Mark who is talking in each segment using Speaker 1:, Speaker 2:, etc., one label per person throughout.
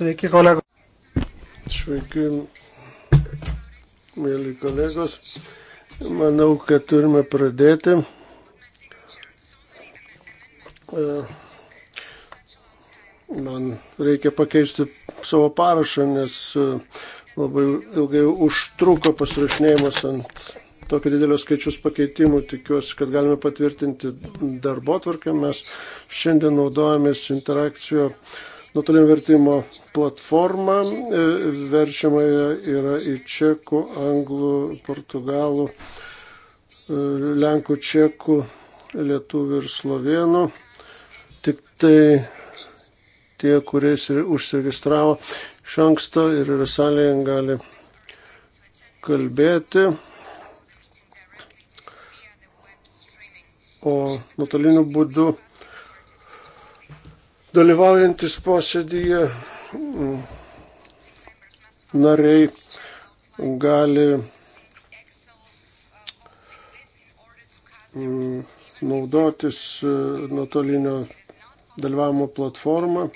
Speaker 1: Sveiki, kolegos. Sveiki, mėly kolegos. Manau, kad turime pradėti. E, man reikia pakeisti savo parašą, nes e, labai ilgai užtruko pasirašinėjimas ant tokio didelio skaičius pakeitimų. Tikiuosi, kad galime patvirtinti darbo tvarkę. Mes šiandien naudojamės interakcijo nuotolinio vertimo platformą. E, verčiama yra į čekų, anglų, portugalų, e, lenkų, čekų, lietuvių ir slovėnų. Tik tai tie, kurie užsiregistravo iš anksto ir yra salėje, gali kalbėti. O nuotoliniu būdu dalyvaujantis posėdyje mm, nariai gali mm, naudotis e, nuotolinio dalyvavimo platformą.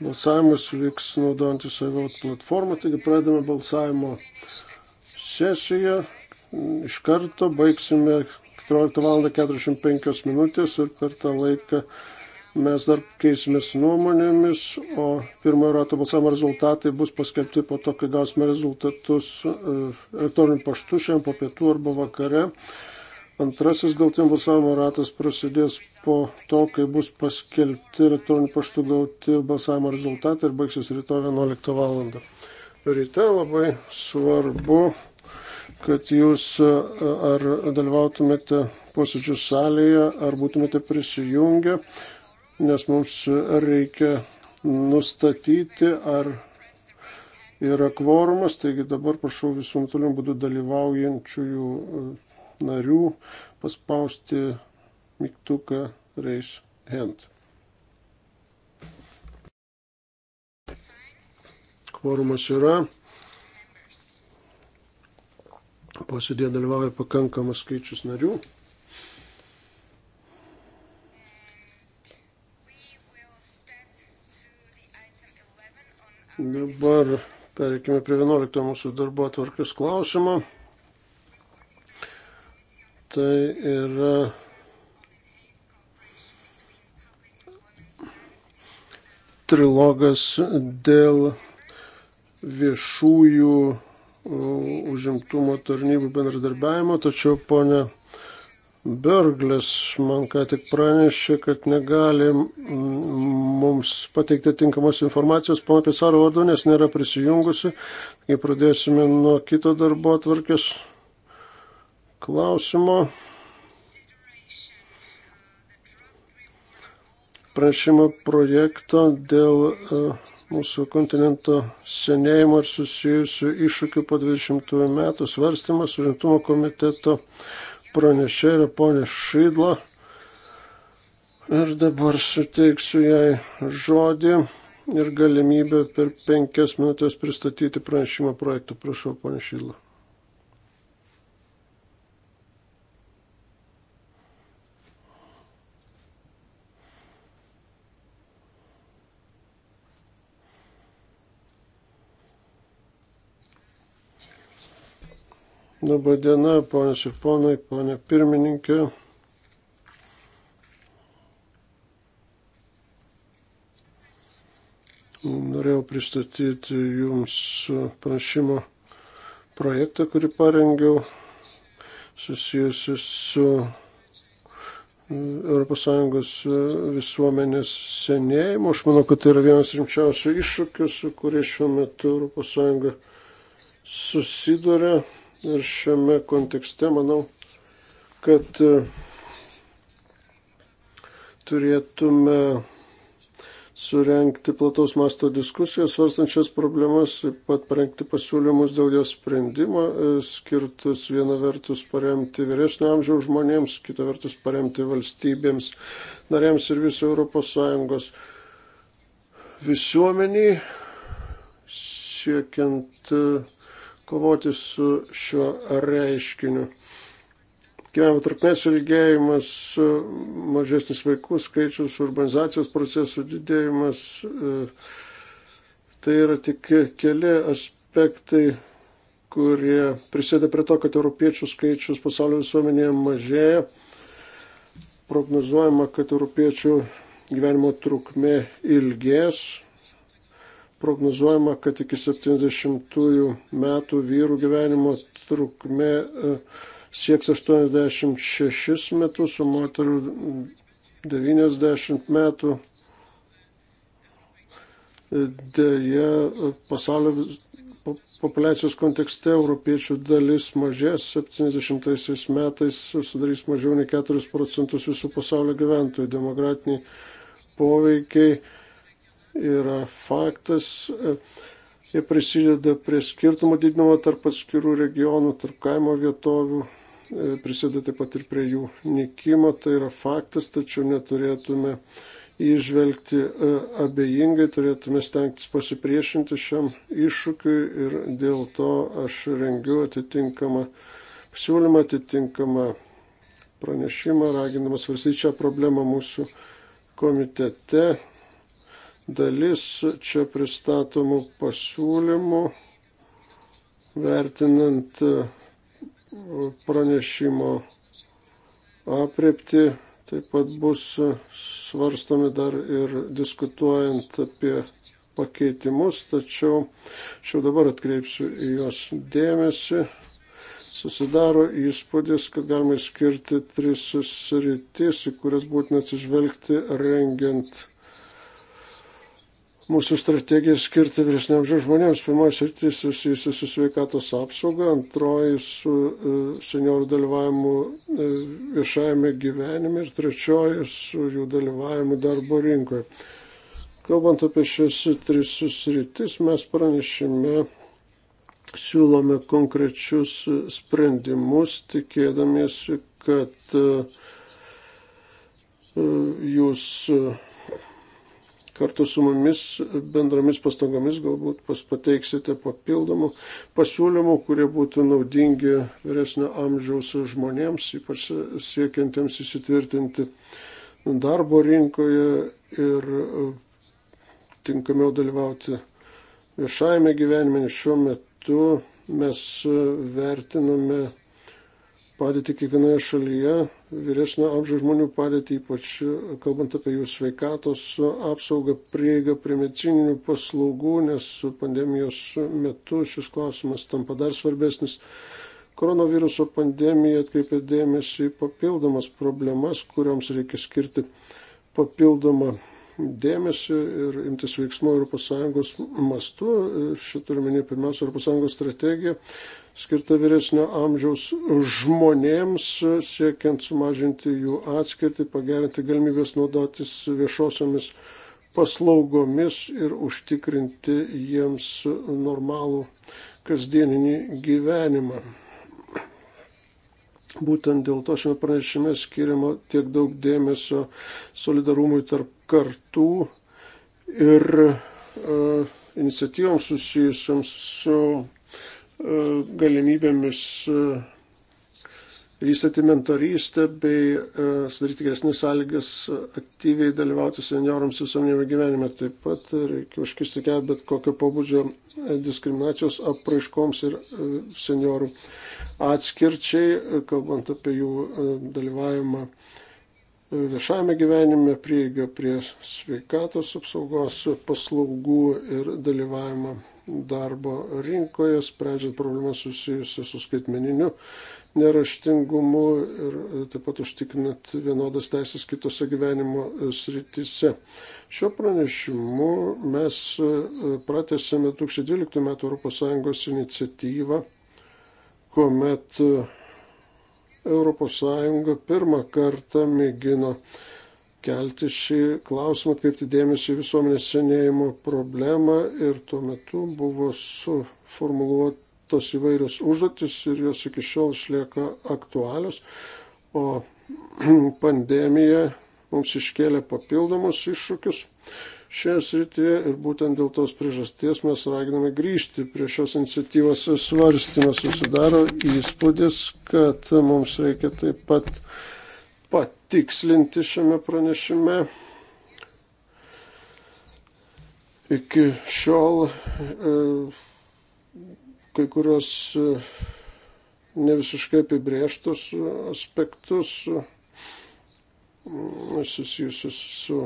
Speaker 1: Balsavimas vyks naudojantis savivaldos platformą, taigi pradedame balsavimo sesiją. Iš karto baigsime 14 val. 45 minutės ir per tą laiką mes dar keisimės nuomonėmis, o pirmojo rato balsavimo rezultatai bus paskelbti po to, kai gausime rezultatus e, elektroniniu paštu šiandien po pietų arba vakare. Antrasis galtinio balsavimo ratas prasidės po to, kai bus paskelbti elektroniniu paštu gauti balsavimo rezultatai ir baigsis rytoj 11 val. Ryte labai svarbu kad jūs ar dalyvautumėte posėdžių salėje, ar būtumėte prisijungę, nes mums reikia nustatyti, ar yra kvorumas, taigi dabar prašau visų nuotoliniu būdu dalyvaujančiųjų narių paspausti mygtuką raise hand. Kvorumas yra. Posėdėje dalyvauja pakankamas skaičius narių. Dabar pereikime prie 11 mūsų darbo atvarkės klausimo. Tai yra trilogas dėl viešųjų užimtumo tarnybų bendradarbiavimo, tačiau ponė Berglis man ką tik pranešė, kad negali mums pateikti tinkamos informacijos, pana Pisaro vardu, nes nėra prisijungusi. Taigi pradėsime nuo kito darbo atvarkės klausimo. Pranešimo projekto dėl uh, mūsų kontinento senėjimo ir susijusių iššūkių po 20 metų svarstymas užimtumo komiteto pranešė yra ponė Šydla. Ir dabar suteiksiu jai žodį ir galimybę per penkias minutės pristatyti pranešimo projektą. Prašau, ponė Šydla. Labą dieną, ponės ir ponai, ponė pirmininkė. Norėjau pristatyti Jums pranešimo projektą, kurį parengiau susijusi su ES visuomenės senėjimu. Aš manau, kad tai yra vienas rimčiausių iššūkių, su kuriais šiuo metu ES susiduria Ir šiame kontekste manau, kad e, turėtume surenkti plataus masto diskusiją, svarstančias problemas, taip pat parengti pasiūlymus dėl jos sprendimo, e, skirtus viena vertus paremti vyresnio amžiaus žmonėms, kita vertus paremti valstybėms, narėms ir viso ES visuomeniai, siekiant uh, kovoti su šiuo reiškiniu. Gyvenimo trukmės ilgėjimas, mažesnis vaikų skaičius, urbanizacijos procesų didėjimas, e, tai yra tik keli aspektai, kurie prisėda prie to, kad europiečių skaičius pasaulio visuomenėje mažėja. Prognozuojama, kad europiečių gyvenimo trukmė ilgės, prognozuojama, kad iki 70-ųjų metų vyrų gyvenimo trukmė e, sieks 86 metus, o moterų 90 metų. Deja, pasaulio populacijos kontekste europiečių dalis mažės, 70 metais sudarys mažiau nei 4 procentus visų pasaulio gyventojų. Demokratiniai poveikiai yra faktas. E, jie prisideda prie skirtumo didinimo tarp atskirų regionų, tarp kaimo vietovių, e, prisideda taip pat ir prie jų nikimo. Tai yra faktas, tačiau neturėtume įžvelgti e, abejingai, turėtume stengtis pasipriešinti šiam iššūkiui ir dėl to aš rengiu atitinkamą siūlymą, atitinkamą pranešimą, ragindamas svarstyti šią problemą mūsų komitete dalis čia pristatomų pasiūlymų, vertinant e, pranešimo apriepti, taip pat bus svarstomi dar ir diskutuojant apie pakeitimus, tačiau šiau dabar atkreipsiu į juos dėmesį. Susidaro įspūdis, kad galima išskirti tris sritis, į kurias būtina atsižvelgti rengiant uh, mūsų strategija skirta vyresniamžių žmonėms. Pirmoji sritis susijusi su sveikatos apsauga, antroji su e, seniorų dalyvavimu e, viešajame gyvenime ir trečioji su jų dalyvavimu darbo rinkoje. Kalbant apie šias tris sritis, mes pranešime siūlome konkrečius sprendimus, tikėdamiesi, kad e, jūs kartu su mumis bendromis pastangomis galbūt pas pateiksite papildomų pasiūlymų, kurie būtų naudingi vyresnio amžiaus žmonėms, ypač siekiantiems įsitvirtinti darbo rinkoje ir e, tinkamiau dalyvauti viešajame gyvenime. Šiuo metu mes e, vertiname padėti kiekvienoje šalyje vyresnio amžiaus žmonių padėtį, ypač e, kalbant apie jų sveikatos apsaugą, prieigą prie medicininių paslaugų, nes pandemijos metu šis klausimas tampa dar svarbesnis. Koronaviruso pandemija atkreipė dėmesį į papildomas problemas, kuriams reikia skirti papildomą dėmesį ir imtis veiksmų ES mastu. E, Šitą turiu minėti pirmiausia ES strategiją skirta vyresnio amžiaus žmonėms, siekiant sumažinti jų atskirtį, pagerinti galimybės naudotis viešosiomis paslaugomis ir užtikrinti jiems normalų kasdieninį gyvenimą. Būtent dėl to šiame pranešime skiriama tiek daug dėmesio solidarumui tarp kartų ir uh, e, iniciatyvoms susijusiams su E, galimybėmis e, vystyti mentorystę bei e, sudaryti geresnės sąlygas aktyviai dalyvauti seniorams visuomenėme gyvenime. Taip pat reikia užkisti kelią bet kokio pobūdžio diskriminacijos apraiškoms ir seniorų atskirčiai, kalbant apie jų dalyvavimą viešajame gyvenime, prieiga prie sveikatos apsaugos paslaugų ir dalyvavimą darbo rinkoje, sprendžiant problemas susijusias su skaitmeniniu neraštingumu ir e, taip pat užtikrinant vienodas teisės kitose gyvenimo e, srityse. Šiuo pranešimu mes e, pratęsėme 2012 m. ES iniciatyvą, kuomet ES pirmą kartą mėgino kelti šį klausimą, atkreipti dėmesį į visuomenės senėjimo problemą ir tuo metu buvo suformuluotos įvairios užduotis ir jos iki šiol išlieka aktualios, o pandemija mums iškėlė papildomus iššūkius šioje srityje ir būtent dėl tos priežasties mes raginame grįžti prie šios iniciatyvos svarstymą. Susidaro įspūdis, kad mums reikia taip pat patikslinti šiame pranešime. Iki šiol e, kai kurios e, ne visiškai apibrieštus aspektus susijusius su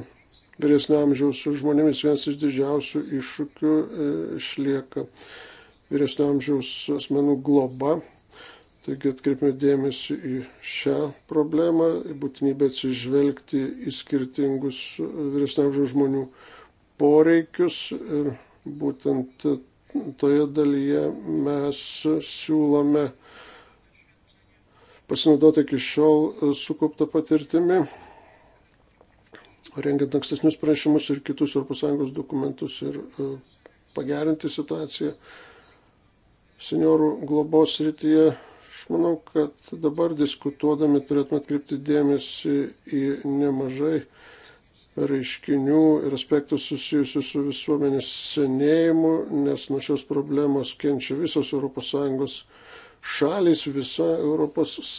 Speaker 1: vyresnio amžiaus žmonėmis vienas iš didžiausių iššūkių e, išlieka vyresnio amžiaus asmenų globa. Taigi atkreipime dėmesį į šią problemą, į būtinybę atsižvelgti į skirtingus vyresnio amžiaus žmonių poreikius ir e, būtent toje dalyje mes siūlome pasinaudoti iki šiol sukauptą patirtimį rengiant ankstesnius pranešimus ir kitus ES dokumentus ir e, pagerinti situaciją seniorų globos srityje. Aš manau, kad dabar diskutuodami turėtume atkreipti dėmesį į nemažai reiškinių ir aspektų susijusių su visuomenės senėjimu, nes nuo šios problemos kenčia visos ES šalis, visa ES.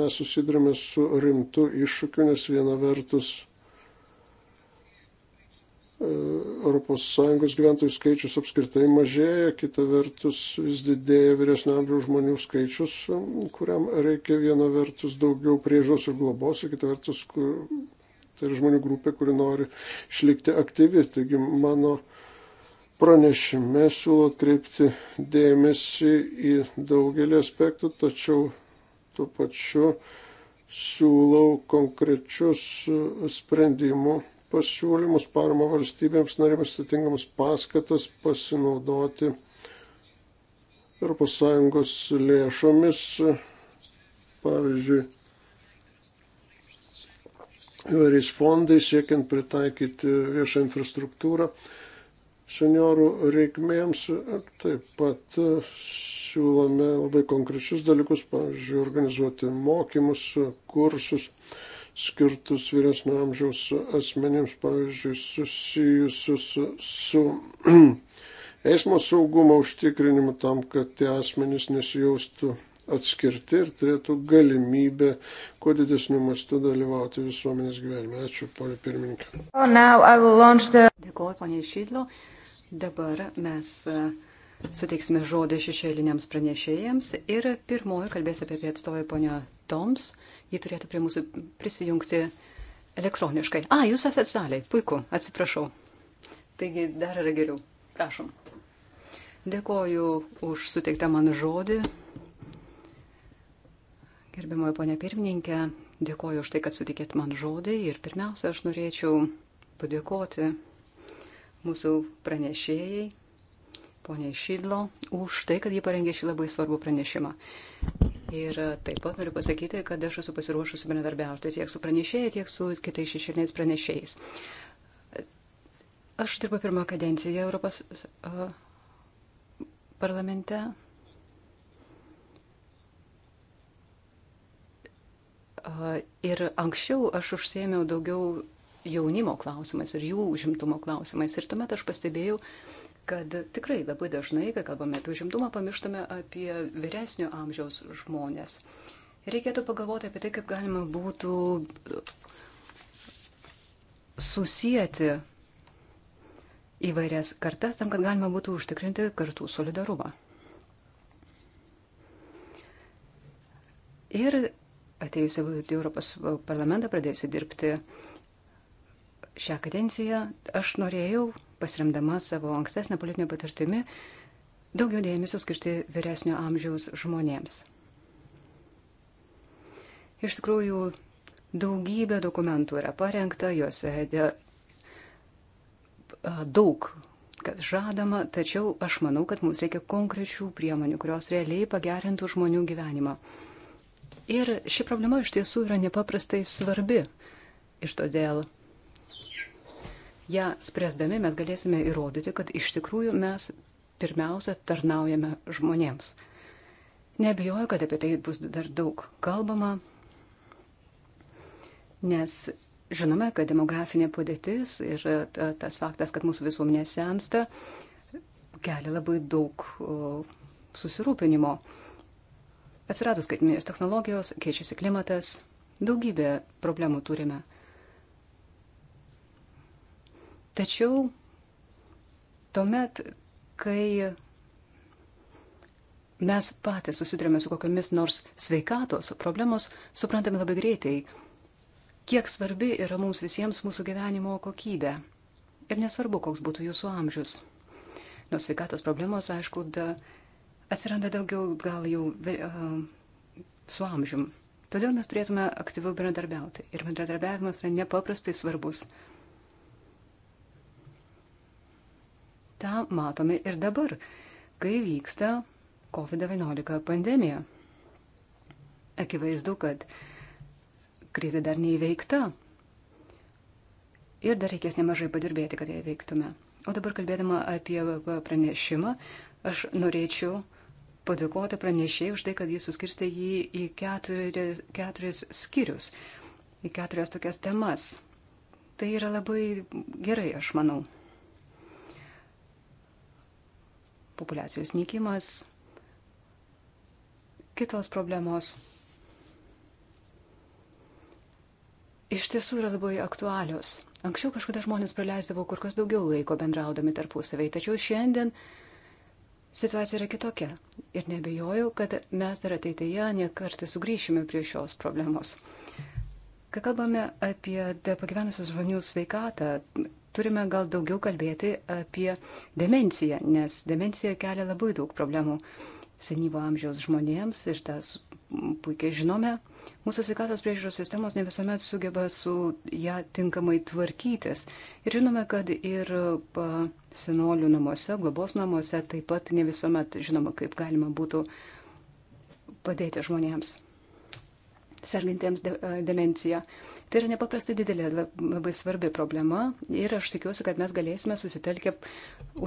Speaker 1: Mes susidurime su rimtu iššūkiu, nes viena vertus ES gyventojų skaičius apskritai mažėja, kita vertus vis didėja vyresnio amžiaus žmonių skaičius, e, kuriam reikia viena vertus daugiau priežos ir globos, kita vertus kur, tai yra žmonių grupė, kuri nori išlikti aktyvi. Taigi mano pranešime siūlau atkreipti dėmesį į daugelį aspektų, tačiau tuo pačiu siūlau konkrečius sprendimus pasiūlymus, parama valstybėms narėms atitinkamas paskatas pasinaudoti ES lėšomis, pavyzdžiui, įvairiais fondais siekiant pritaikyti viešą infrastruktūrą seniorų reikmėms. Taip pat siūlome labai konkrečius dalykus, pavyzdžiui, organizuoti mokymus, kursus skirtus vyresnio amžiaus asmenims, pavyzdžiui, susijusius su, su eismo saugumo užtikrinimu tam, kad tie asmenys nesijaustų atskirti ir turėtų galimybę kuo didesniu mastu dalyvauti visuomenės gyvenime. Ačiū, ponė pirmininkė.
Speaker 2: Oh, the... Dėkuoju, ponė Šydlo. Dabar mes e, suteiksime žodį šešėliniams pranešėjams ir pirmoji kalbės apie tai atstovai ponė Toms ji turėtų prie mūsų prisijungti elektroniškai. A, jūs esate salėje, puiku, atsiprašau. Taigi dar yra geriau. Prašom. Dėkoju už suteiktą man žodį. Gerbiamoji ponia pirmininkė, dėkoju už tai, kad sutikėt man žodį ir pirmiausia, aš norėčiau padėkoti mūsų pranešėjai, poniai Šidlo, už tai, kad jie parengė šį labai svarbų pranešimą. Ir taip pat noriu pasakyti, kad aš esu pasiruošusi bendradarbiauti tiek su pranešėjai, tiek su kitais šešėliniais pranešėjais. Aš dirbu pirmą kadenciją Europos uh, parlamente. Uh, ir anksčiau aš užsėmiau daugiau jaunimo klausimais ir jų užimtumo klausimais. Ir tuomet aš pastebėjau, uh, kad tikrai labai dažnai, kai kalbame apie užimtumą, pamirštame apie vyresnio amžiaus žmonės. Reikėtų pagalvoti apie tai, kaip galima būtų susijęti įvairias kartas tam, kad galima būtų užtikrinti kartų solidarumą. Ir atėjusi į Europos parlamentą, pradėjusi dirbti šią kadenciją, aš norėjau pasiremdama savo ankstesnę politinę patirtimį, daugiau dėmesio skirti vyresnio amžiaus žmonėms. Iš tikrųjų, daugybė dokumentų yra parengta, juose daug kas žadama, tačiau aš manau, kad mums reikia konkrečių priemonių, kurios realiai pagerintų žmonių gyvenimą. Ir ši problema iš tiesų yra nepaprastai svarbi. Ir todėl Ja spręsdami mes galėsime įrodyti, kad iš tikrųjų mes pirmiausia tarnaujame žmonėms. Nebijoju, kad apie tai bus dar daug kalbama, nes žinome, kad demografinė padėtis ir e, tas faktas, kad mūsų visuomenė sensta, kelia labai daug susirūpinimo. Atsiradus skaitminės technologijos, keičiasi klimatas, daugybę problemų turime. Tačiau tuomet, kai mes patys susidurėme su kokiamis nors sveikatos problemos, suprantame labai greitai, kiek svarbi yra mums visiems mūsų gyvenimo kokybė. Ir nesvarbu, koks būtų jūsų amžius. Nuo sveikatos problemos, aišku, da, atsiranda daugiau gal jau uh, su amžium. Todėl mes turėtume aktyviau bendradarbiauti. Ir bendradarbiavimas yra nepaprastai svarbus. Uh, Ta matome ir dabar, kai vyksta COVID-19 pandemija. Akivaizdu, kad krizė dar neįveikta ir dar reikės nemažai padirbėti, kad ją įveiktume. O dabar kalbėdama apie pranešimą, aš norėčiau padėkoti pranešėjai už tai, kad jis suskirstė jį į keturis, keturis skyrius, į keturias tokias temas. Tai yra labai gerai, aš manau. populacijos nykimas, kitos problemos iš tiesų yra labai aktualios. Anksčiau kažkada žmonės praleisdavo kur kas daugiau laiko bendraudami tarpusavai, tačiau šiandien situacija yra kitokia. Ir nebejoju, kad mes dar ateityje nekartai sugrįšime prie šios problemos. Kai kalbame apie pagyvenusius žmonių sveikatą, turime gal daugiau kalbėti apie demenciją, nes demencija kelia labai daug problemų senyvo amžiaus žmonėms ir tas puikiai žinome. Mūsų sveikatos priežiūros sistemos ne visuomet sugeba su ją tinkamai tvarkytis. Ir žinome, kad ir senolių namuose, globos namuose taip pat ne visuomet žinoma, kaip galima būtų padėti žmonėms sergantiems de, e, demencija. Tai yra nepaprastai didelė, labai svarbi problema ir aš tikiuosi, kad mes galėsime susitelkę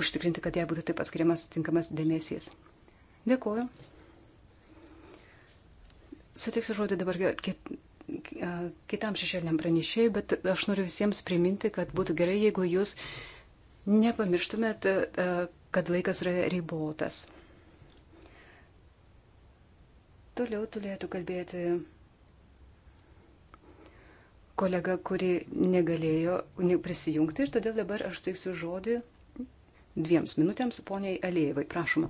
Speaker 2: užtikrinti, kad jai būtų taip paskiriamas tinkamas dėmesys. Dėkuoju. Sutiksiu žodį dabar kit, kitam šešėliniam pranešėjui, bet aš noriu visiems priminti, kad būtų gerai, jeigu jūs nepamirštumėt, kad laikas yra ribotas. Toliau turėtų kalbėti kolega, kuri negalėjo prisijungti ir todėl dabar aš teiksiu žodį dviems minutėms poniai Aliejevai. Prašoma.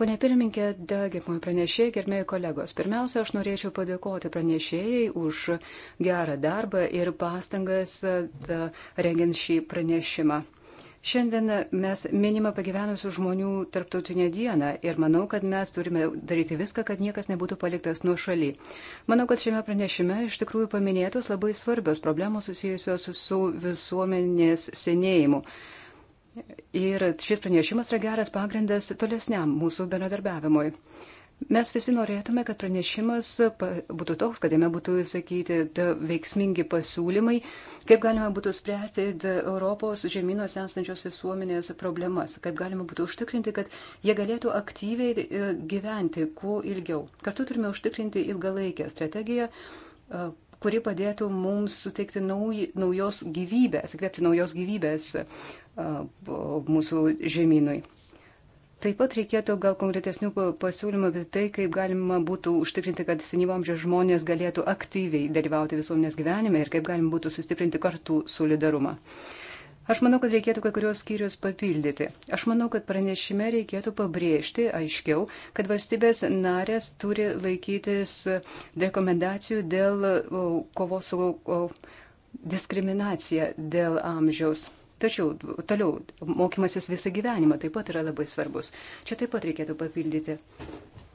Speaker 2: Pone pirmininkė, gerbimoji pranešėjai, gerbėjai kolegos, pirmiausia, aš norėčiau padėkoti pranešėjai už gerą darbą ir pastangas rengiant šį pranešimą. Šiandien mes minime pagyvenusių žmonių tarptautinę dieną ir manau, kad mes turime daryti viską, kad niekas nebūtų paliktas nuo šaly. Manau, kad šiame pranešime iš tikrųjų paminėtos labai svarbios problemos susijusios su visuomenės senėjimu. Ir šis pranešimas yra geras pagrindas tolesniam mūsų bendradarbiavimui. Mes visi norėtume, kad pranešimas būtų toks, kad jame būtų įsakyti veiksmingi pasiūlymai, kaip galima būtų spręsti Europos žemynos esančios visuomenės problemas, kaip galima būtų užtikrinti, kad jie galėtų aktyviai e, gyventi kuo ilgiau. Kartu turime užtikrinti ilgalaikę strategiją e, kuri padėtų mums suteikti nauj, naujos gyvybės, įkvėpti naujos gyvybės e, mūsų žemynui. Taip pat reikėtų gal konkretesnių pasiūlymų apie tai, kaip galima būtų užtikrinti, kad senyvo amžiaus žmonės galėtų aktyviai dalyvauti visuomenės gyvenime ir kaip galima būtų sustiprinti kartų solidarumą. Aš manau, kad reikėtų kai kurios skyrius papildyti. Aš manau, kad pranešime reikėtų pabrėžti aiškiau, kad valstybės narės turi laikytis rekomendacijų dėl kovos su diskriminacija dėl amžiaus. Tačiau toliau mokymasis visą gyvenimą taip pat yra labai svarbus. Čia taip pat reikėtų papildyti.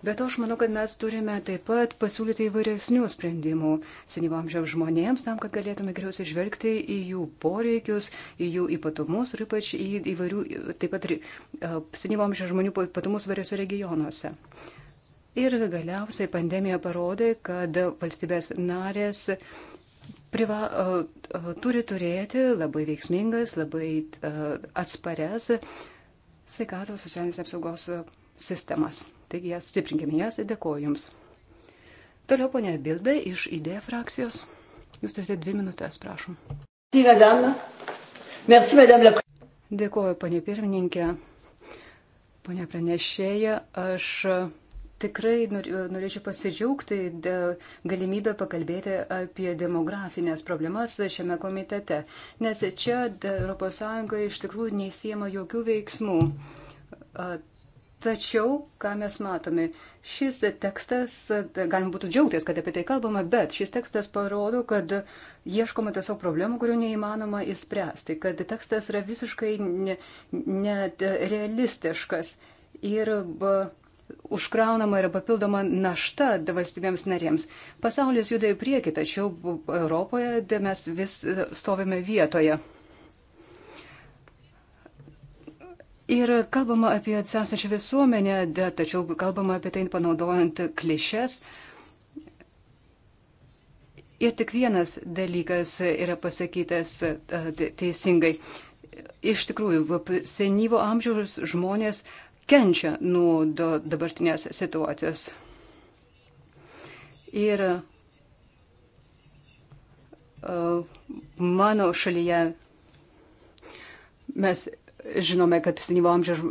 Speaker 2: Bet aš manau, kad mes turime taip pat pasiūlyti įvairesnių sprendimų senyvo amžiaus žmonėms, tam, kad galėtume geriau sižvelgti į jų poreikius, į jų ypatumus ir ypač į įvairių, taip pat ir senyvo amžiaus žmonių ypatumus variuose regionuose. Ir galiausiai pandemija parodė, kad valstybės narės uh, priva, turi turėti labai veiksmingas, labai atsparias sveikatos socialinės apsaugos sistemas. Taigi jas stiprinkime jas ir dėkoju Jums. Toliau ponia Bilda iš idėja frakcijos. Jūs turite dvi minutės, prašom. Dėkuoju, ponė pirmininkė. Pone pranešėja, aš tikrai norėčiau pasidžiaugti galimybę pakalbėti apie demografinės problemas šiame komitete, nes čia ES iš tikrųjų neįsijama jokių veiksmų. Tačiau, ką mes matome, šis tekstas, galim būtų džiaugtis, kad apie tai kalbama, bet šis tekstas parodo, kad ieškoma tiesiog problemų, kurių neįmanoma įspręsti, kad tekstas yra visiškai nerealistiškas. Ne, ne ir užkraunama yra papildoma našta valstybėms narėms. Pasaulis juda į priekį, tačiau Europoje mes vis e, stovime vietoje. Ir kalbama apie atsesančią visuomenę, tačiau kalbama apie tai panaudojant klišes. Ir tik vienas dalykas yra pasakytas e, teisingai. Iš tikrųjų, senyvo amžiaus žmonės kenčia nuo dabartinės situacijos. Ir e, mano šalyje mes žinome, kad senyvo amžiaus,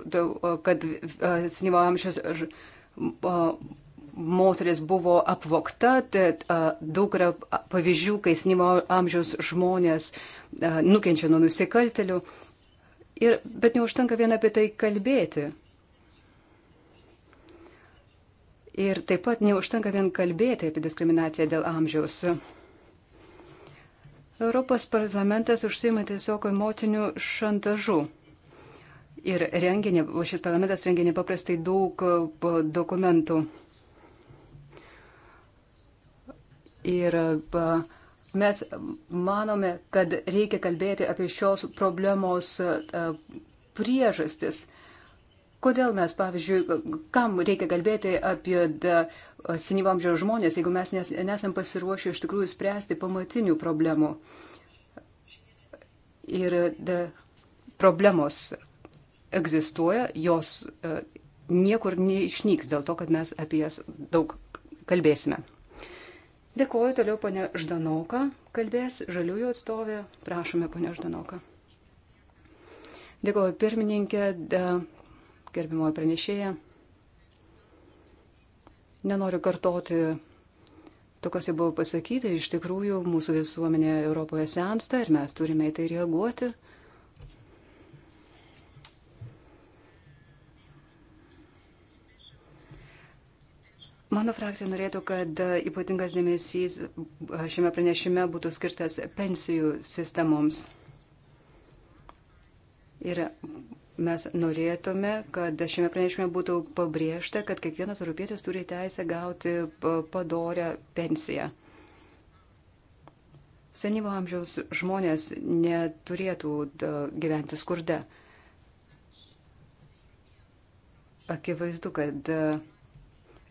Speaker 2: kad e, senyvo amžiaus moteris buvo apvokta, tad e, daug yra pavyzdžių, kai senyvo amžiaus žmonės nukenčia nuo nusikaltelių. Ir, bet neužtenka vien apie tai kalbėti. Ir taip pat neužtenka vien kalbėti apie diskriminaciją dėl amžiaus. Europos parlamentas užsima tiesiog emocinių šantažų. Ir renginė, šis parlamentas rengia nepaprastai daug dokumentų. Ir mes manome, kad reikia kalbėti apie šios problemos priežastis. Uh, Kodėl mes, pavyzdžiui, kam reikia kalbėti apie senyvo amžiaus žmonės, jeigu mes nes, nesam pasiruošę iš tikrųjų spręsti pamatinių problemų ir da, problemos egzistuoja, jos e, niekur neišnyks dėl to, kad mes apie jas daug kalbėsime. Dėkuoju toliau, ponia Ždanoka, kalbės žaliųjų atstovė, prašome, ponia Ždanoka. Dėkuoju, pirmininkė, gerbimoji pranešėja. Nenoriu kartoti to, kas jau buvo pasakyta. Iš tikrųjų, mūsų visuomenė Europoje sensta ir mes turime į tai reaguoti. Mano frakcija norėtų, kad ypatingas dėmesys šiame pranešime būtų skirtas pensijų sistemoms. Ir Mes norėtume, kad šiame pranešime būtų pabrėžta, kad kiekvienas europietis turi teisę gauti padorę pensiją. Senyvo amžiaus žmonės neturėtų gyventi skurde. Akivaizdu, kad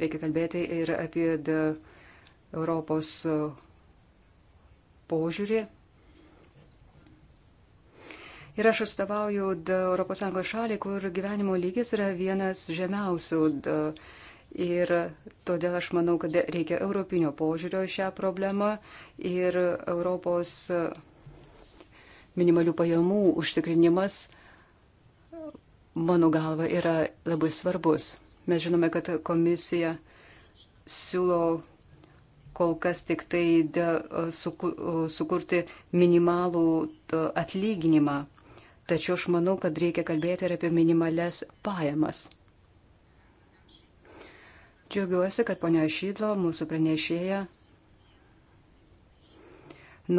Speaker 2: reikia kalbėti ir apie Europos požiūrį Ir aš atstovauju ES šalį, kur gyvenimo lygis yra vienas žemiausių. Ir todėl aš manau, kad reikia europinio požiūrio šią problemą ir Europos minimalių pajamų užtikrinimas, mano galva, yra labai svarbus. Mes žinome, kad komisija siūlo kol kas tik tai de, suku, sukurti minimalų atlyginimą Tačiau aš manau, kad reikia kalbėti ir apie minimales pajamas. Džiaugiuosi, kad ponia Šydlo, mūsų pranešėja,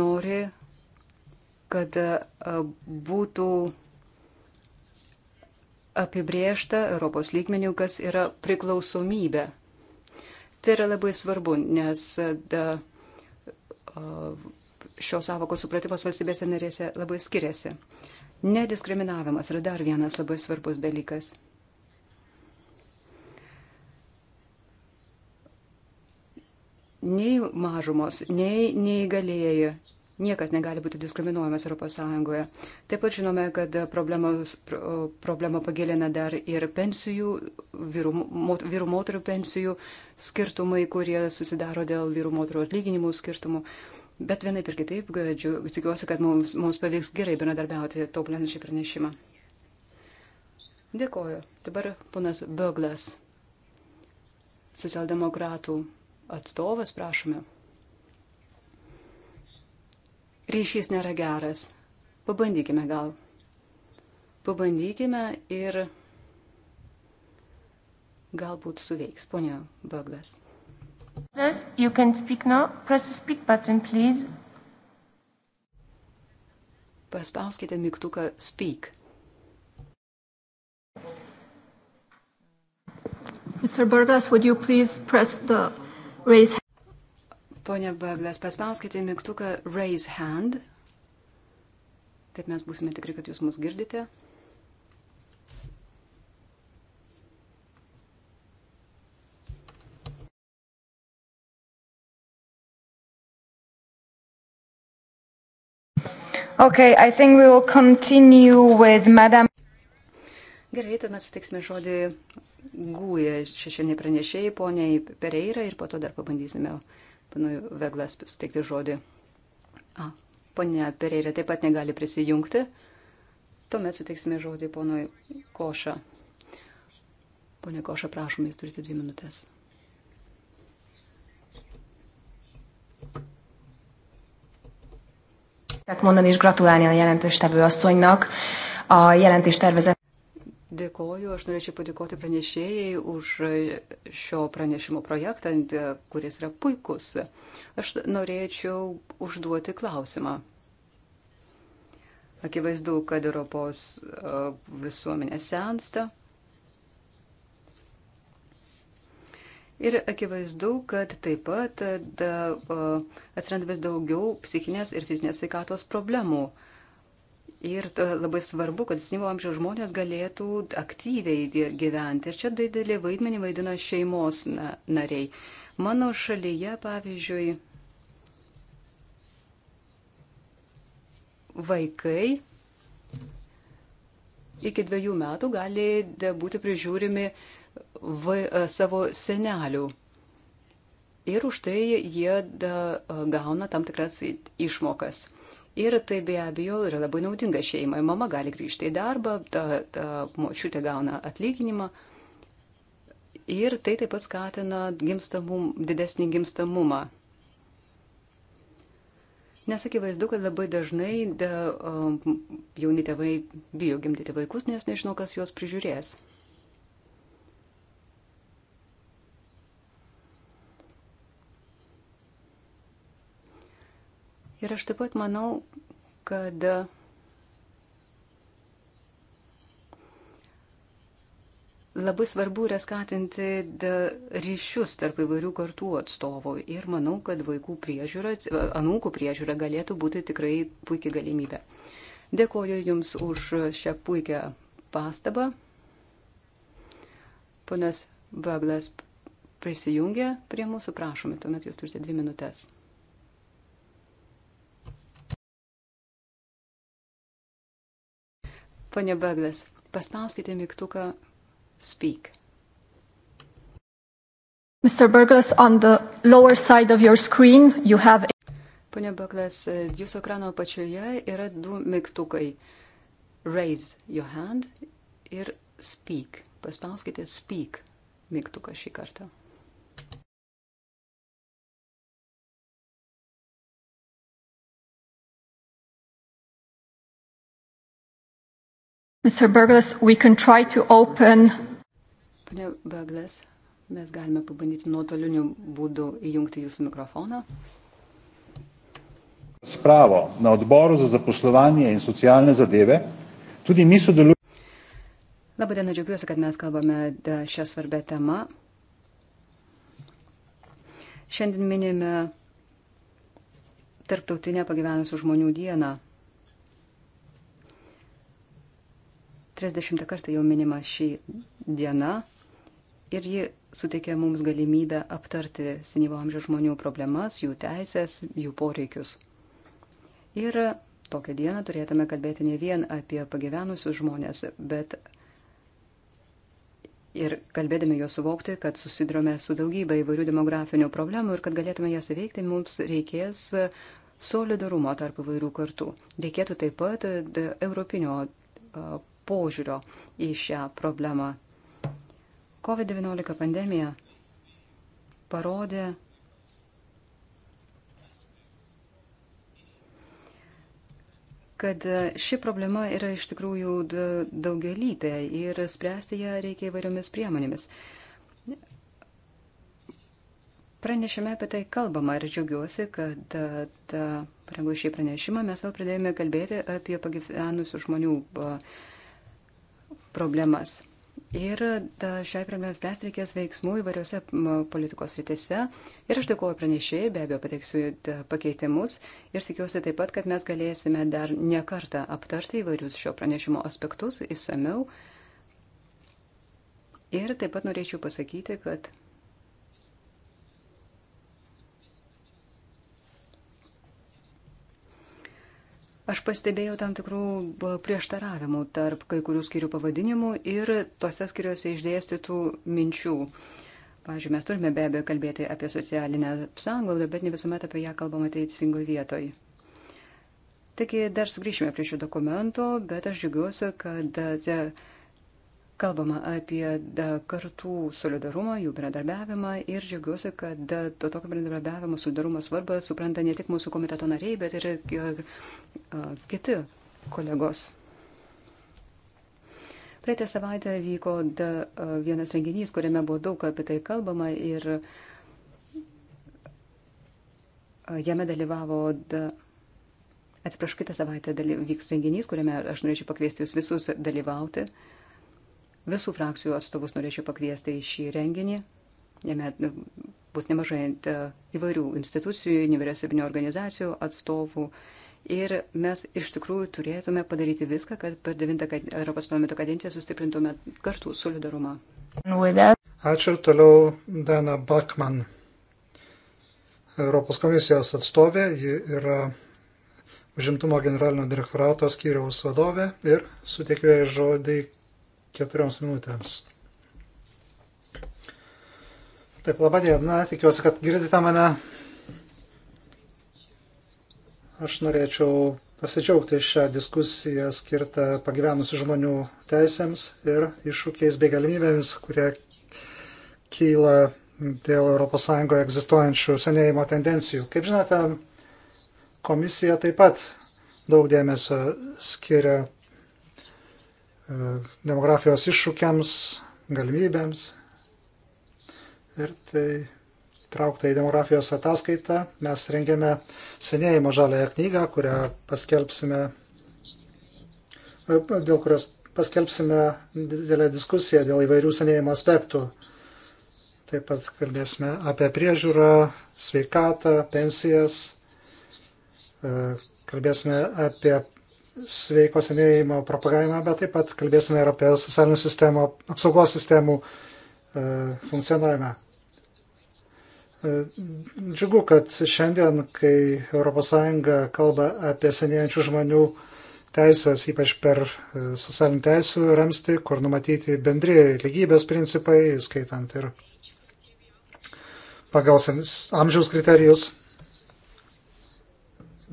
Speaker 2: nori, kad būtų apibriešta Europos lygmenių, kas yra priklausomybė. Tai yra labai svarbu, nes da, šios savokos supratimas valstybėse narėse labai skiriasi. Nediskriminavimas yra dar vienas labai svarbus dalykas. Nei mažumos, nei neįgalėjai Niekas negali būti diskriminuojamas ES. Taip pat žinome, kad problemą pagilina dar ir pensijų, vyrų, mot, vyrų moterų pensijų skirtumai, kurie susidaro dėl vyrų moterų atlyginimų skirtumų. Bet vienaip ir kitaip, tikiuosi, kad mums, mums pavyks gerai bendradarbiauti tobulinant šį pranešimą. Dėkoju. Dabar ponas Böglas, socialdemokratų atstovas, prašome. Ryšys nėra geras. Pabandykime gal. Pabandykime ir galbūt suveiks, ponia Böglas. Plus, you can speak now. Press the speak button, please. Paspauskite mygtuką speak. Mr. Burgas, would you please press the raise hand? Pone Burgas, paspauskite mygtuką raise hand. Taip mes būsime tikri, kad jūs mus girdite.
Speaker 3: Okay, I think we will continue with Madam. Gerai,
Speaker 2: tuomet sutiksime žodį gūję šešėliniai pranešėjai, poniai Pereira ir po to dar pabandysime panui Veglas sutikti žodį. A, ponia Pereira taip pat negali prisijungti. Tuomet sutiksime žodį ponui Koša. Pone Koša, prašom, jūs turite dvi minutės. Mondani és gratulálni a jelentéstevő asszonynak a jelentéstervezet. Dėkoju, aš norėčiau padėkoti pranešėjai už šio pranešimo projektą, kuris yra puikus. Aš norėčiau užduoti klausimą. Akivaizdu, kad Europos visuomenė sensta. Ir akivaizdu, kad taip pat da, atsiranda vis daugiau psichinės ir fizinės sveikatos problemų. Ir e, labai svarbu, kad senyvo amžiaus žmonės galėtų aktyviai gyventi. Ir čia didelį vaidmenį vaidina šeimos na, nariai. Mano šalyje, pavyzdžiui, vaikai iki dviejų metų gali būti prižiūrimi uh, va, e, savo senelių. Ir už tai jie da, e, gauna tam tikras išmokas. Ir tai be abejo yra labai naudinga šeimai. Mama gali grįžti į darbą, ta, ta močiutė gauna atlyginimą. Ir tai taip pat skatina gimstamum, didesnį gimstamumą. Nes akivaizdu, kad labai dažnai da, um, jauni tėvai bijo gimdyti vaikus, nes nežino, kas juos prižiūrės. Ir aš taip pat manau, kad labai svarbu yra skatinti ryšius tarp įvairių kartų atstovų. Ir manau, kad vaikų priežiūra, anūkų priežiūra galėtų būti tikrai puikia galimybė. Dėkoju Jums už šią puikią pastabą. Ponas Baglas prisijungia prie mūsų,
Speaker 3: prašome, tuomet Jūs turite dvi minutės. Pane Bagdas, paspauskite mygtuką Speak. Mr. Burglas, on the
Speaker 2: lower side of your screen you have. Pone Bagdas, jūsų ekrano apačioje yra du mygtukai. Raise your hand ir
Speaker 3: Speak. Paspauskite Speak mygtuką šį kartą. Mr. Burglas, we can try to open.
Speaker 2: Pane Burglas, mes galime pabandyti nuotoliniu būdu įjungti jūsų mikrofoną.
Speaker 4: Spravo na odboru za zaposlovanje in socialne zadeve tudi mi sodelujemo.
Speaker 2: Labadiena, džiaugiuosi, kad mes kalbame šią svarbę temą. Šiandien minime Tarptautinę pagyvenusių žmonių dieną. 30 kartą jau minima šį dieną ir ji suteikia mums galimybę aptarti senyvo amžiaus žmonių problemas, jų teisės, jų poreikius. Ir tokią dieną turėtume kalbėti ne vien apie pagyvenusius žmonės, bet ir kalbėdami juos suvokti, kad susidurome su daugybė įvairių demografinių problemų ir kad galėtume jas įveikti, mums reikės solidarumo tarp įvairių kartų. Reikėtų taip pat europinio požiūrio į šią problemą. COVID-19 pandemija parodė, kad ši problema yra iš tikrųjų daugelypė ir spręsti ją reikia įvairiomis priemonėmis. Pranešime apie tai kalbama ir džiaugiuosi, kad parengus šį pranešimą mes vėl pradėjome kalbėti apie pagyvenusių žmonių uh, problemas. Ir šiai problemai spręsti reikės veiksmų įvairiose politikos rytise. Ir aš dėkuoju pranešėjai, be abejo, pateiksiu pakeitimus. Ir tikiuosi taip pat, kad mes galėsime dar ne kartą aptarti įvairius šio pranešimo aspektus įsameu. Ir taip pat norėčiau pasakyti, kad Aš pastebėjau tam tikrų prieštaravimų tarp kai kurių skirių pavadinimų ir tose skiriuose išdėstytų minčių. Pavyzdžiui, mes turime be abejo kalbėti apie socialinę sąnglaudą, bet ne visuomet apie ją kalbama teisingoje vietoje. Taigi dar sugrįšime prie šio dokumento, bet aš džiugiuosi, kad e, Kalbama apie kartų solidarumą, jų bendradarbiavimą ir džiaugiuosi, kad to tokio bendradarbiavimo solidarumo svarbą supranta ne tik mūsų komiteto nariai, bet ir e, e, kiti kolegos. Praeitą savaitę vyko da, e, vienas renginys, kuriame buvo daug apie tai kalbama ir jame dalyvavo da, Atsiprašau, kitą savaitę daly... vyks renginys, kuriame aš norėčiau pakviesti jūs visus dalyvauti. Uh, Visų frakcijų atstovus norėčiau pakviesti į šį renginį. Jame e, bus nemažai e, įvairių institucijų, nevyriausybinio organizacijų atstovų. Ir mes iš tikrųjų turėtume padaryti viską, kad per 9 Europos parlamento kadenciją sustiprintume kartų solidarumą.
Speaker 4: Ačiū ir toliau Dana Bakman, Europos komisijos atstovė, ji yra užimtumo generalinio direktorato skyriaus vadovė ir sutikvė žodį keturioms minutėms. Taip, laba diena, tikiuosi, kad girdite mane. Aš norėčiau pasidžiaugti šią diskusiją skirtą pagyvenusių žmonių teisėms ir iššūkiais bei galimybėmis, kurie kyla dėl ES egzistuojančių senėjimo tendencijų. Kaip žinote, komisija taip pat daug dėmesio skiria E, demografijos iššūkiams, galimybėms. Ir tai traukta į demografijos ataskaitą. Mes rengėme senėjimo žaląją knygą, kurią paskelbsime, e, dėl kurios paskelbsime didelę diskusiją dėl įvairių senėjimo aspektų. Taip pat kalbėsime apie priežiūrą, sveikatą, pensijas, e, kalbėsime apie sveiko senėjimo propagavimą, bet taip pat kalbėsime ir apie socialinių sistemų, apsaugos sistemų e, funkcionavimą. E, džiugu, kad šiandien, kai ES kalba apie senėjančių žmonių teisės, ypač per e, socialinių teisų ramsti, kur numatyti bendrėjai lygybės principai, skaitant ir pagal amžiaus kriterijus,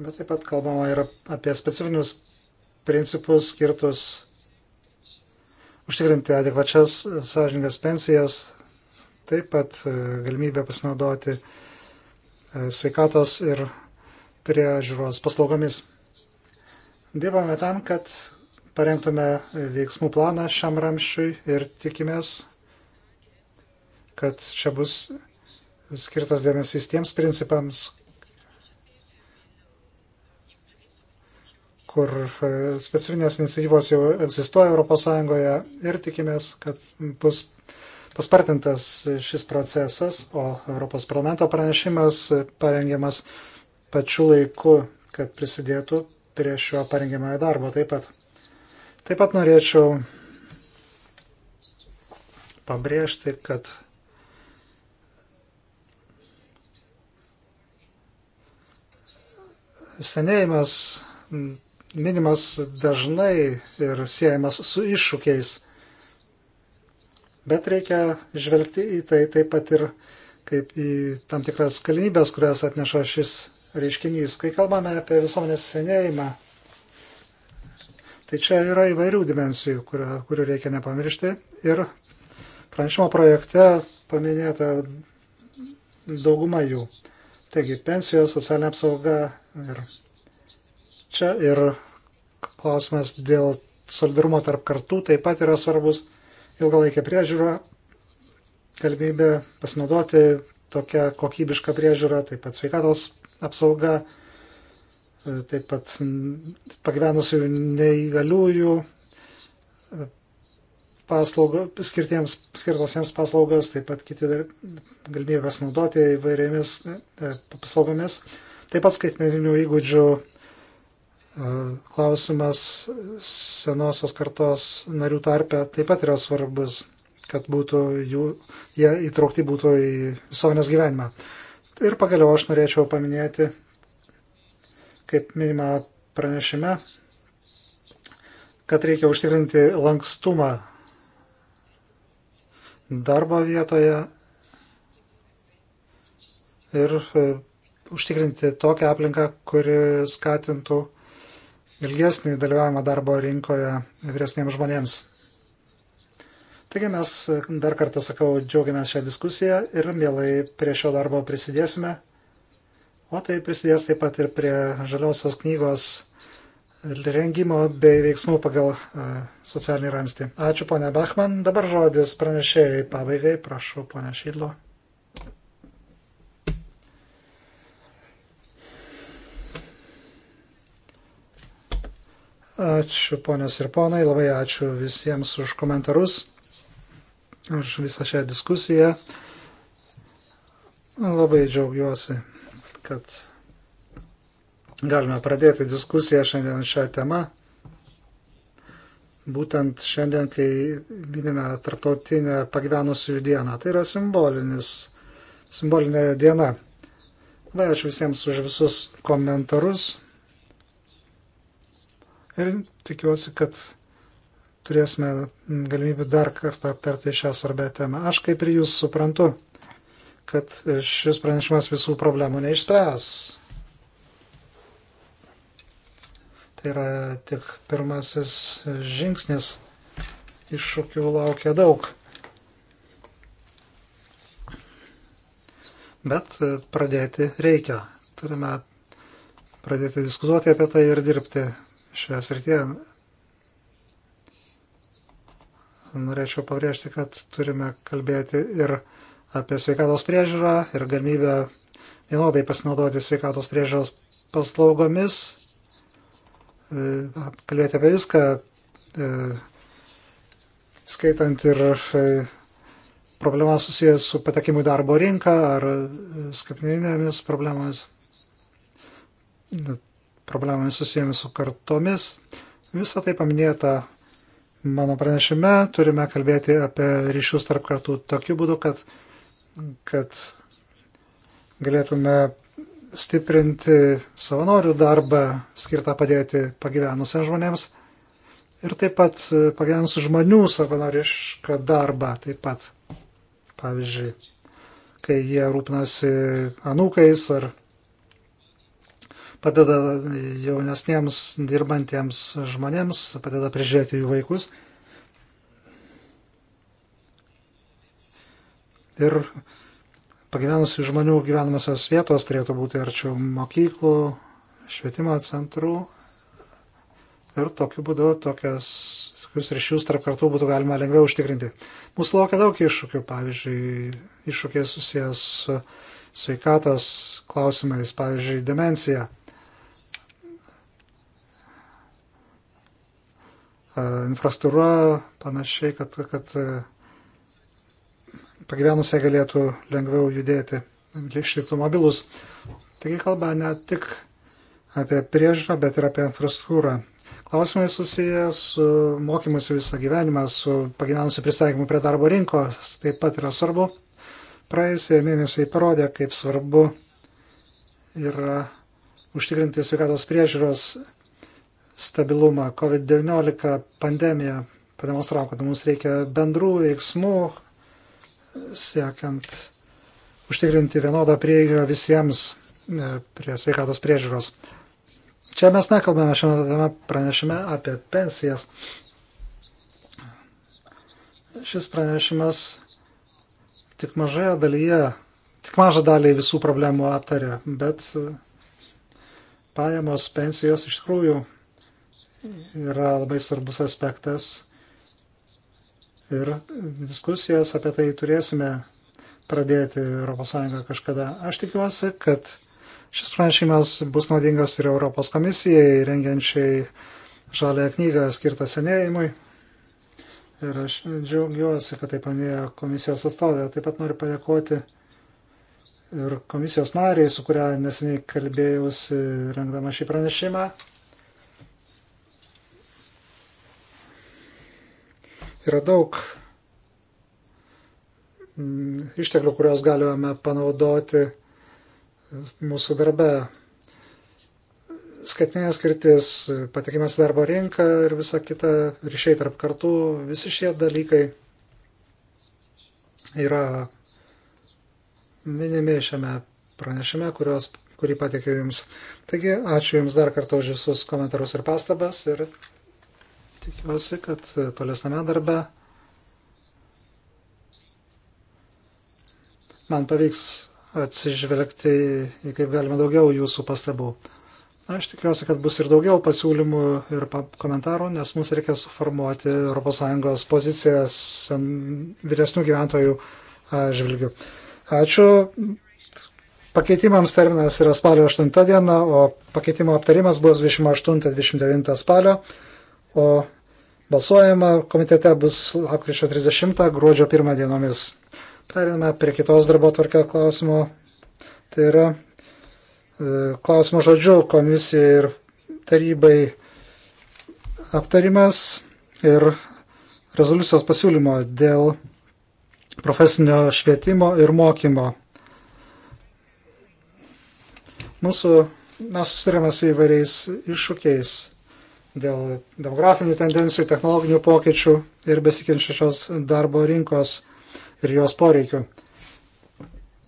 Speaker 4: bet taip pat kalbama ir apie specifinius principus skirtus užtikrinti adekvačias sąžiningas pensijas, taip pat e, galimybę pasinaudoti e, sveikatos ir priežiūros paslaugomis. Dirbame tam, kad parengtume veiksmų planą šiam ramščiui ir tikimės, kad čia bus skirtas dėmesys tiems principams, kur e, specifinės iniciatyvos jau egzistuoja ES ir tikimės, kad bus paspartintas šis procesas, o Europos parlamento pranešimas parengiamas pačiu laiku, kad prisidėtų prie šio parengiamojo darbo taip pat. Taip pat norėčiau pabrėžti, kad senėjimas minimas dažnai ir siejamas su iššūkiais. Bet reikia žvelgti į tai taip pat ir kaip į tam tikras galimybės, kurias atneša šis reiškinys. Kai kalbame apie visuomenės senėjimą, tai čia yra įvairių dimensijų, kurio, kurių reikia nepamiršti. Ir pranešimo projekte paminėta dauguma jų. Taigi pensijos, socialinė apsauga ir čia ir klausimas dėl solidarumo tarp kartų taip pat yra svarbus. Ilgalaikė priežiūra, galimybė pasinaudoti tokią kokybišką priežiūrą, taip pat sveikatos apsauga, e, taip pat pagyvenusių neįgaliųjų e, paslaugos, skirtosiems paslaugos, taip pat kiti galimybė pasinaudoti įvairiomis e, paslaugomis, taip pat skaitmeninių įgūdžių klausimas senosios kartos narių tarpe taip pat yra svarbus, kad būtų jų, jie įtraukti būtų į visuomenės gyvenimą. Ir pagaliau aš norėčiau paminėti, kaip minima pranešime, kad reikia užtikrinti lankstumą darbo vietoje ir e, užtikrinti tokią aplinką, kuri skatintų uh, ilgesnį dalyvavimą darbo rinkoje vyresniems žmonėms. Taigi mes e, dar kartą sakau, džiaugiamės šią diskusiją ir mielai prie šio darbo prisidėsime. O tai prisidės taip pat ir prie žaliosios knygos rengimo bei veiksmų pagal e, socialinį ramstį. Ačiū ponia Bachman. Dabar žodis pranešėjai pabaigai. Prašau ponia Šydlo. Ačiū ponios ir ponai, labai ačiū visiems už komentarus, už visą šią diskusiją. Labai džiaugiuosi, kad galime pradėti diskusiją šiandien šią temą. Būtent šiandien, kai minime tarptautinę pagyvenusiųjų dieną, tai yra simbolinis, simbolinė diena. Labai ačiū visiems už visus komentarus. Ir tikiuosi, kad turėsime galimybę dar kartą aptarti šią svarbę temą. Aš kaip ir jūs suprantu, kad šis pranešimas visų problemų neišspręs. Tai yra tik pirmasis žingsnis, iššūkių laukia daug. Bet pradėti reikia. Turime pradėti diskutuoti apie tai ir dirbti šioje srityje. Norėčiau pabrėžti, kad turime kalbėti ir apie sveikatos priežiūrą ir galimybę vienodai pasinaudoti sveikatos priežiūros paslaugomis, e, kalbėti apie viską, e, skaitant ir e, problemas susijęs su patekimu į darbo rinką ar skaitmeninėmis problemas problemomis susijomis su kartomis. Visą tai paminėta mano pranešime. Turime kalbėti apie ryšius tarp kartų tokiu būdu, kad, kad galėtume stiprinti savanorių darbą skirtą padėti pagyvenusiems žmonėms ir taip pat pagyvenusių žmonių savanorišką darbą taip pat. Pavyzdžiui, kai jie rūpinasi anūkais ar padeda jaunesniems dirbantiems žmonėms, padeda prižiūrėti jų vaikus. Ir pagyvenusių žmonių gyvenamosios vietos turėtų būti arčiau mokyklų, švietimo centrų. Ir tokiu būdu tokias, tokius ryšius tarp kartų būtų galima lengviau užtikrinti. Mūsų laukia daug iššūkių, pavyzdžiui, iššūkiai susijęs su sveikatos klausimais, pavyzdžiui, demencija. E, infrastruktūra, panašiai, kad, kad e, pagyvenusiai galėtų lengviau judėti, išliktų mobilus. Taigi kalba ne tik apie priežiūrą, bet ir apie infrastruktūrą. Klausimai susiję su mokymusi visą gyvenimą, su pagyvenusiu pristaikymu prie darbo rinkos taip pat yra svarbu. Praėjusie mėnesiai parodė, kaip svarbu yra užtikrinti sveikatos priežiūros stabilumą. COVID-19 pandemija pademonstravo, kad mums reikia bendrų veiksmų, siekiant užtikrinti vienodą prieigą visiems e, prie sveikatos priežiūros. Čia mes nekalbame šiame tame pranešime apie pensijas. Šis pranešimas tik mažoje dalyje, tik mažą dalį visų problemų aptarė, bet e, pajamos, pensijos iš tikrųjų yra labai svarbus aspektas. Ir diskusijas apie tai turėsime pradėti ES kažkada. Aš tikiuosi, kad šis pranešimas bus naudingas ir Europos komisijai, rengiančiai žalę knygą skirtą senėjimui. Ir aš džiaugiuosi, kad tai paminėjo komisijos atstovė. Taip pat noriu padėkoti ir komisijos nariai, su kuria neseniai kalbėjausi rengdama šį pranešimą. Yra daug mm, išteklių, kuriuos galime panaudoti mūsų darbe. Skaitminės skirtis, patikimas darbo rinka ir visa kita, ryšiai tarp kartų, visi šie dalykai yra minimi šiame pranešime, kuriuos, kurį patikiu Jums. Taigi, ačiū Jums dar kartą už visus komentarus ir pastabas ir Tikiuosi, kad e, tolesname darbe man pavyks atsižvelgti į kaip galima daugiau jūsų pastabų. Aš tikiuosi, kad bus ir daugiau pasiūlymų ir komentarų, nes mums reikia suformuoti ES pozicijas vyresnių gyventojų žvilgių. Ačiū. Pakeitimams terminas yra spalio 8 diena, o pakeitimo aptarimas bus 28-29 spalio o balsuojama komitete bus lapkričio 30, gruodžio 1 dienomis. Perėmame prie kitos darbo tvarkio klausimo. Tai yra e, klausimo žodžiu komisijai ir tarybai aptarimas ir rezoliucijos pasiūlymo dėl profesinio švietimo ir mokymo. Mūsų, mes susirėmės su įvairiais iššūkiais dėl demografinių tendencijų, technologinių pokyčių ir besikinčiačios darbo rinkos ir jos poreikių.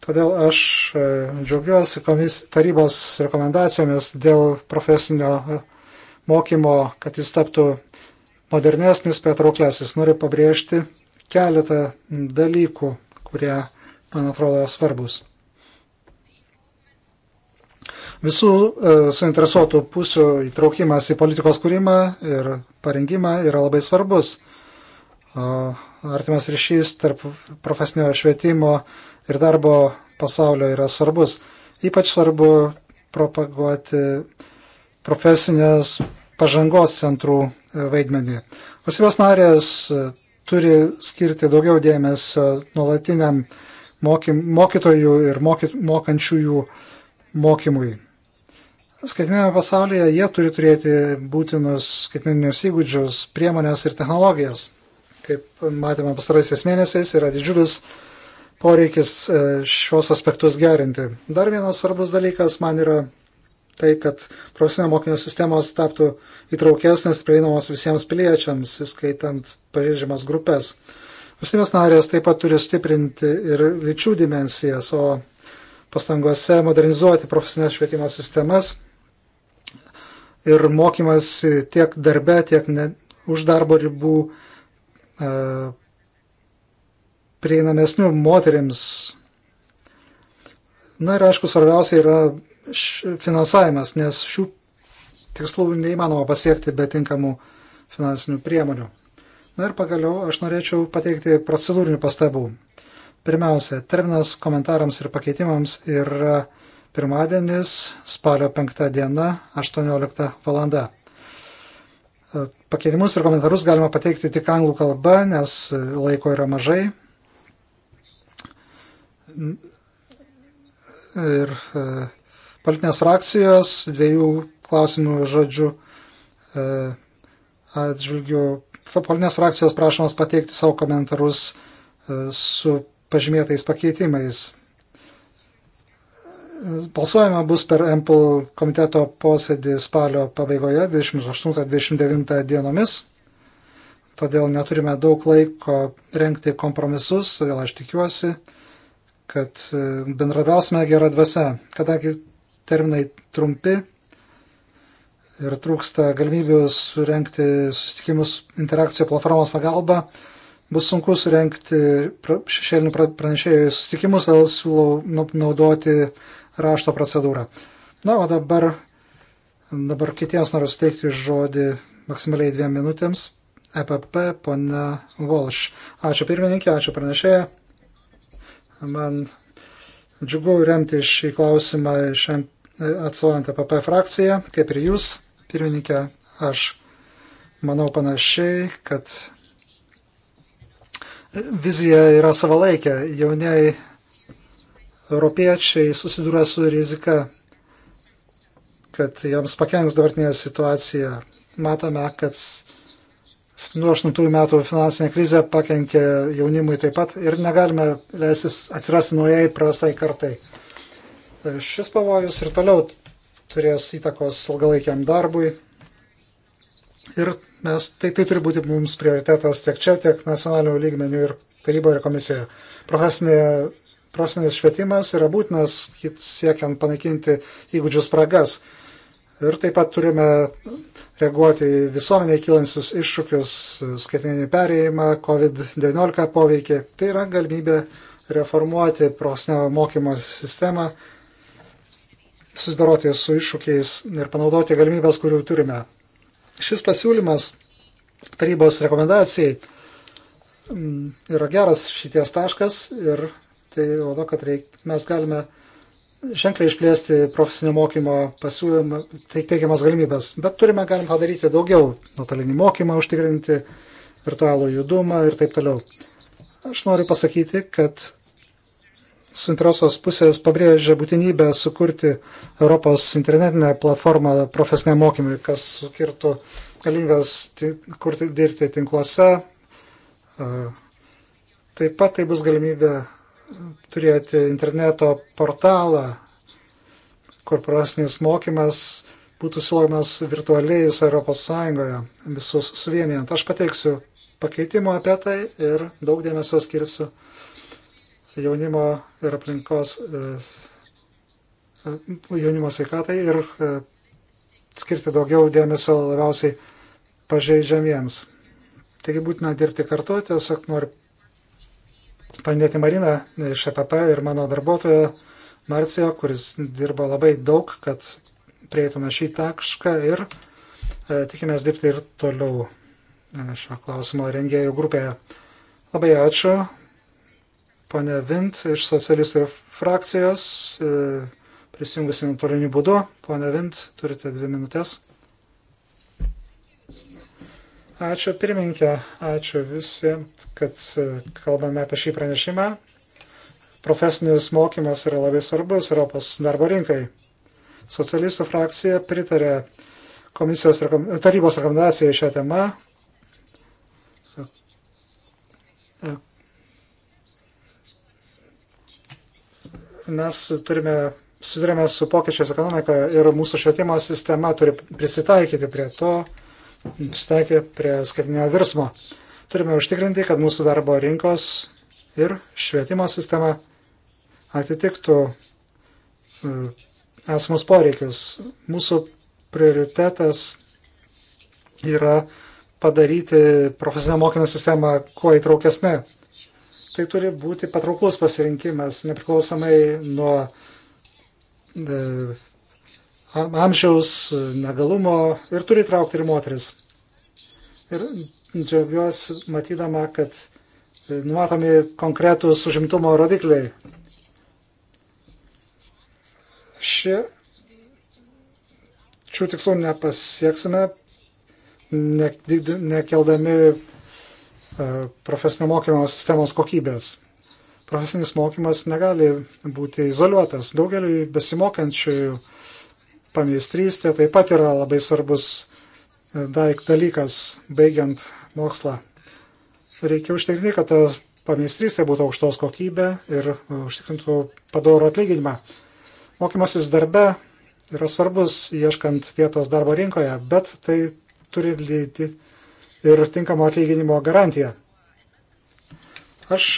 Speaker 4: Todėl aš e, džiaugiuosi komis, tarybos rekomendacijomis dėl profesinio e, mokymo, kad jis taptų modernesnis, patrauklesnis. Noriu pabrėžti keletą dalykų, kurie, man atrodo, svarbus. Visų e, suinteresuotų pusių įtraukimas į politikos kūrimą ir parengimą yra labai svarbus. O artimas ryšys tarp profesinio švietimo ir darbo pasaulio yra svarbus. Ypač svarbu propaguoti profesinės pažangos centrų e, vaidmenį. Valstybės narės e, turi skirti daugiau dėmesio nuolatiniam mokym, mokytojų ir moky, mokančiųjų mokymui. Skaitmeniniame pasaulyje jie turi turėti būtinus skaitmeninius įgūdžius, priemonės ir technologijas. Kaip matėme pastaraisiais mėnesiais, yra didžiulis poreikis e, šios aspektus gerinti. Dar vienas svarbus dalykas man yra tai, kad profesinio mokinio sistemos taptų įtraukesnės prieinamos visiems piliečiams, įskaitant pažeidžiamas grupės. Valstybės narės taip pat turi stiprinti ir lyčių dimensijas, o pastangose modernizuoti profesinės švietimo sistemas ir mokymas tiek darbe, tiek ne, už darbo ribų e, prieinamesnių moteriams. Na ir aišku, svarbiausia yra finansavimas, nes šių tikslų neįmanoma pasiekti be tinkamų finansinių priemonių. Na ir pagaliau aš norėčiau pateikti procedūrinių pastabų. Pirmiausia, terminas komentarams ir pakeitimams yra pirmadienis, spalio 5 diena, 18 valanda. E, pakeitimus ir komentarus galima pateikti tik anglų kalba, nes laiko yra mažai. Ir e, politinės frakcijos dviejų klausimų žodžių e, atžvilgių. Politinės frakcijos prašomas pateikti savo komentarus su pažymėtais pakeitimais. Balsuojama bus per MPL komiteto posėdį spalio pabaigoje 28-29 dienomis, todėl neturime daug laiko renkti kompromisus, todėl aš tikiuosi, kad e, bendrabiausime gerą dvasę, kadangi terminai trumpi ir trūksta galimybių surenkti susitikimus interakcijų platformos pagalba bus sunku surenkti šešėlinių pranešėjų susitikimus, todėl siūlau nu-, naudoti rašto procedūrą. Na, o dabar, dabar kitiems noriu suteikti žodį maksimaliai dviem minutėms. EPP, pana Walsh. Ačiū pirmininkė, ačiū pranešėja. Man džiugu remti šį klausimą atsovant EPP frakciją, kaip ir jūs, pirmininkė. Aš manau panašiai, kad vizija yra savalaikė. Jauniai europiečiai susiduria su rizika, kad jiems pakenks dabartinė situacija. Matome, kad nuo 8 metų finansinė krizė pakenkė jaunimui taip pat ir negalime leistis atsirasti naujai prastai kartai. Šis pavojus ir toliau turės įtakos ilgalaikiam darbui ir mes, tai, tai turi būti mums prioritetas tiek čia, tiek nacionalinio lygmenių ir taryboje ir komisijoje. Profesinė Profesinis švietimas yra būtinas siekiant panaikinti įgūdžių spragas. Ir taip pat turime reaguoti visuomeniai kilančius iššūkius, skaitmeninį perėjimą, COVID-19 poveikį. Tai yra galimybė reformuoti profesinio mokymo sistemą, susidoroti su iššūkiais ir panaudoti galimybės, kurių turime. Šis pasiūlymas tarybos rekomendacijai mm, yra geras šities taškas ir tai rodo, kad reik, mes galime ženkliai išplėsti profesinio mokymo pasiūlymą, tai teikiamas galimybės, bet turime galim padaryti daugiau, nuotolinį mokymą užtikrinti, virtualų judumą ir taip toliau. Aš noriu pasakyti, kad suinteresos pusės pabrėžia būtinybę sukurti Europos internetinę platformą profesiniam mokymui, kas sukirtų galimybės kurti, dirbti tinkluose. Taip pat tai bus galimybė turėti interneto portalą, korporacinis mokymas būtų siūlomas virtualiai visoje Europos Sąjungoje, visus suvienijant. Aš pateiksiu pakeitimų apie tai ir daug dėmesio skirsiu jaunimo ir aplinkos e, e, jaunimo sveikatai ir e, skirti daugiau dėmesio labiausiai pažeidžiamiems. Taigi būtina dirbti kartu, tiesiog noriu paminėti Mariną iš EPP ir mano darbuotojo Marcijo, kuris dirbo labai daug, kad prieitume šį tašką ir e, tikimės dirbti ir toliau e, šio klausimo rengėjų grupėje. Labai ačiū, ponė Vint iš socialistų frakcijos, e, prisijungusi nuotoliniu būdu. Pone Vint, turite dvi minutės. Ačiū pirminkė, ačiū visi, kad e, kalbame apie šį pranešimą. Profesinis mokymas yra labai svarbus Europos darbo rinkai. Socialistų frakcija pritarė komisijos rekom... tarybos rekomendacijai šią temą. Mes turime susidurėme su pokyčiais ekonomikoje ir mūsų švietimo sistema turi prisitaikyti prie to, statė prie skaitminio virsmo. Turime užtikrinti, kad mūsų darbo rinkos ir švietimo sistema atitiktų e, esamus poreikius. Mūsų prioritetas yra padaryti profesinę mokymo sistemą kuo įtraukesnė. Tai turi būti patrauklus pasirinkimas, nepriklausomai nuo e, amžiaus, negalumo ir turi traukti ir moteris. Ir džiaugiuosi matydama, kad e, numatomi konkretūs užimtumo rodikliai. Šie, šių tikslų nepasieksime, ne, nekeldami e, profesinio mokymo sistemos kokybės. Profesinis mokymas negali būti izoliuotas. Daugeliu besimokančiųjų pameistrystė taip pat yra labai svarbus e, daik dalykas, baigiant mokslą. Reikia užtikrinti, kad ta pameistrystė būtų aukštos kokybė ir e, užtikrintų padorų atlyginimą. Mokymasis darbe yra svarbus ieškant vietos darbo rinkoje, bet tai turi lydyti ir tinkamo atlyginimo garantiją. Aš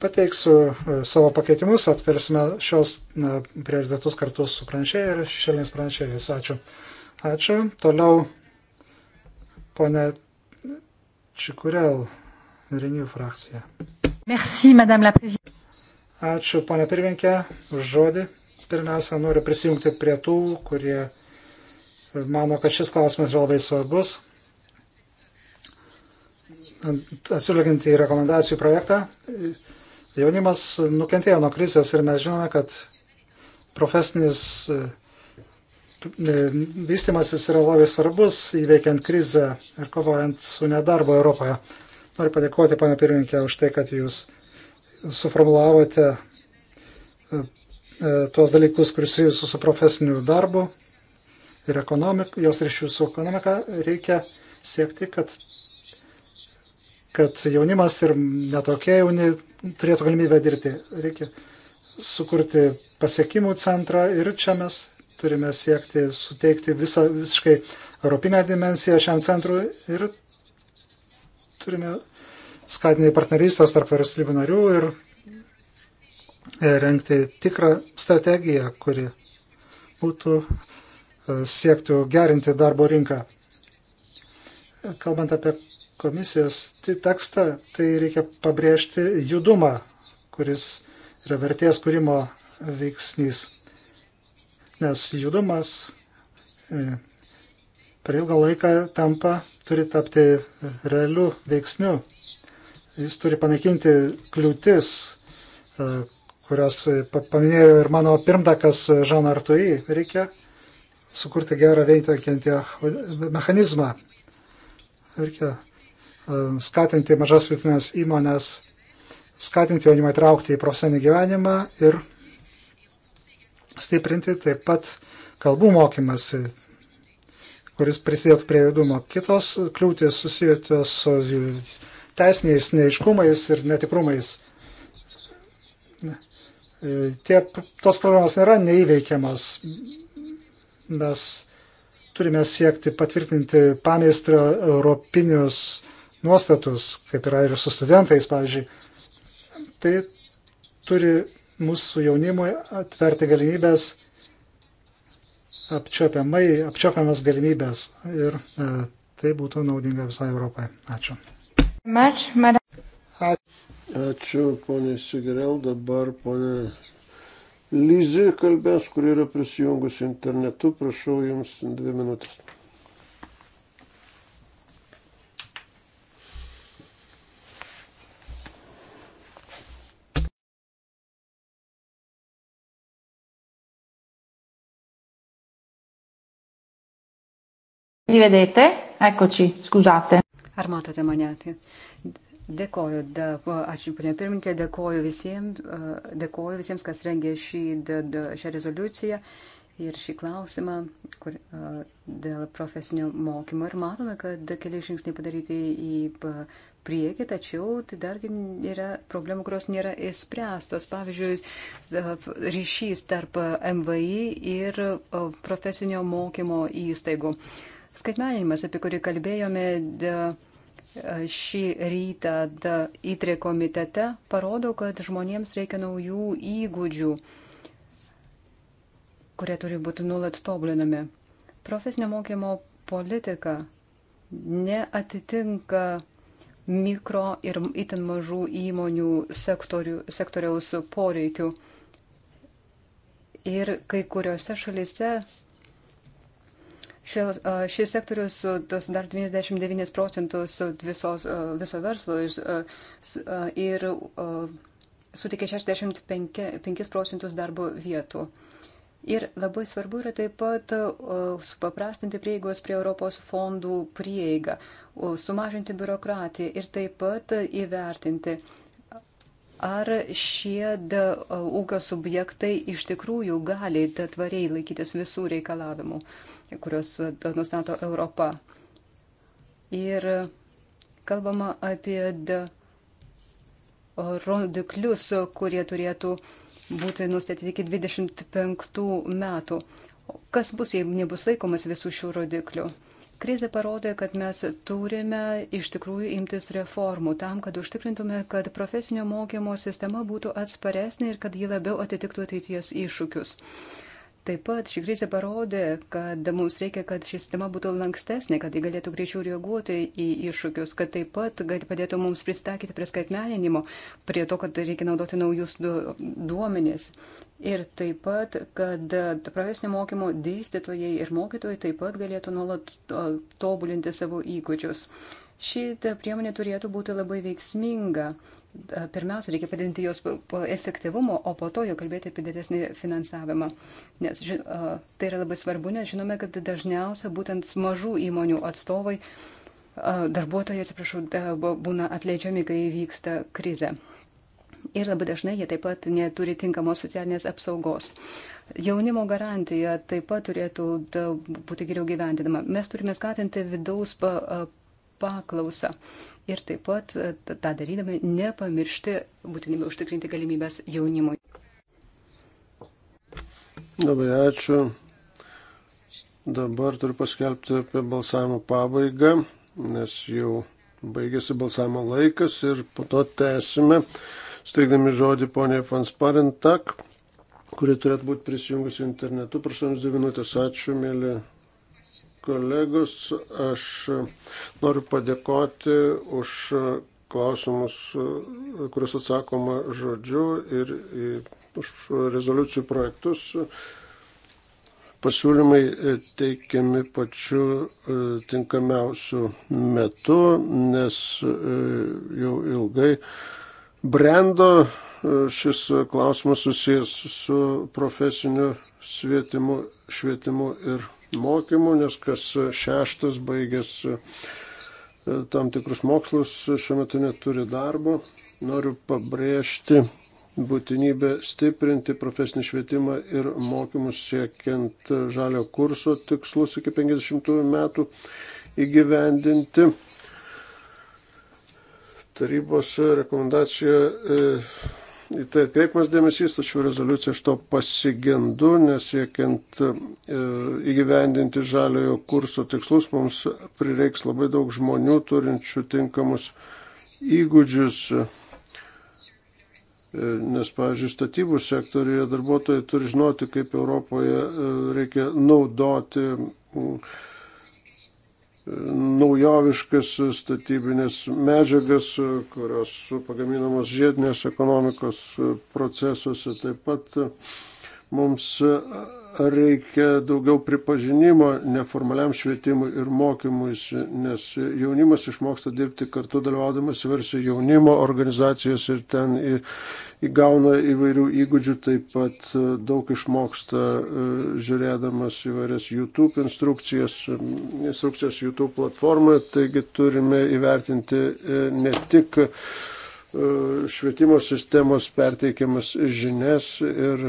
Speaker 4: pateiksiu e, savo pakeitimus, aptarsime šios e, prioritetus kartu su pranešėjai ir šešėliniais pranešėjais. Ačiū. Ačiū. Toliau ponė Čikurel, Renijų frakcija. Merci, madame la prezidentė. Ačiū, ponė pirmininkė, už žodį. Pirmiausia, noriu prisijungti prie tų, kurie mano, kad šis klausimas yra labai svarbus. Atsižvelgiant į rekomendacijų projektą, Jaunimas nukentėjo nuo krizės ir mes žinome, kad profesinis e, vystimasis yra labai svarbus įveikiant krizę ir kovojant su nedarbo Europoje. Noriu padėkoti, pane pirmininkė, už tai, kad jūs suformulavote e, e, tuos dalykus, kuris jūsų su profesiniu darbu ir ekonomik, jos ryšių su ekonomika. Reikia siekti, kad, kad jaunimas ir netokie jauni turėtų galimybę dirbti. Reikia sukurti pasiekimų centrą ir čia mes turime siekti suteikti visą visiškai europinę dimensiją šiam centrui ir turime skatinti partnerystės tarp valstybių narių ir e, rengti tikrą strategiją, kuri būtų e, siektų gerinti darbo rinką. Kalbant apie komisijos tai tekstą, tai reikia pabrėžti judumą, kuris yra vertės kūrimo veiksnys. Nes judumas e, per ilgą laiką tampa, turi tapti realiu veiksniu. Jis turi panaikinti kliūtis, e, kurias paminėjo ir mano pirmdakas Žan Artui. Reikia sukurti gerą veikiantį mechanizmą. Reikia Um, skatinti mažas vidutinės įmonės, skatinti jaunimą įtraukti į profesinį gyvenimą ir stiprinti taip pat kalbų mokymasi, kuris prisidėtų prie judumo. Kitos kliūtis susijusios su teisiniais neiškumais ir netikrumais. Tie, tos problemos nėra neįveikiamas. Mes turime siekti patvirtinti pamėstrio europinius nuostatus, kaip yra ir su studentais, pavyzdžiui, tai turi mūsų jaunimui atverti galimybės apčiopiamai, apčiopiamas galimybės ir e, tai būtų naudinga visai Europai. Ačiū. Ačiū,
Speaker 1: ponė Sigerel, dabar ponė Lyzi kalbės, kur yra prisijungusi internetu, prašau jums dvi minutės.
Speaker 3: Mi vedete? Eccoci, scusate. Ar matote mane? Dėkoju, ačiū, ponė
Speaker 2: pirmininkė, dėkoju visiems, dėkoju visiems, kas rengė šį, šią rezoliuciją ir šį klausimą kur, dėl profesinio mokymo. Ir matome, kad keli žingsniai padaryti į priekį, tačiau tai dargi yra problemų, kurios nėra įspręstos. Pavyzdžiui, ryšys tarp MVI ir profesinio mokymo įstaigų. Skaitmeninimas, apie kurį kalbėjome šį rytą įtrė komitete, parodo, kad žmonėms reikia naujų įgūdžių, kurie turi būti nuolat tobulinami. Profesinio mokymo politika neatitinka mikro ir itin mažų įmonių sektorių, sektoriaus poreikių. Ir kai kuriuose šalyse Šis, šis sektorius sudar 29 procentus visos, viso verslo ir, ir suteikia 65 procentus darbo vietų. Ir labai svarbu yra taip pat supaprastinti prieigos prie Europos fondų prieigą, sumažinti biurokratiją ir taip pat įvertinti, ar šie da, ūkio subjektai iš tikrųjų gali tvariai laikytis visų reikalavimų. Uh, kuriuos e, nustato Europa. Ir kalbama apie rodiklius, kurie turėtų būti nustatyti iki 25 metų. Kas bus, jei nebus laikomas visų šių rodiklių? Krizė parodė, kad mes turime iš tikrųjų imtis reformų tam, kad užtikrintume, kad profesinio mokymo sistema būtų atsparesnė ir kad ji labiau atitiktų ateities iššūkius. Taip pat ši krizė parodė, kad mums reikia, kad ši sistema būtų lankstesnė, kad ji galėtų greičiau reaguoti į iššūkius, kad taip pat padėtų mums pristaikyti prie skaitmeninimo, prie to, kad reikia naudoti naujus duomenys. Ir taip pat, kad profesinio mokymo dėstytojai ir mokytojai taip pat galėtų nuolat tobulinti savo įgūdžius. Šitą priemonę turėtų būti labai veiksminga pirmiausia, reikia padinti jos efektyvumą, o po to jau kalbėti apie didesnį finansavimą. Nes ži, tai yra labai svarbu, nes žinome, kad dažniausia būtent mažų įmonių atstovai, darbuotojai, atsiprašau, būna atleidžiami, kai vyksta krize. Ir labai dažnai jie taip pat neturi tinkamos socialinės apsaugos. Jaunimo garantija taip pat turėtų da, būti geriau gyvendinama. Mes turime skatinti vidaus pa, paklausą ir taip pat e, tą darydami nepamiršti būtinybę užtikrinti galimybės jaunimui.
Speaker 1: Labai ačiū. Dabar turiu paskelbti apie balsavimo pabaigą, nes jau baigėsi balsavimo laikas ir po to tęsime, steigdami žodį poniai Fansparentak, kuri turėtų būti prisijungusi internetu. Prašau jums dvi minutės. Ačiū, mėly kolegos, aš noriu padėkoti už klausimus, kuriuos atsakoma žodžiu ir už rezoliucijų projektus. Pasiūlymai teikiami pačiu e, tinkamiausiu metu, nes e, jau ilgai brendo e, šis klausimas susijęs su profesiniu švietimu, švietimu ir mokymų, nes kas šeštas baigęs e, tam tikrus mokslus e, šiuo metu neturi darbo. Noriu pabrėžti būtinybę stiprinti profesinį švietimą ir mokymus siekiant žalio kurso tikslus iki 50 metų įgyvendinti. Tarybos rekomendacija e, į tai atkreipimas dėmesys, tačiau rezoliucija iš to pasigendu, nesiekiant e, įgyvendinti žaliojo kurso tikslus, mums prireiks labai daug žmonių turinčių tinkamus įgūdžius. E, nes, pavyzdžiui, statybų sektorija darbuotojai turi žinoti, kaip Europoje e, reikia naudoti naujoviškas statybinės medžiagas, kurios pagaminamos žiedinės ekonomikos procesuose. Taip pat mums reikia daugiau pripažinimo neformaliam švietimui ir mokymuisi, nes jaunimas išmoksta dirbti kartu dalyvaudamas versi jaunimo organizacijos ir ten įgauna įvairių įgūdžių, taip pat e, daug išmoksta e, žiūrėdamas įvairias YouTube instrukcijas, instrukcijas YouTube platformoje, taigi turime įvertinti e, ne tik švietimo sistemos perteikiamas žinias ir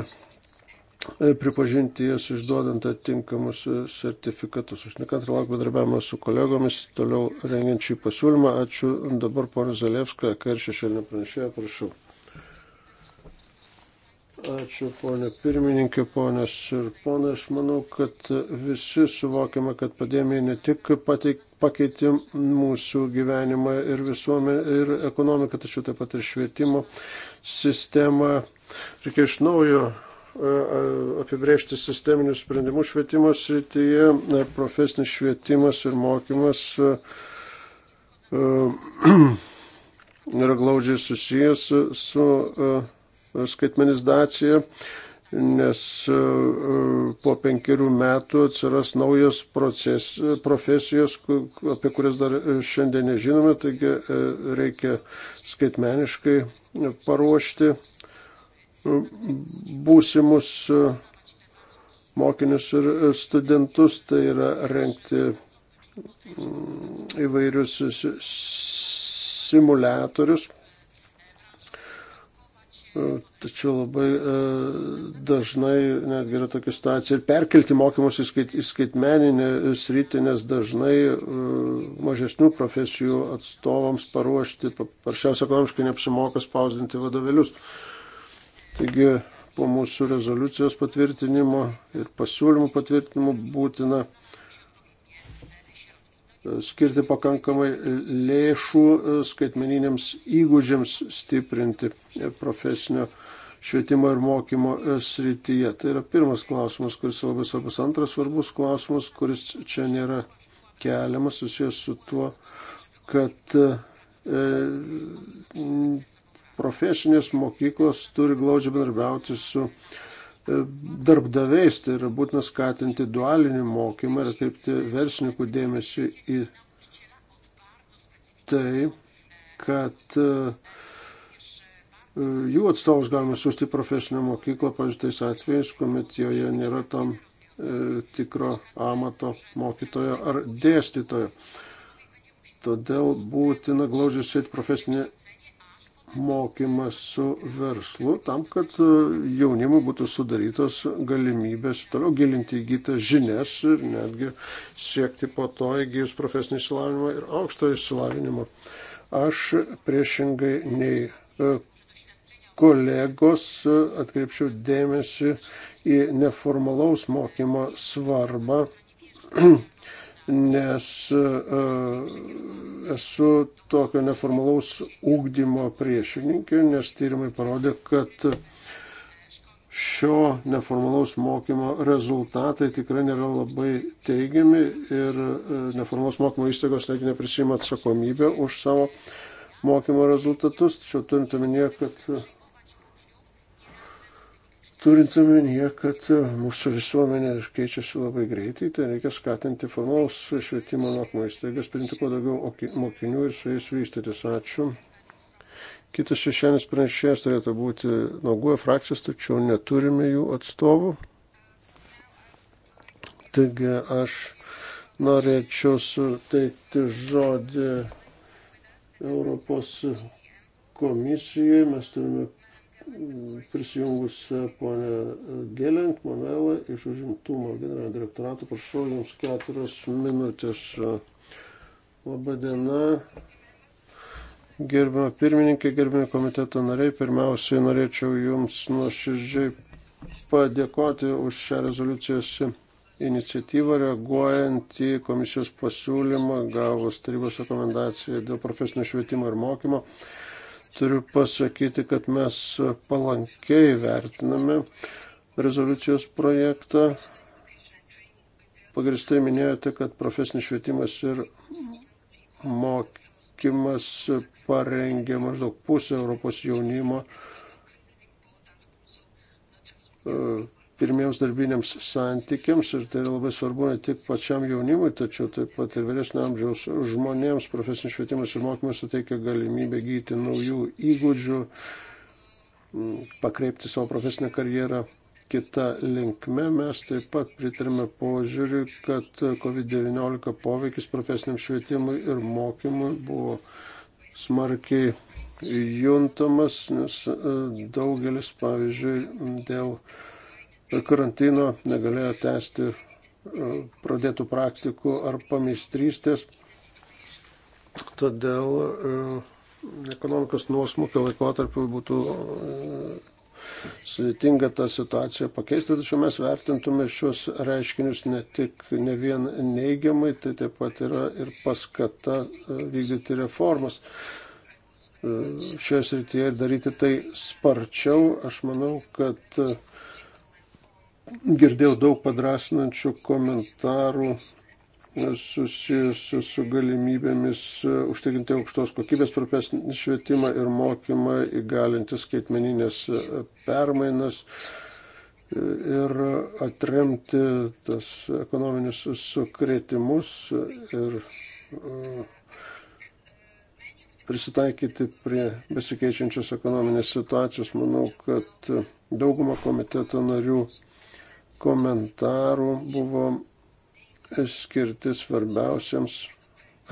Speaker 1: E, pripažinti jas išduodant atitinkamus sertifikatus. Aš nekantriai laukiu bendrabiavimo su kolegomis, toliau rengiant šį pasiūlymą. Ačiū dabar ponė Zalevska, ir šešėlinė pranešėja, prašau. Ačiū ponė pirmininkė, ponės ir ponai. Aš manau, kad visi suvokiame, kad pandemija ne tik pateik, pakeitė mūsų gyvenimą ir visuomenę, ir ekonomiką, tačiau taip pat ir švietimo sistemą. Reikia iš naujo apibrėžti sisteminius sprendimus švietimo srityje, profesinis švietimas ir mokymas yra glaudžiai susijęs su skaitmenizacija, nes po penkerių metų atsiras naujos proces, profesijos, apie kurias dar šiandien nežinome, taigi reikia skaitmeniškai paruošti būsimus e, mokinius ir studentus, tai yra renkti mm, įvairius simulatorius. E, tačiau labai e, dažnai netgi yra tokia situacija ir perkelti mokymus į, skait, į skaitmeninę sritį, nes dažnai mažesnių profesijų atstovams paruošti paprasčiausiai ekonomiškai neapsimoka spausdinti vadovėlius. Uh, Taigi po mūsų rezoliucijos patvirtinimo ir pasiūlymų patvirtinimo būtina e, skirti pakankamai lėšų e, skaitmeniniams įgūdžiams stiprinti e, profesinio švietimo ir mokymo srityje. Tai yra pirmas klausimas, kuris labai svarbus. Antras svarbus klausimas, kuris čia nėra keliamas, susijęs su tuo, kad profesinės mokyklos turi glaudžiai bendarbiauti su e, darbdaviais, tai yra būtina skatinti dualinį mokymą ir atkreipti verslininkų dėmesį į tai, kad e, jų atstovus galima siūsti į profesinę mokyklą, pavyzdžiui, tais atvejais, kuomet joje nėra tam e, tikro amato mokytojo ar dėstytojo. Todėl būtina glaudžiai sėti profesinė mokymas su verslu, tam, kad e, jaunimui būtų sudarytos galimybės toliau gilinti įgytas žinias ir netgi siekti po to įgyjus profesinį išsilavinimą ir aukštą išsilavinimą. Aš priešingai nei e, kolegos e, atkreipčiau dėmesį į neformalaus mokymo svarbą nes e, esu tokio neformalaus ūkdymo priešininkė, nes tyrimai parodė, kad šio neformalaus mokymo rezultatai tikrai nėra labai teigiami ir e, neformalaus mokymo įstaigos netgi neprisima atsakomybę už savo mokymo rezultatus, tačiau turint omenyje, kad Turint omenyje, kad e, mūsų visuomenė keičiasi labai greitai, tai reikia skatinti formalaus švietimo mokymo įstaigas, priimti kuo daugiau mokinių ir su jais vystytis. Ačiū. Kitas šešienis pranešėjas turėtų būti nuoguoja frakcijas, tačiau neturime jų atstovų. Taigi aš norėčiau suteikti žodį Europos komisijai. Mes turime prisijungus e, ponė Gelink Manuela iš užimtumo generalinio direktorato. Prašau Jums keturias minutės. Labadiena. Gerbiamą pirmininkę, gerbiamą komiteto nariai, pirmiausiai norėčiau Jums nuoširdžiai padėkoti už šią rezoliucijos iniciatyvą reaguojant į komisijos pasiūlymą gavus tarybos rekomendaciją dėl profesinio švietimo ir mokymo turiu pasakyti, kad mes palankiai vertiname rezoliucijos projektą. Pagristai minėjote, kad profesinis švietimas ir mokymas parengė maždaug pusę Europos jaunimo pirmiems darbiniams santykiams ir tai yra labai svarbu ne tik pačiam jaunimui, tačiau taip pat ir vyresnio amžiaus žmonėms profesinis švietimas ir mokymas suteikia galimybę gyti naujų įgūdžių, pakreipti savo profesinę karjerą kita linkme. Mes taip pat pritarime požiūriui, kad COVID-19 poveikis profesiniam švietimui ir mokymui buvo smarkiai juntamas, nes e, daugelis, pavyzdžiui, dėl karantino negalėjo tęsti e, pradėtų praktikų ar pameistrystės. Todėl e, ekonomikos nuosmukio laikotarpiu būtų e, sudėtinga tą situaciją pakeisti, tačiau mes vertintume šios reiškinius ne tik ne vien neigiamai, tai taip pat yra ir paskata vykdyti reformas šioje srityje ir daryti tai sparčiau. Aš manau, kad girdėjau daug padrasinančių komentarų susijusių su galimybėmis užtikrinti aukštos kokybės profesinį švietimą ir mokymą, įgalinti skaitmeninės permainas ir atremti tas ekonominius sukretimus ir uh, prisitaikyti prie besikeičiančios ekonominės situacijos. Manau, kad dauguma komiteto narių komentarų buvo skirti svarbiausiams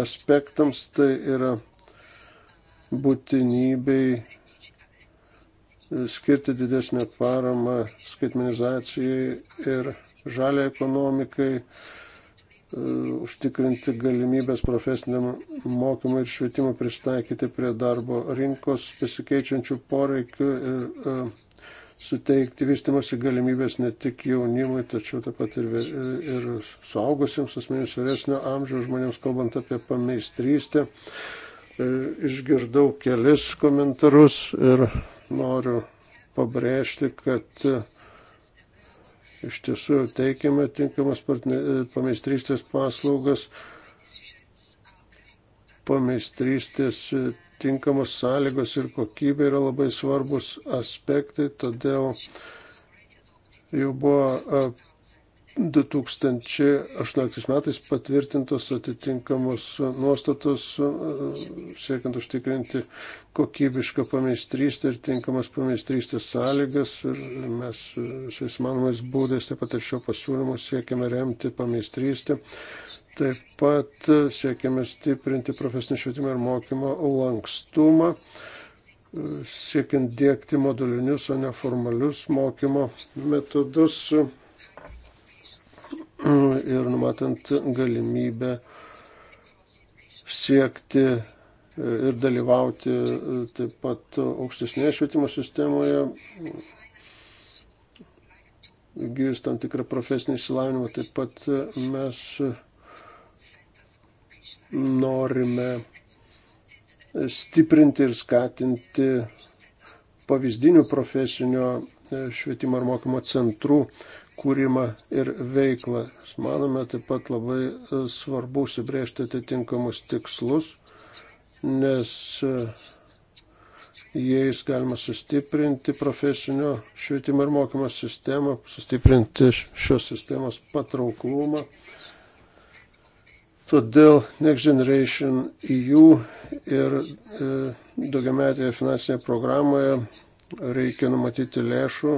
Speaker 1: aspektams, tai yra būtinybei skirti didesnę paramą skaitmenizacijai ir žaliai ekonomikai, užtikrinti galimybės profesiniam mokymui ir švietimui pristaikyti prie darbo rinkos pasikeičiančių poreikių ir uh, suteikti vystimosi galimybės ne tik jaunimui, tačiau taip pat ir, ir, ir suaugusiems asmenims vyresnio amžiaus žmonėms, kalbant apie pameistrystę. E, išgirdau kelis komentarus ir noriu pabrėžti, kad e, iš tiesų teikiame tinkamas e, pameistrystės paslaugas. Pameistrystės tinkamos sąlygos ir kokybė yra labai svarbus aspektai, todėl jau buvo 2018 metais patvirtintos atitinkamos nuostatos, siekiant užtikrinti kokybišką pameistrystę ir tinkamas pameistrystės sąlygas. Ir mes visais manomais būdais, taip pat ir šio pasiūlymo, siekiame remti pameistrystę. Taip pat siekiame stiprinti profesinį švietimą ir mokymo lankstumą, siekiant dėkti modulinius, o ne formalius mokymo metodus ir numatant galimybę siekti ir dalyvauti taip pat aukštesnėje švietimo sistemoje, gyjus tam tikrą profesinį įsilavinimą, taip pat mes norime stiprinti ir skatinti pavyzdinių profesinio e, švietimo ir mokymo centrų kūrimą ir veiklą. Manome taip pat labai e, svarbu užsibriežti atitinkamus tikslus, nes e, jais galima sustiprinti profesinio švietimo ir mokymo sistemą, sustiprinti šios sistemos patrauklumą, Todėl Next Generation EU ir e, daugiametėje finansinėje programoje reikia numatyti lėšų,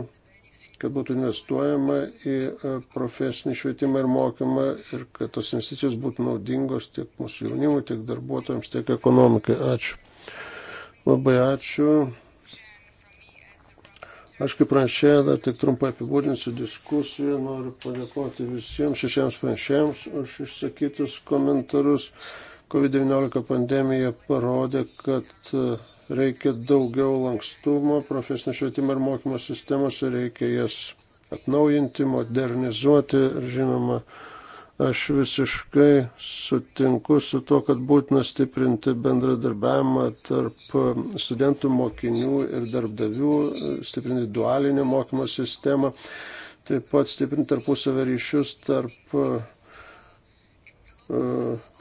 Speaker 1: kad būtų investuojama į e, profesinį švietimą ir mokymą ir kad tos investicijos būtų naudingos tiek mūsų jaunimui, tiek darbuotojams, tiek ekonomikai. Ačiū. Labai ačiū. Aš kaip pranešėja dar tik trumpai apibūdinsiu diskusiją. Noriu padėkoti visiems šešiems pranešėjams už išsakytus komentarus. COVID-19 pandemija parodė, kad e, reikia daugiau lankstumo profesinio švietimo ir mokymo sistemose, reikia jas atnaujinti, modernizuoti ir žinoma Aš visiškai sutinku su to, kad būtina stiprinti bendradarbiavimą tarp studentų mokinių ir darbdavių, stiprinti dualinę mokymo sistemą, taip pat stiprinti tarpusavę ryšius tarp e,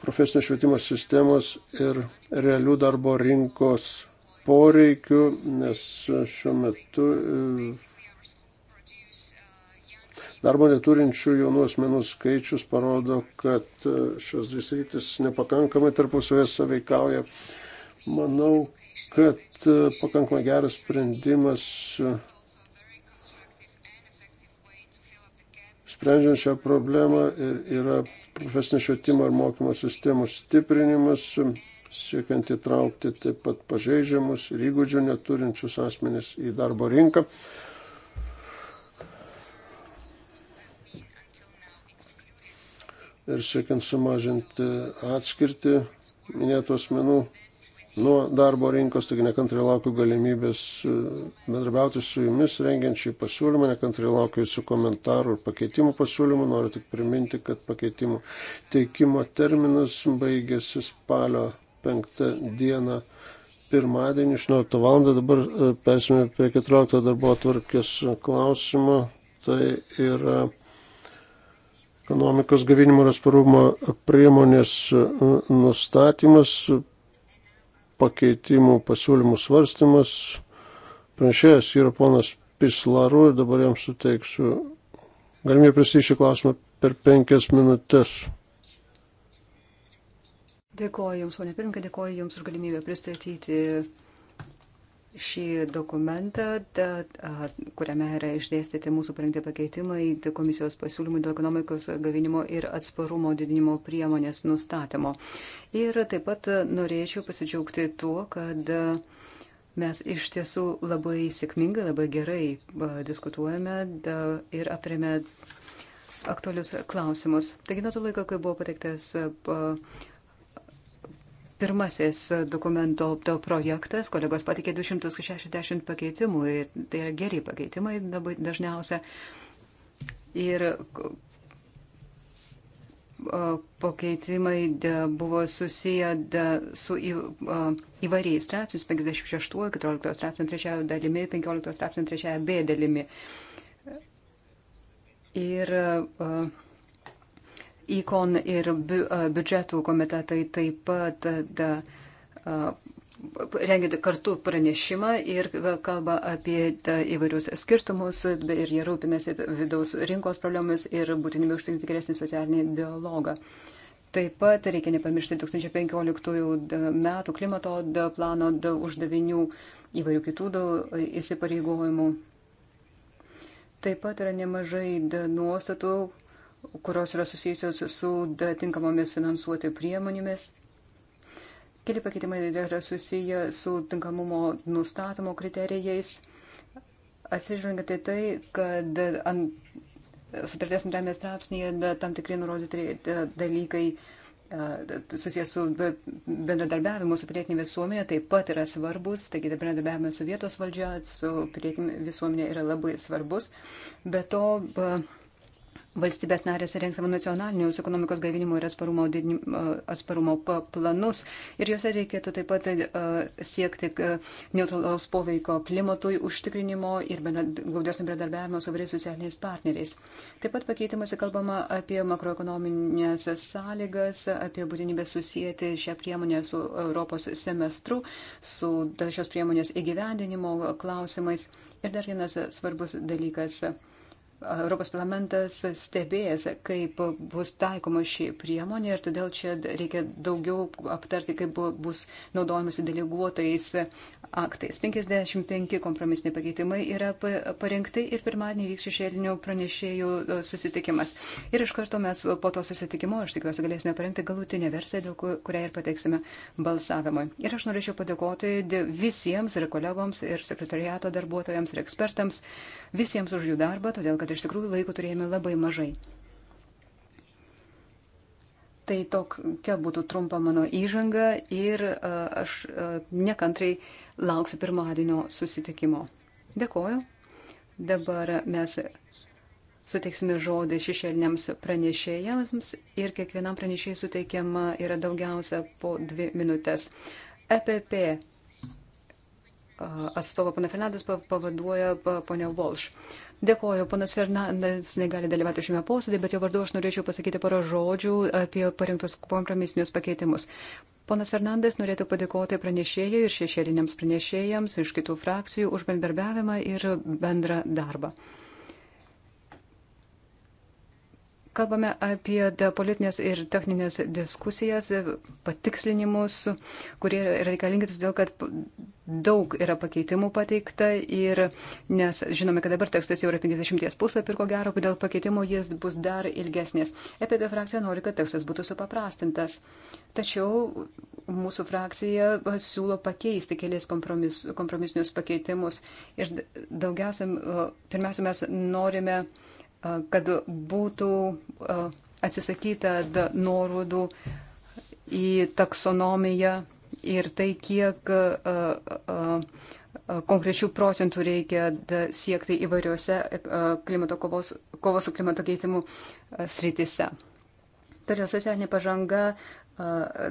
Speaker 1: profesinio švietimo sistemos ir realių darbo rinkos poreikių, nes šiuo metu e, Darbo neturinčių jaunų asmenų skaičius parodo, kad e, šios dvi sritis nepakankamai tarpusavės saveikauja. Manau, kad e, pakankamai geras sprendimas e, sprendžiant šią problemą yra profesinio švietimo ir mokymo sistemų stiprinimas, siekiant įtraukti taip pat pažeidžiamus ir įgūdžių neturinčius asmenys į darbo rinką. ir siekiant sumažinti atskirti minėtų asmenų nuo darbo rinkos, taigi nekantrai laukiu galimybės e, bendrabiauti su jumis, rengiant šį pasiūlymą, nekantrai laukiu jūsų komentarų ir pakeitimų pasiūlymų. Noriu tik priminti, kad pakeitimų teikimo terminas baigėsi spalio penktą dieną pirmadienį 16 val. Dabar e, persime prie 14 darbo atvarkės klausimo. Tai yra ekonomikos gavinimo ir atsparumo priemonės e, nustatymas, pakeitimų pasiūlymų svarstymas. Pranešėjas yra ponas Pislaru ir dabar jam suteiksiu galimybę prisišį klausimą per penkias minutės.
Speaker 2: Dėkoju Jums, ponė pirmininkė, dėkoju Jums už galimybę pristatyti šį dokumentą, da, a, kuriame yra išdėstyti mūsų parengti pakeitimai komisijos pasiūlymų dėl ekonomikos gavinimo ir atsparumo didinimo priemonės nustatymo. Ir taip pat norėčiau pasidžiaugti tuo, kad a, mes iš tiesų labai sėkmingai, labai gerai a, diskutuojame da, ir aptarėme aktualius klausimus. Taigi nuo to laiko, kai buvo pateiktas. A, pirmasis dokumento projektas, kolegos patikė 260 pakeitimų, tai yra geri pakeitimai dažniausia. Ir pakeitimai buvo susiję su įvairiais straipsniais 56, 14 straipsnių 3 dalimi, 15 straipsnių 3 B dalimi. Ir uh, Ikon ir bi, e, biudžetų komitetai taip pat e, da, e, rengia kartu pranešimą ir kalba apie įvairius skirtumus ir jie rūpinasi vidaus rinkos problemas ir būtinybė užtikrinti geresnį socialinį dialogą. Taip pat reikia nepamiršti 2015 metų klimato plano uždavinių, įvairių kitų įsipareigojimų. Taip pat yra nemažai nuostatų, kurios yra susijusios su tinkamomis finansuoti priemonėmis. Keli pakeitimai yra susiję su tinkamumo nustatymo kriterijais. Atsižvelgiant į tai, kad ant sutarties antrame straipsnėje tam tikrai nurodyti dalykai susijęs su bendradarbiavimu su pilietinė visuomenė taip pat yra svarbus, taigi bendradarbiavimas su vietos valdžia, su pilietinė visuomenė yra labai svarbus. Be to, Valstybės narės rengs savo nacionalinius ekonomikos gaivinimo ir atsparumo, atsparumo planus ir juose reikėtų taip pat uh, siekti uh, neutralaus poveikio klimatui užtikrinimo ir glaudesnio bendradarbiavimo su vairiais socialiniais partneriais. Taip pat pakeitimuose kalbama apie makroekonominės sąlygas, apie būtinybę susijęti šią priemonę su Europos semestru, su šios priemonės įgyvendinimo klausimais. Ir dar vienas svarbus dalykas. Uh, Europos parlamentas stebėjęs, kaip bus taikoma šį priemonę ir todėl čia reikia daugiau aptarti, kaip bus naudojamasi deleguotais aktais. 55 kompromisiniai pakeitimai yra parengti ir pirmadienį vyks šešėlinių pranešėjų e, susitikimas. Ir iš karto mes po to susitikimo, aš tikiuosi, galėsime parengti galutinę versiją, dėl kurią ir pateiksime balsavimui. Ir aš norėčiau padėkoti visiems ir kolegoms ir sekretariato darbuotojams ir ekspertams visiems už jų darbą, todėl kad iš tikrųjų laiko turėjome labai mažai. Tai tokia būtų trumpa mano įžanga ir aš nekantrai lauksiu pirmadienio susitikimo. Dėkoju. Dabar mes suteiksime žodį šešėliniams pranešėjams ir kiekvienam pranešėjai suteikiama yra daugiausia po dvi minutės. EPP atstovą pana Fernandas pavaduoja ponia Walsh. Dėkoju, panas Fernandas negali dalyvauti šiame posėdėje, bet jo vardu aš norėčiau pasakyti porą žodžių apie parinktus kompromisinius pakeitimus. Ponas Fernandas norėtų padėkoti pranešėjai ir šešėliniams pranešėjams iš kitų frakcijų už bendarbiavimą ir bendrą darbą. kalbame apie politinės ir techninės diskusijas, patikslinimus, kurie yra reikalingi todėl, kad daug yra pakeitimų pateikta ir nes žinome, kad dabar tekstas jau yra 50 puslapį ir ko gero, dėl pakeitimų jis bus dar ilgesnis. EPP frakcija nori, kad tekstas būtų supaprastintas. Tačiau mūsų frakcija siūlo pakeisti kelias kompromis, kompromisinius pakeitimus ir daugiausia, pirmiausia, mes norime, kad būtų atsisakyta nuorodų į taksonomiją ir tai, kiek konkrečių procentų reikia siekti įvairiuose e, klimato kovos, kovos su klimato keitimu srityse. Toliau socialinė pažanga,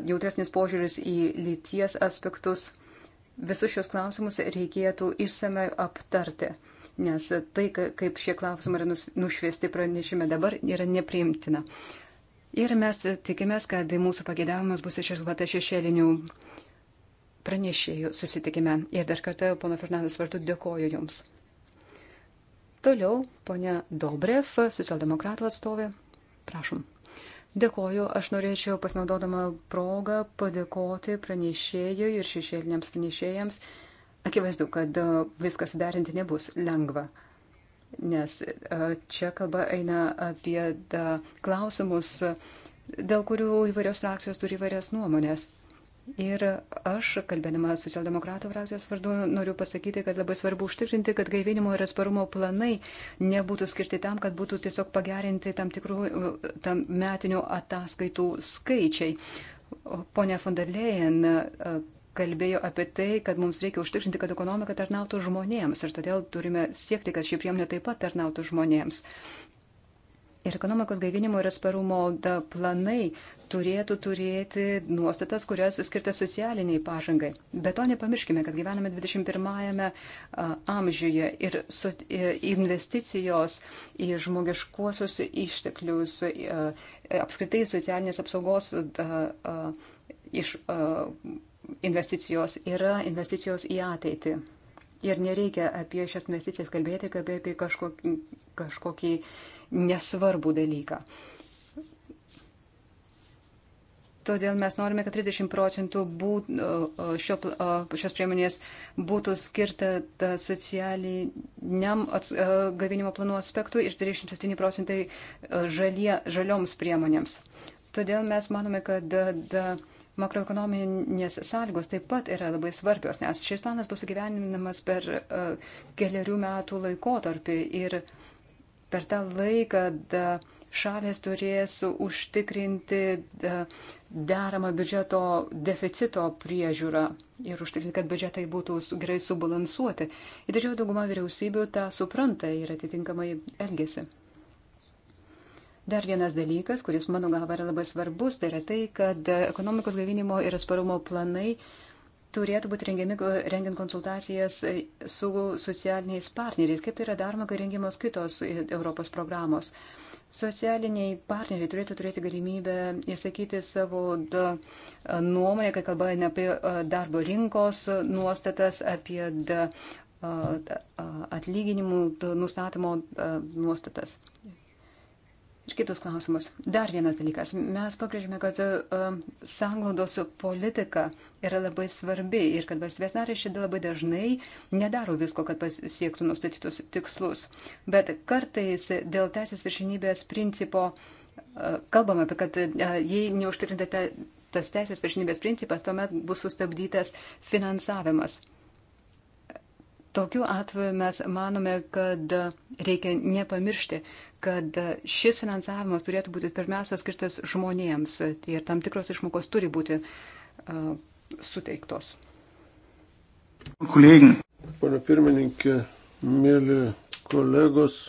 Speaker 2: jautresnis požiūris į lyties aspektus. Visus šios klausimus reikėtų išsamei aptarti, nes tai, kaip šie klausimai yra nušviesti pranešime dabar, yra nepriimtina. Ir mes tikimės, kad mūsų pagėdavimas bus išrinktas šešėlinių pranešėjų susitikime. Ir dar kartą, pono Fernandas vardu, dėkoju Jums. Toliau, ponia Dobrev, socialdemokratų atstovė, prašom. Dėkoju, aš norėčiau pasinaudodama progą padėkoti pranešėjui ir šešėliniams pranešėjams. Akivaizdu, kad e, viską suderinti nebus lengva, nes e, čia kalba eina apie da, klausimus, dėl kurių įvairios frakcijos turi įvairias nuomonės. Ir aš, kalbėdama socialdemokratų frakcijos vardu, noriu pasakyti, kad labai svarbu užtikrinti, kad gaivinimo ir atsparumo planai nebūtų skirti tam, kad būtų tiesiog pagerinti tam tikrų tam metinių ataskaitų skaičiai. Pone von der Leyen kalbėjo apie tai, kad mums reikia užtikrinti, kad ekonomika tarnautų žmonėms ir todėl turime siekti, kad ši priemonė taip pat tarnautų žmonėms. Ir ekonomikos gaivinimo ir atsparumo planai turėtų turėti nuostatas, kurias skirtas socialiniai pažangai. Bet to nepamirškime, kad gyvename 21-ame amžiuje ir so, investicijos į žmogiškuosius išteklius, apskritai socialinės apsaugos iš investicijos yra investicijos į ateitį. Ir nereikia apie šias investicijas kalbėti kaip apie kažkokį, kažkokį nesvarbų dalyką. Uh, Todėl mes norime, kad 30 procentų būt, šio, šios priemonės būtų skirta socialiniam ats, e, gavinimo planų aspektui ir 37 procentai e, žalie, žalioms priemonėms. Todėl mes manome, kad da, da, makroekonominės sąlygos taip pat yra labai svarbios, nes šis planas bus gyveninamas per uh, e, keliarių metų laikotarpį ir per tą laiką uh, šalės turės užtikrinti e, deramą biudžeto deficito priežiūrą ir užtikrinti, kad biudžetai būtų gerai subalansuoti. Ir didžioji dauguma vyriausybių tą supranta ir atitinkamai elgesi. Dar vienas dalykas, kuris mano galva yra labai svarbus, tai yra tai, kad ekonomikos gavinimo ir atsparumo planai turėtų būti rengiami, rengiant konsultacijas su socialiniais partneriais, kaip tai yra daroma, kai rengiamos kitos Europos programos. Uh, Socialiniai partneriai turėtų turėti galimybę įsakyti savo nuomonę, kai kalba eina apie darbo rinkos nuostatas, apie atlyginimų nustatymo nuostatas ir kitus klausimus. Dar vienas dalykas. Mes pabrėžime, kad uh, sanglaudos politika yra labai svarbi ir kad valstybės narės šiandien labai dažnai nedaro visko, kad pasiektų nustatytus tikslus. Bet kartais dėl teisės viršinybės principo uh, kalbame apie, kad uh, jei neužtikrintate tas teisės viršinybės principas, tuomet bus sustabdytas finansavimas. Tokiu atveju mes manome, kad reikia nepamiršti, kad šis finansavimas turėtų būti pirmiausia skirtas žmonėms tai ir tam tikros išmokos turi būti uh, suteiktos.
Speaker 1: Kolegin. Pane pirmininkė, mėly kolegos,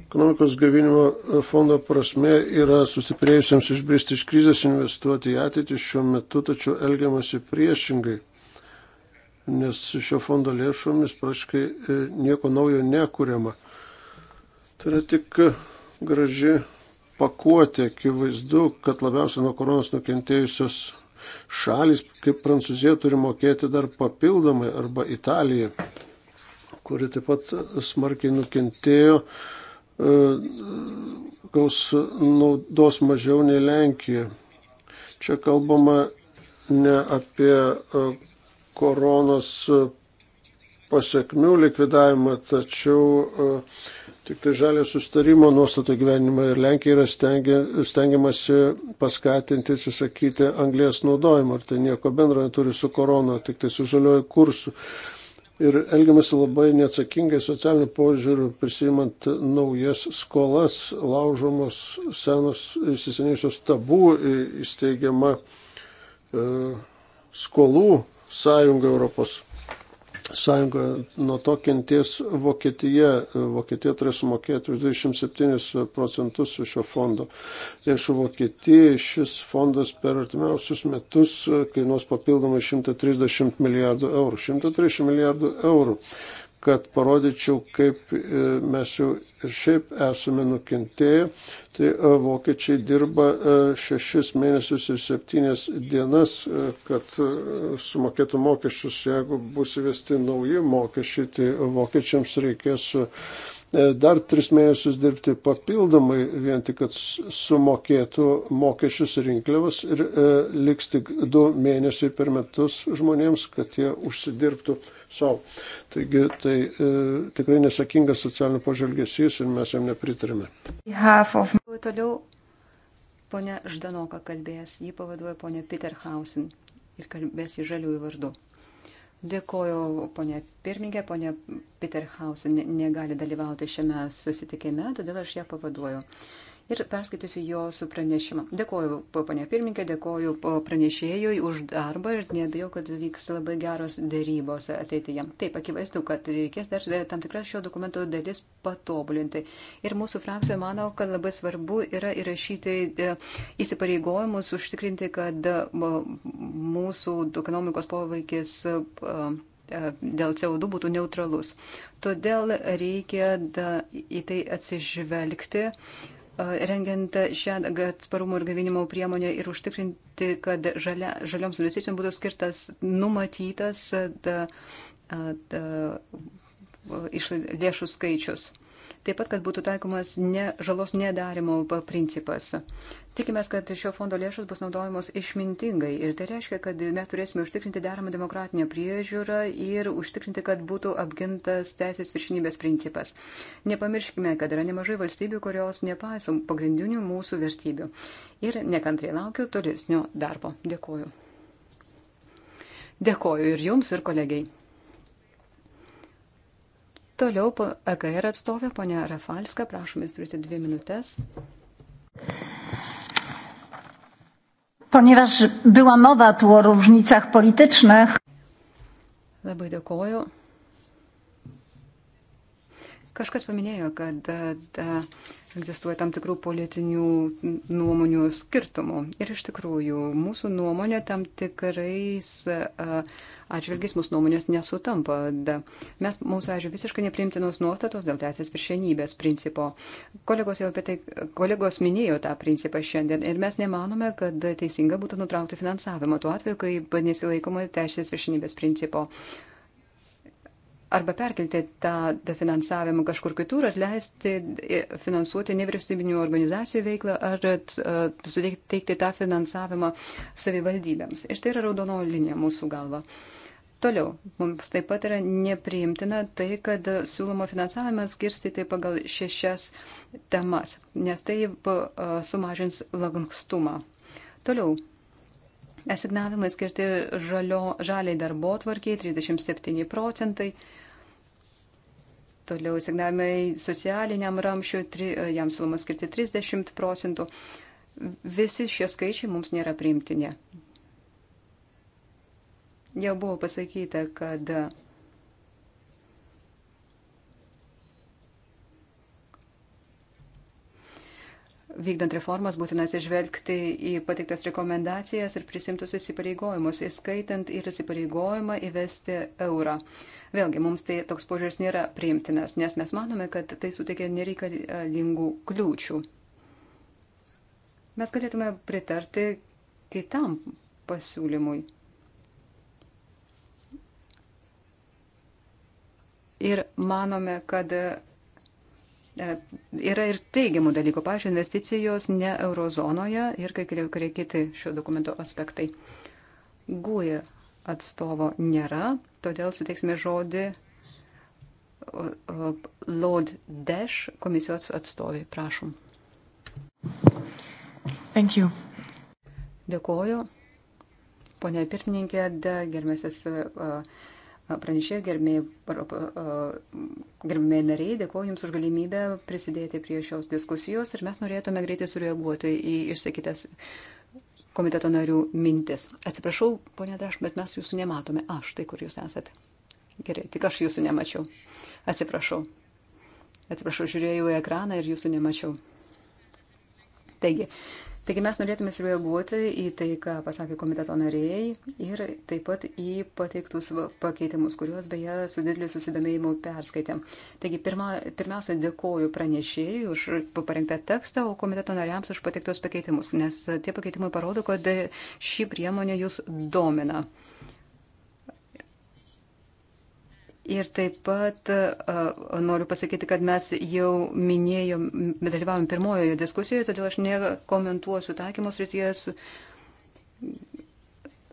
Speaker 1: ekonomikos gavinimo fondo prasme yra sustiprėjusiems išbristi iš krizės investuoti į ateitį šiuo metu, tačiau elgiamasi priešingai nes šio fondo lėšomis praškai e, nieko naujo nekuriama. Tai yra tik e, graži pakuotė, akivaizdu, kad labiausiai nuo koronos nukentėjusios šalis, kaip Prancūzija, turi mokėti dar papildomai arba Italija, kuri taip pat smarkiai nukentėjo e, gaus naudos mažiau nei Lenkija. Čia kalbama ne apie koronos pasiekmių likvidavimą, tačiau e, tik tai žalio sustarimo nuostato gyvenimą ir Lenkija yra stengia, stengiamasi paskatinti atsisakyti anglės naudojimo ir tai nieko bendro neturi su korona, tik tai su žalioju kursu. Ir elgiamasi labai neatsakingai socialiniu požiūriu, prisimant naujas skolas, laužomos senos įsisenėjusios tabų įsteigiama e, skolų sąjunga Europos sąjunga nuo to kenties Vokietija. Vokietija turės sumokėti už 27 procentus šio fondo. Lėšų tai Vokietijai šis fondas per artimiausius metus kainuos papildomai 130 milijardų eurų. 130 milijardų eurų kad parodyčiau, kaip e, mes jau ir šiaip esame nukentėję, tai e, vokiečiai dirba e, šešis mėnesius ir septynės dienas, e, kad sumokėtų mokesčius. Jeigu bus įvesti nauji mokesčiai, tai vokiečiams reikės dar tris mėnesius dirbti papildomai, vien tik, kad sumokėtų mokesčius rinkliavas ir liks tik du mėnesiai per metus žmonėms, kad jie užsidirbtų savo. Taigi tai e, tikrai nesakingas socialinių požvelgesys ir mes jam nepritarėme.
Speaker 2: Of... Toliau ponia Ždanoka kalbės, jį pavaduoja ponia Peterhausen ir kalbės į žaliųjų vardu. Dėkoju, ponė pirmininkė, ponė Peterhausen negali dalyvauti šiame susitikime, todėl aš ją pavaduoju. Uh, ir perskaitysiu jo su pranešimu. Dėkoju, ponė pirmininkė, dėkoju pranešėjui už darbą ir nebijau, kad vyks labai geros dėrybos ateityje. Taip, akivaizdu, kad reikės dar e, tam tikras šio dokumento dalis patobulinti. Ir mūsų frakcija mano, kad labai svarbu yra įrašyti e, įsipareigojimus, užtikrinti, kad e, mūsų ekonomikos poveikis dėl CO2 būtų neutralus. Todėl reikia da, į tai atsižvelgti rengiant šią atsparumo ir gavinimo priemonę ir užtikrinti, kad žalia, žalioms investicijoms būtų skirtas numatytas da, da, iš lėšų skaičius. Taip pat, kad būtų taikomas ne, žalos nedarimo principas. Tikimės, kad šio fondo lėšos bus naudojamos išmintingai ir tai reiškia, kad mes turėsime užtikrinti deramą demokratinę priežiūrą ir užtikrinti, kad būtų apgintas teisės viršinybės principas. Nepamirškime, kad yra nemažai valstybių, kurios nepaisom pagrindinių mūsų vertybių. Ir nekantriai laukiu tolesnio darbo. Dėkuoju. Dėkoju ir jums, ir kolegiai. Toliau AKR e atstovė, ponia Rafalska, prašom, jūs turite dvi minutės. Ponieważ była mowa tu o różnicach politycznych. Labai dėkoju. Kažkas paminėjo, kad da, e, da, egzistuoja tam tikrų politinių nuomonių skirtumų. Ir iš tikrųjų, mūsų nuomonė tam tikrais atžvilgiais mūsų nuomonės nesutampa. Mes, mums, aišku, visiškai nepriimtinos nuostatos dėl teisės viršenybės principo. Kolegos jau apie tai, kolegos minėjo tą principą šiandien ir mes nemanome, kad teisinga būtų nutraukti finansavimą tuo atveju, kai nesilaikoma teisės viršenybės principo arba perkelti tą finansavimą kažkur kitur, ar leisti e, finansuoti nevyriausybinių organizacijų veiklą, ar e, e, suteikti tą finansavimą savivaldybėms. Ir tai yra raudono linija mūsų galva. Toliau, mums taip pat yra nepriimtina tai, kad siūloma finansavimą skirstyti pagal šešias temas, nes tai sumažins lankstumą. Toliau, Asignavimai skirti žalio, žaliai darbo tvarkiai 37 procentai, Toliau signavimai socialiniam ramšiu, tri, e, jam siūloma skirti 30 procentų. Visi šie skaičiai mums nėra priimtini. Jau buvo pasakyta, kad Vykdant reformas būtina atsižvelgti į patiktas rekomendacijas ir prisimtus įsipareigojimus, įskaitant ir įsipareigojimą įvesti eurą. Uh, Vėlgi, mums tai toks požiūris nėra priimtinas, nes mes manome, kad tai suteikia nereikalingų kliūčių. Mes galėtume pritarti kitam pasiūlymui. Ir manome, kad e, yra ir teigiamų dalykų, pažiūrėjau, investicijos ne eurozonoje ir kai kurie kiti šio dokumento aspektai. Guja atstovo nėra, todėl suteiksime žodį Lord Dash komisijos atstovai. Prašom. Thank you. Dėkoju. Pone pirmininkė, gerbiamasis e, e, pranešėjai, e, gerbėjai nariai, dėkoju Jums už galimybę prisidėti prie šios diskusijos ir mes norėtume greitai sureaguoti į išsakytas komiteto narių mintis. Atsiprašau, ponė Draš, bet mes jūsų nematome. Aš tai, kur jūs esate. Gerai, tik aš jūsų nemačiau. Atsiprašau. Atsiprašau, žiūrėjau į ekraną ir jūsų nemačiau. Taigi, Taigi mes norėtume sureaguoti į tai, ką pasakė komiteto nariai ir taip pat į pateiktus pakeitimus, kuriuos beje su dideliu susidomėjimu perskaitėm. Taigi pirma, pirmiausia, dėkoju pranešėjai už parengtą tekstą, o komiteto nariams už pateiktus pakeitimus, nes tie pakeitimai parodo, kad šį priemonę jūs domina. Ir taip pat noriu pasakyti, kad mes jau minėjom, dalyvavom pirmojoje diskusijoje, todėl aš nekomentuosiu taikymos ryties.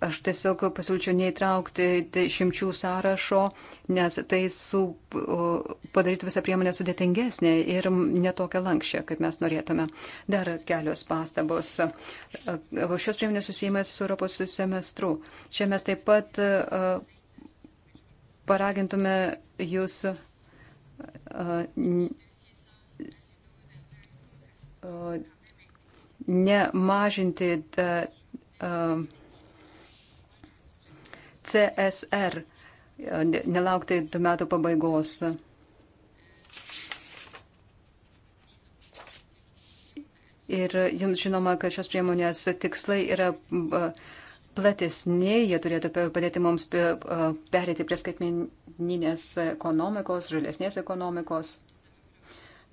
Speaker 2: Aš tiesiog pasiūlyčiau neįtraukti tai šimčių sąrašo, nes tai su, padarytų visą priemonę sudėtingesnė ir netokia lankščia, kaip mes norėtume. Dar kelios pastabos. Šios priemonės susijimas su Europos semestru. Čia mes taip pat paragintume jūs nemažinti CSR, nelaukti du metų pabaigos. Ir jums žinoma, kad šios priemonės tikslai yra platesni, jie turėtų padėti mums perėti prie skaitmeninės ekonomikos, žalesnės ekonomikos.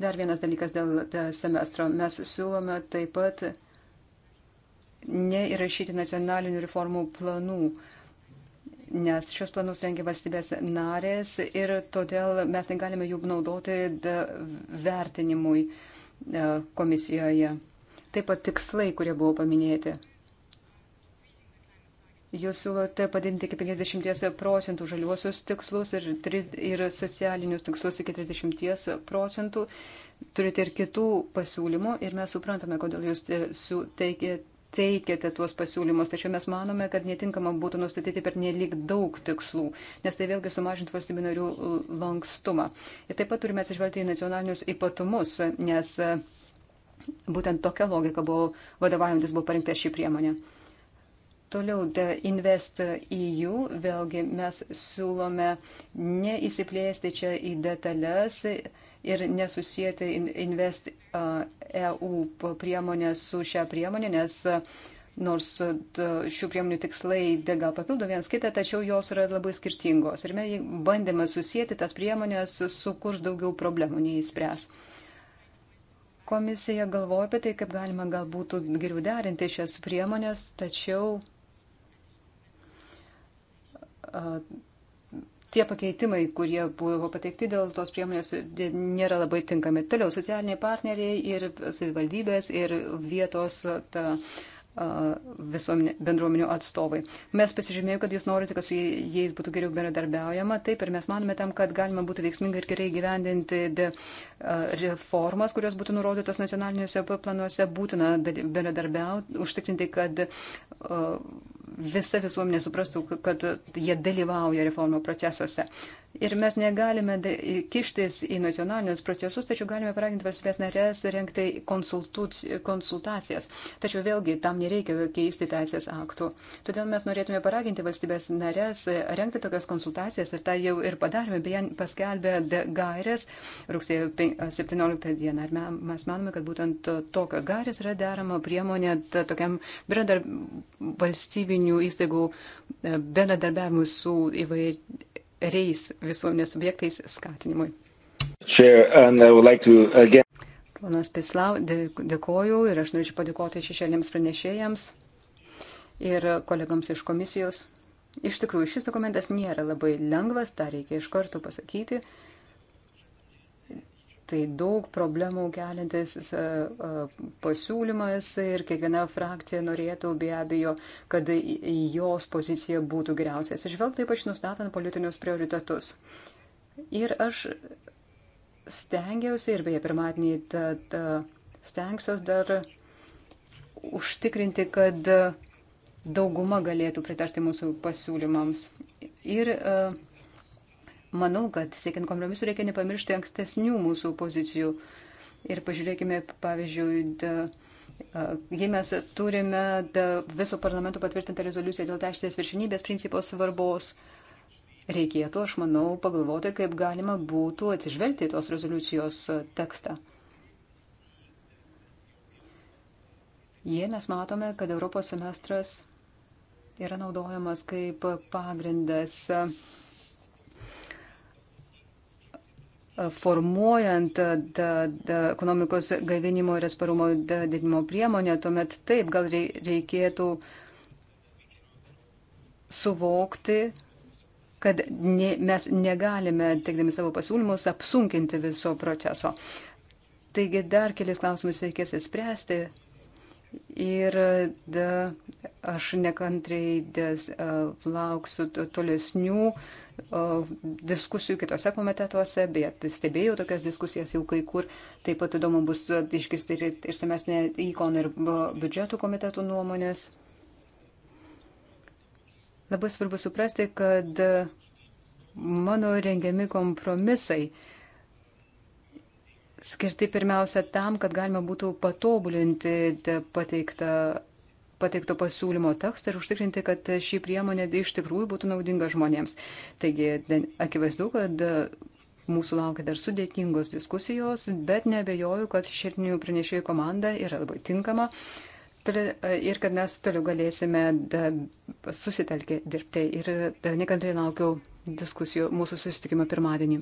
Speaker 2: Dar vienas dalykas dėl semestro. Mes siūlome taip pat neįrašyti nacionalinių reformų planų, nes šios planus rengia valstybės narės ir todėl mes negalime jų naudoti vertinimui komisijoje. Taip pat tikslai, kurie buvo paminėti. Jūs siūlote padidinti iki 50 procentų žaliuosius tikslus ir, ir socialinius tikslus iki 30 procentų. Turite ir kitų pasiūlymų ir mes suprantame, kodėl jūs e, teikiate tuos pasiūlymus, tačiau mes manome, kad netinkama būtų nustatyti per nelik daug tikslų, nes tai vėlgi sumažintų valstybių narių e, lankstumą. Ir taip pat turime atsižvelgti į nacionalinius ypatumus, nes e, būtent tokia logika buvo vadovaujantis buvo parinkta šį priemonę. Toliau Invest EU, vėlgi mes siūlome neįsiplėsti čia į detalės ir nesusijęti Invest EU priemonę su šią priemonę, nes nors šių priemonių tikslai gal papildo vienas kitą, tačiau jos yra labai skirtingos. Ir mes bandėme susijęti tas priemonės, sukurs daugiau problemų neįspręs. Komisija galvoja apie tai, kaip galima galbūt geriau derinti šias priemonės, tačiau tie pakeitimai, kurie buvo pateikti dėl tos priemonės, nėra labai tinkami. Toliau socialiniai partneriai ir savivaldybės ir vietos ta, visuomenė, bendruomenių atstovai. Mes pasižymėjome, kad jūs norite, kad su jais būtų geriau bendradarbiaujama, taip ir mes manome tam, kad galima būtų veiksmingai ir gerai gyvendinti reformas, kurios būtų nurodytos nacionaliniuose planuose, būtina bendradarbiauti, užtikrinti, kad uh, visa visuomenė suprastų, kad jie dalyvauja reformų procesuose. Ir mes negalime kištis į nacionalinius procesus, tačiau galime paraginti valstybės narės rengti konsultacijas. Tačiau vėlgi tam nereikia keisti teisės aktų. Todėl mes norėtume paraginti valstybės narės rengti tokias konsultacijas ir tą jau ir padarėme, beje, paskelbė gairės rugsėjo 17 dieną. Ir mes manome, kad būtent tokios gairės yra derama priemonė tokiam bendra valstybinių valstybinių įstaigų e, bendradarbiavimui su įvairiais visuomenės subjektais skatinimui.
Speaker 3: Chair, like to, again...
Speaker 2: Ponas Pislau, dėkoju ir aš norėčiau padėkoti šešėlėms pranešėjams ir kolegams iš komisijos. Iš tikrųjų, šis dokumentas nėra labai lengvas, tą reikia iš karto pasakyti. Uh, tai daug problemų keliantis pasiūlymas ir kiekviena frakcija norėtų be abejo, kad jos pozicija būtų geriausias, išvelgti ypač nustatant politinius prioritetus. Ir aš stengiausi ir beje pirmadienį tad, stengsiuos dar užtikrinti, kad dauguma galėtų pritarti mūsų pasiūlymams. Ir uh, manau, kad siekiant kompromisų reikia nepamiršti ankstesnių mūsų pozicijų. Ir pažiūrėkime, pavyzdžiui, da, jei mes turime da, viso parlamento patvirtintą rezoliuciją dėl teisės viršinybės principos svarbos, reikėtų, aš manau, pagalvoti, kaip galima būtų atsižvelgti į tos rezoliucijos tekstą. Jie mes matome, kad Europos semestras yra naudojamas kaip pagrindas formuojant da, da, ekonomikos gaivinimo ir atsparumo didinimo priemonę, tuomet taip gal reikėtų suvokti, kad ne, mes negalime, teikdami savo pasiūlymus, apsunkinti viso proceso. Taigi dar kelias klausimus reikės įspręsti. Ir da, aš nekantriai des, uh, lauksiu tolesnių uh, diskusijų kitose komitetuose, bet tai stebėjau tokias diskusijas jau kai kur. Taip pat įdomu bus išgirsti ir išsamesnė įkon ir biudžetų komitetų nuomonės. Labai svarbu suprasti, kad mano rengiami kompromisai skirti pirmiausia tam, kad galima būtų patobulinti pateiktą pateikto pasiūlymo tekstą ir užtikrinti, kad šį priemonę iš tikrųjų būtų naudinga žmonėms. Taigi, akivaizdu, kad mūsų laukia dar sudėtingos diskusijos, bet nebejoju, kad šiltinių pranešėjų komanda yra labai tinkama ir kad mes toliau galėsime susitelkę dirbti. Ir nekantriai laukiau diskusijų mūsų susitikimą pirmadienį.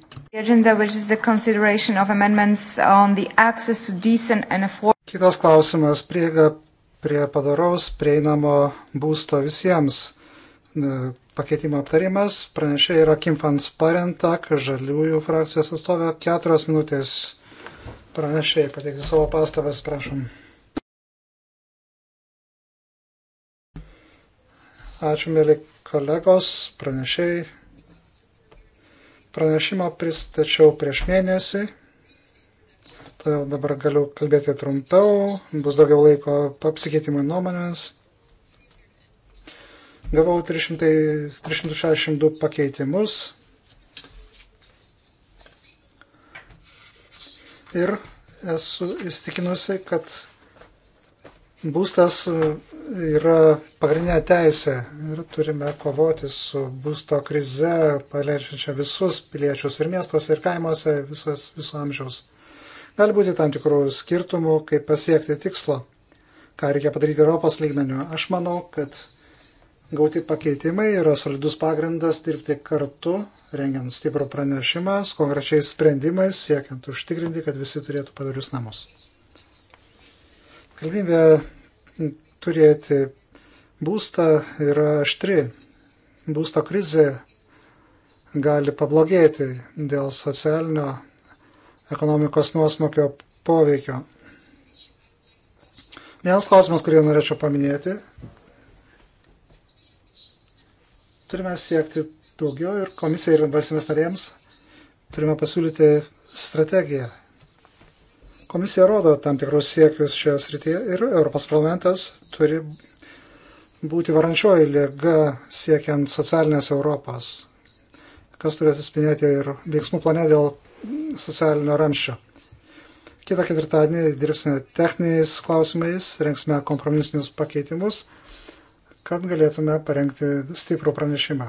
Speaker 2: Kitas klausimas - prieiga
Speaker 4: prie padaraus prieinamo būsto visiems. E, pakeitimo aptarimas pranešė yra Kim Fans Parentak, žaliųjų frakcijos atstovė, keturios minutės pranešė, pateikti savo pastabas, prašom. Ačiū, mėly kolegos, pranešėjai. Pranešimą pristačiau prieš mėnesį Todėl dabar galiu kalbėti trumpiau, bus daugiau laiko apsikeitimui nuomonės. Gavau 300, 362 pakeitimus. Ir esu įstikinusi, kad būstas yra pagrindinė teisė ir turime kovoti su būsto krize, paliečiančia visus piliečius ir miestuose, ir kaimuose, visas, viso amžiaus. Gali būti tam tikrų skirtumų, kaip pasiekti tikslo, ką reikia padaryti Europos lygmeniu. Aš manau, kad gauti pakeitimai yra solidus pagrindas dirbti kartu, rengiant stiprų pranešimą, su konkrečiais sprendimais, siekiant užtikrinti, kad visi turėtų padarius namus. Galimybė turėti būstą yra aštri. Būsto krizė gali pablogėti dėl socialinio ekonomikos nuosmokio poveikio. Vienas klausimas, kurį norėčiau paminėti. Turime siekti daugiau ir komisija ir valstybės narėms turime pasiūlyti strategiją. Komisija rodo tam tikrus siekius šioje srityje ir Europos parlamentas turi būti varančioji lyga siekiant socialinės Europos, kas turės atspindėti ir veiksmų plane dėl socialinio ramščio. Kita ketvirtadienį dirbsime techniniais klausimais, rengsime kompromisinius pakeitimus, kad galėtume parengti stiprų pranešimą.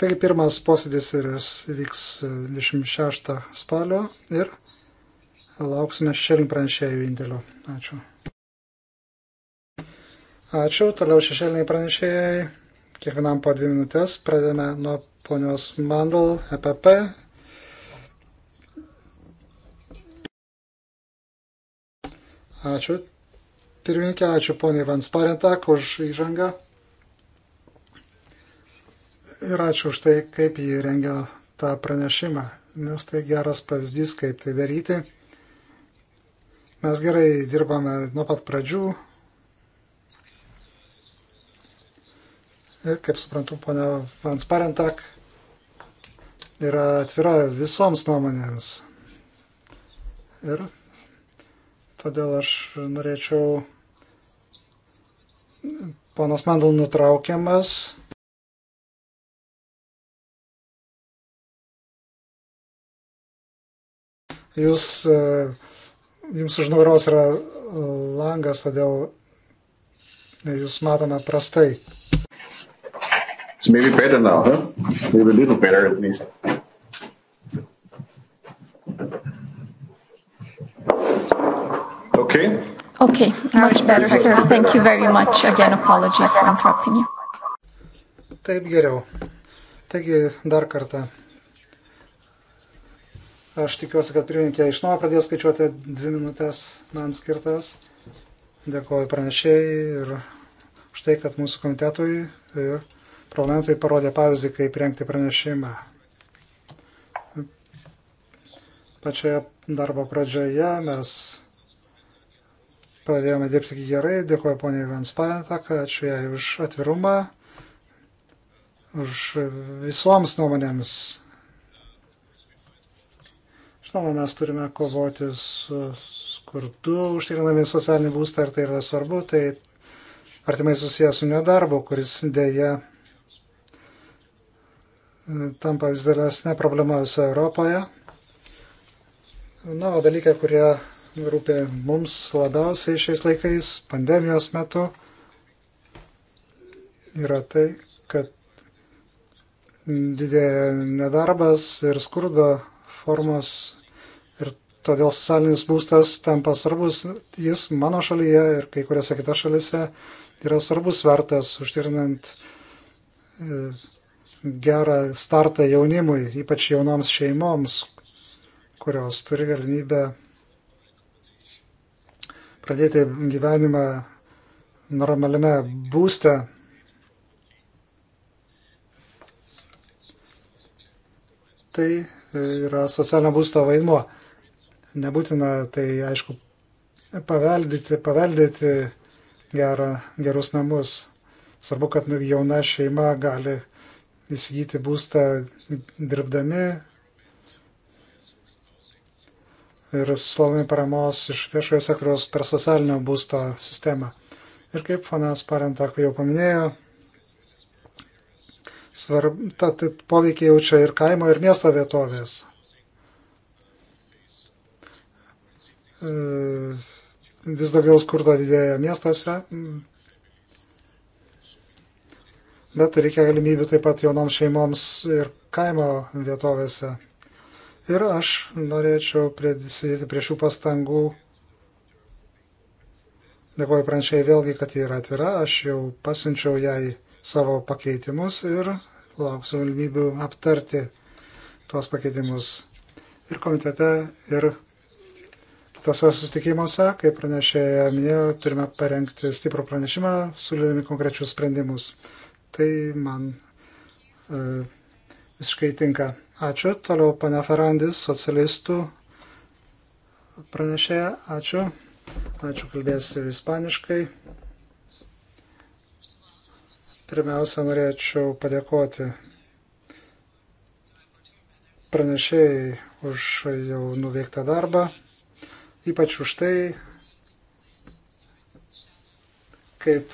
Speaker 4: Taigi pirmas posėdis ir jis vyks 26 spalio ir lauksime šešėlinių pranešėjų indėlio. Ačiū. Ačiū. Toliau šešėliniai pranešėjai. Kiekvienam po dvi minutės pradedame nuo ponios Mandal, EPP. Ačiū. Pirmininkė, ačiū poniai Vansparentak už įžangą. Ir ačiū už tai, kaip jį rengia tą pranešimą, nes tai geras pavyzdys, kaip tai daryti. Mes gerai dirbame nuo pat pradžių, Ir kaip suprantu, ponia Vans Parentak yra atvira visoms nuomonėms. Ir todėl aš
Speaker 3: norėčiau ponas Mandel nutraukiamas. Jūs, e, jums už nugaros yra
Speaker 4: langas, todėl jūs matome prastai.
Speaker 1: It's maybe better now, huh? Maybe a little better at least. Okay.
Speaker 2: Okay, much better, sir. Thank you very much. Again, apologies for interrupting you.
Speaker 4: Taip geriau. Taigi, dar kartą. Aš tikiuosi, kad pirmininkė iš naujo pradės skaičiuoti dvi minutės man skirtas. Dėkuoju pranešėjai ir už tai, kad mūsų komitetui ir Parlamentui parodė pavyzdį, kaip rengti pranešimą. Pačioje darbo pradžioje mes pradėjome dirbti gerai. Dėkuoju poniai Vanspalentak, ačiū jai už atvirumą, už visoms nuomonėms. Žinoma, mes turime kovoti su skurdu, užtikrinami socialinį būstą, ar tai yra svarbu, tai artimai susijęs su nedarbu, kuris dėja tampa vis dėlesnė problema visoje Europoje. Na, o dalykai, kurie rūpė mums labiausiai šiais laikais, pandemijos metu, yra tai, kad didėja nedarbas ir skurdo formos ir todėl socialinis būstas tampa svarbus. Jis mano šalyje ir kai kuriuose kitose šalise yra svarbus vertas užtikrinant e, gerą startą jaunimui, ypač jaunoms šeimoms, kurios turi galimybę pradėti gyvenimą normaliame būste. Tai yra socialinio būsto vaidmuo. Nebūtina tai, aišku, paveldyti, paveldyti gerą, gerus namus. Svarbu, kad jauna šeima gali įsigyti būstą dirbdami ir sulaukdami paramos iš viešojo sektoriaus per socialinio būsto sistemą. Ir kaip ponas Parentak jau paminėjo, svarb, ta, ta, poveikiai jaučia ir kaimo, ir miesto vietovės. E, vis daugiau skurdo didėja miestuose, bet reikia galimybių taip pat jaunoms šeimoms ir kaimo vietovėse. Ir aš norėčiau prisidėti prie šių pastangų. Dėkuoju prančiai vėlgi, kad ji yra atvira. Aš jau pasinčiau jai savo pakeitimus ir lauksiu galimybių aptarti tuos pakeitimus ir komitete, ir kitose susitikimuose, kaip pranešėja minėjo, turime parengti stiprų pranešimą, siūlydami konkrečius sprendimus tai man e, visiškai tinka. Ačiū. Toliau pane Ferandis, socialistų pranešėja. Ačiū. Ačiū kalbėsiu ispaniškai. Pirmiausia, norėčiau padėkoti pranešėjai už jau nuveiktą darbą, ypač už tai, kaip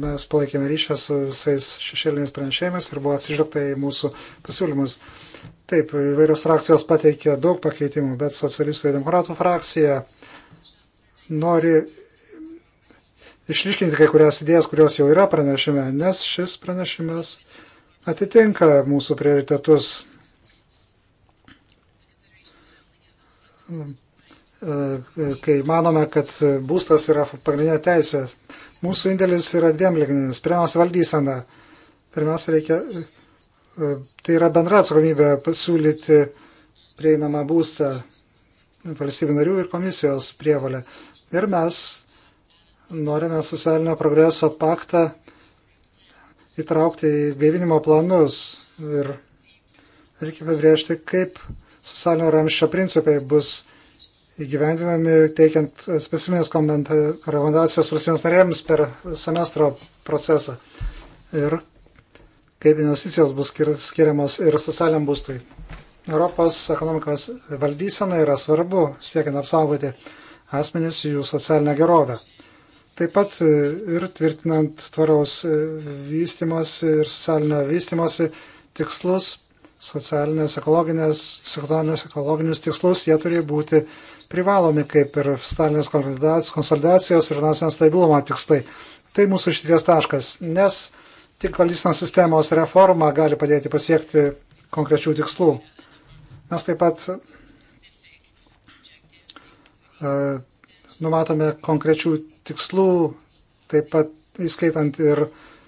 Speaker 4: mes palaikėme ryšio su visais šešėliniais pranešėjimais ir buvo atsižvelgta į mūsų pasiūlymus. Taip, įvairios frakcijos pateikė daug pakeitimų, bet socialistų ir demokratų frakcija nori išryškinti kai kurias idėjas, kurios jau yra pranešime, nes šis pranešimas atitinka mūsų prioritetus kai manome, kad būstas yra pagrindinė teisė Mūsų indėlis yra dviem ligmenimis. Pirmiausia, valdysena. Pirmiausia, reikia, e, tai yra bendra atsakomybė pasiūlyti prieinamą būstą valstybių narių ir komisijos prievalė. Ir mes norime socialinio progreso paktą įtraukti į gaivinimo planus ir reikia apibriežti, kaip socialinio ramščio principai bus įgyvendinami teikiant specifinės rekomendacijas valstybės narėms per semestro procesą ir kaip investicijos bus skir skiriamos ir socialiniam būstui. Europos ekonomikos valdysena yra svarbu siekiant apsaugoti asmenys jų socialinę gerovę. Taip pat e, ir tvirtinant tvaraus e, vystimosi ir socialinio vystimosi tikslus, socialinės, ekologinės, sektorinius ekologinius tikslus, jie turi būti uh, privalomi kaip ir stalinės konsolidacijos ir nacionalinio stabilumo tikslai. Tai mūsų išties taškas, nes tik valdysenos sistemos reforma gali padėti pasiekti konkrečių tikslų. Mes taip pat uh, numatome konkrečių tikslų, taip pat įskaitant ir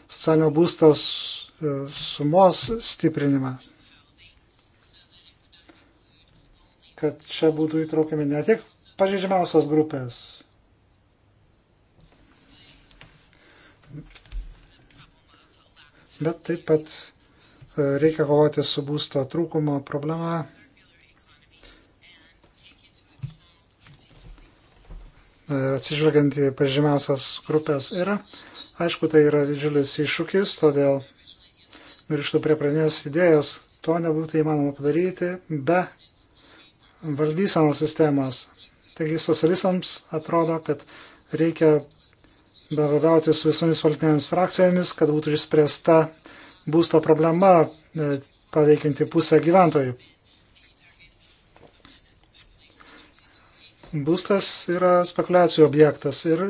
Speaker 4: socialinio būstos e, sumos stiprinimą. kad čia būtų įtraukiami ne tik pažeidžiamiausios grupės. Bet taip pat e, reikia kovoti su būsto trūkumo problema. E, atsižvelgiant į pažymiausias grupės yra. Aišku, tai yra didžiulis iššūkis, todėl grįžtu prie pranės idėjas. To nebūtų įmanoma padaryti be valdysenos sistemos. Taigi socialistams atrodo, kad reikia bevagauti su visomis politinėmis frakcijomis, kad būtų išspręsta būsto problema e, paveikinti pusę gyventojų. Būstas yra spekulacijų objektas, ir,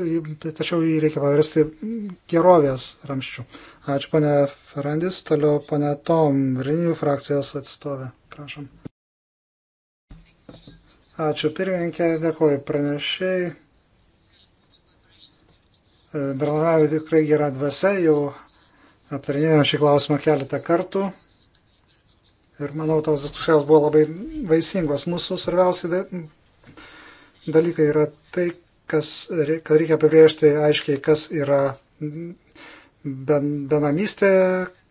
Speaker 4: tačiau jį reikia paversti gerovės ramščių. Ačiū, ponė Ferrandis, toliau ponė Tom, Rinijų frakcijos atstovė. Prašom. Ačiū pirmininkė, dėkoju pranešiai. E, Bernaravo tikrai gera dvasia, jau aptarinėjome šį klausimą keletą kartų. Ir manau, tos diskusijos buvo labai vaisingos. Mūsų svarbiausi dalykai yra tai, kas, kad reikia apibriežti aiškiai, kas yra benamystė,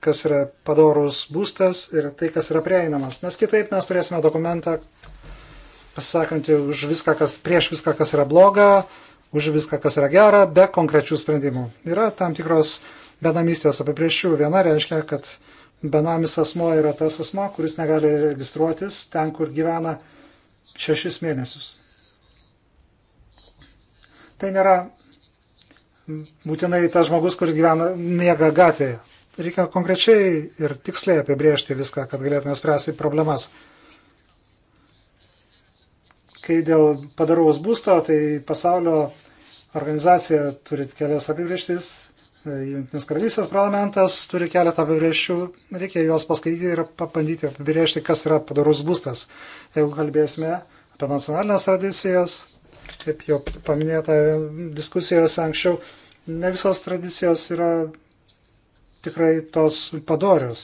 Speaker 4: kas yra padorus būstas ir tai, kas yra prieinamas. Nes kitaip mes turėsime dokumentą, pasisakanti už viską, kas prieš viską, kas yra bloga, už viską, kas yra gera, be konkrečių sprendimų. Yra tam tikros benamystės apipriešių. Viena reiškia, kad benamis asmo yra tas asmo, kuris negali registruotis ten, kur gyvena šešis mėnesius. Tai nėra būtinai tas žmogus, kuris gyvena mėga gatvėje. Reikia konkrečiai ir tiksliai apibriežti viską, kad galėtume spręsti problemas. Kai dėl padaraus būsto, tai pasaulio organizacija turi kelias apibrieštis, e, Junktinės karalystės parlamentas turi keletą apibrieščių, reikia juos paskaityti ir pabandyti apibriežti, kas yra padarus būstas. Jeigu kalbėsime apie nacionalinės tradicijas, kaip jau paminėta diskusijose anksčiau, ne visos tradicijos yra tikrai tos padorius.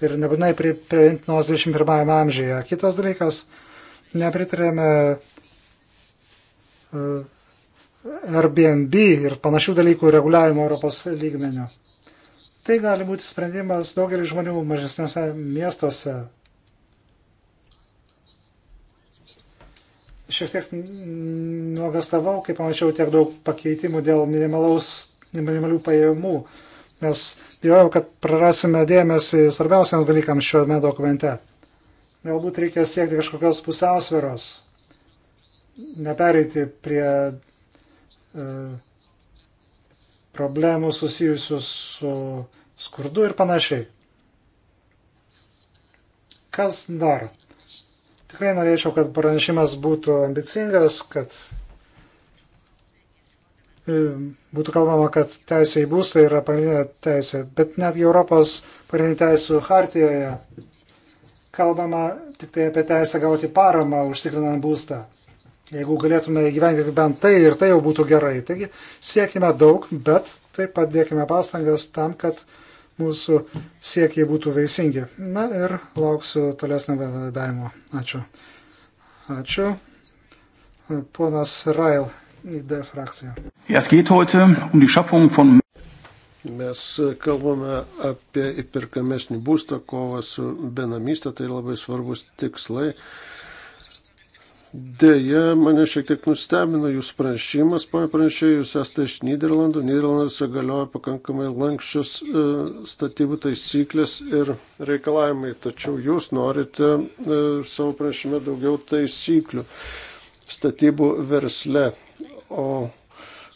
Speaker 4: Ir nebūtinai prie, prie 21 amžiuje. Kitas dalykas nepritarėme e, Airbnb ir panašių dalykų reguliavimo Europos lygmenio. Tai gali būti sprendimas daugelį žmonių mažesniuose miestuose. Šiek tiek nuogastavau, kai pamačiau tiek daug pakeitimų dėl minimalių pajamų, nes bijojau, kad prarasime dėmesį svarbiausiams dalykams šiame dokumente. Galbūt reikia siekti kažkokios pusiausvėros, nepereiti prie e, problemų susijusių su skurdu ir panašiai. Kas dar? Tikrai norėčiau, kad pranešimas būtų ambicingas, kad e, būtų kalbama, kad teisė į būstą yra pagrindinė teisė, bet netgi Europos pagrindinė teisų hartijoje kalbama tik tai apie teisę gauti paramą užtikrinant būstą. Jeigu galėtume įgyvendinti bent tai ir tai jau būtų gerai. Taigi siekime daug, bet taip pat dėkime pastangas tam, kad mūsų siekiai būtų veisingi. Na ir lauksiu tolesnio bendradarbiavimo. Ačiū. Ačiū. Ponas Rail, ID frakcija.
Speaker 3: Es geht heute um die Schaffung von
Speaker 4: Mes
Speaker 1: kalbame apie įperkamesnį būstą, kovą su benamystė, tai labai svarbus tikslai. Deja, mane šiek tiek nustebino jūsų pranešimas, pane pranešėjai, jūs esate iš Niderlandų. Niderlanduose galioja pakankamai lankščios e, statybų taisyklės ir reikalavimai, tačiau jūs norite e, savo pranešime daugiau taisyklių statybų versle. O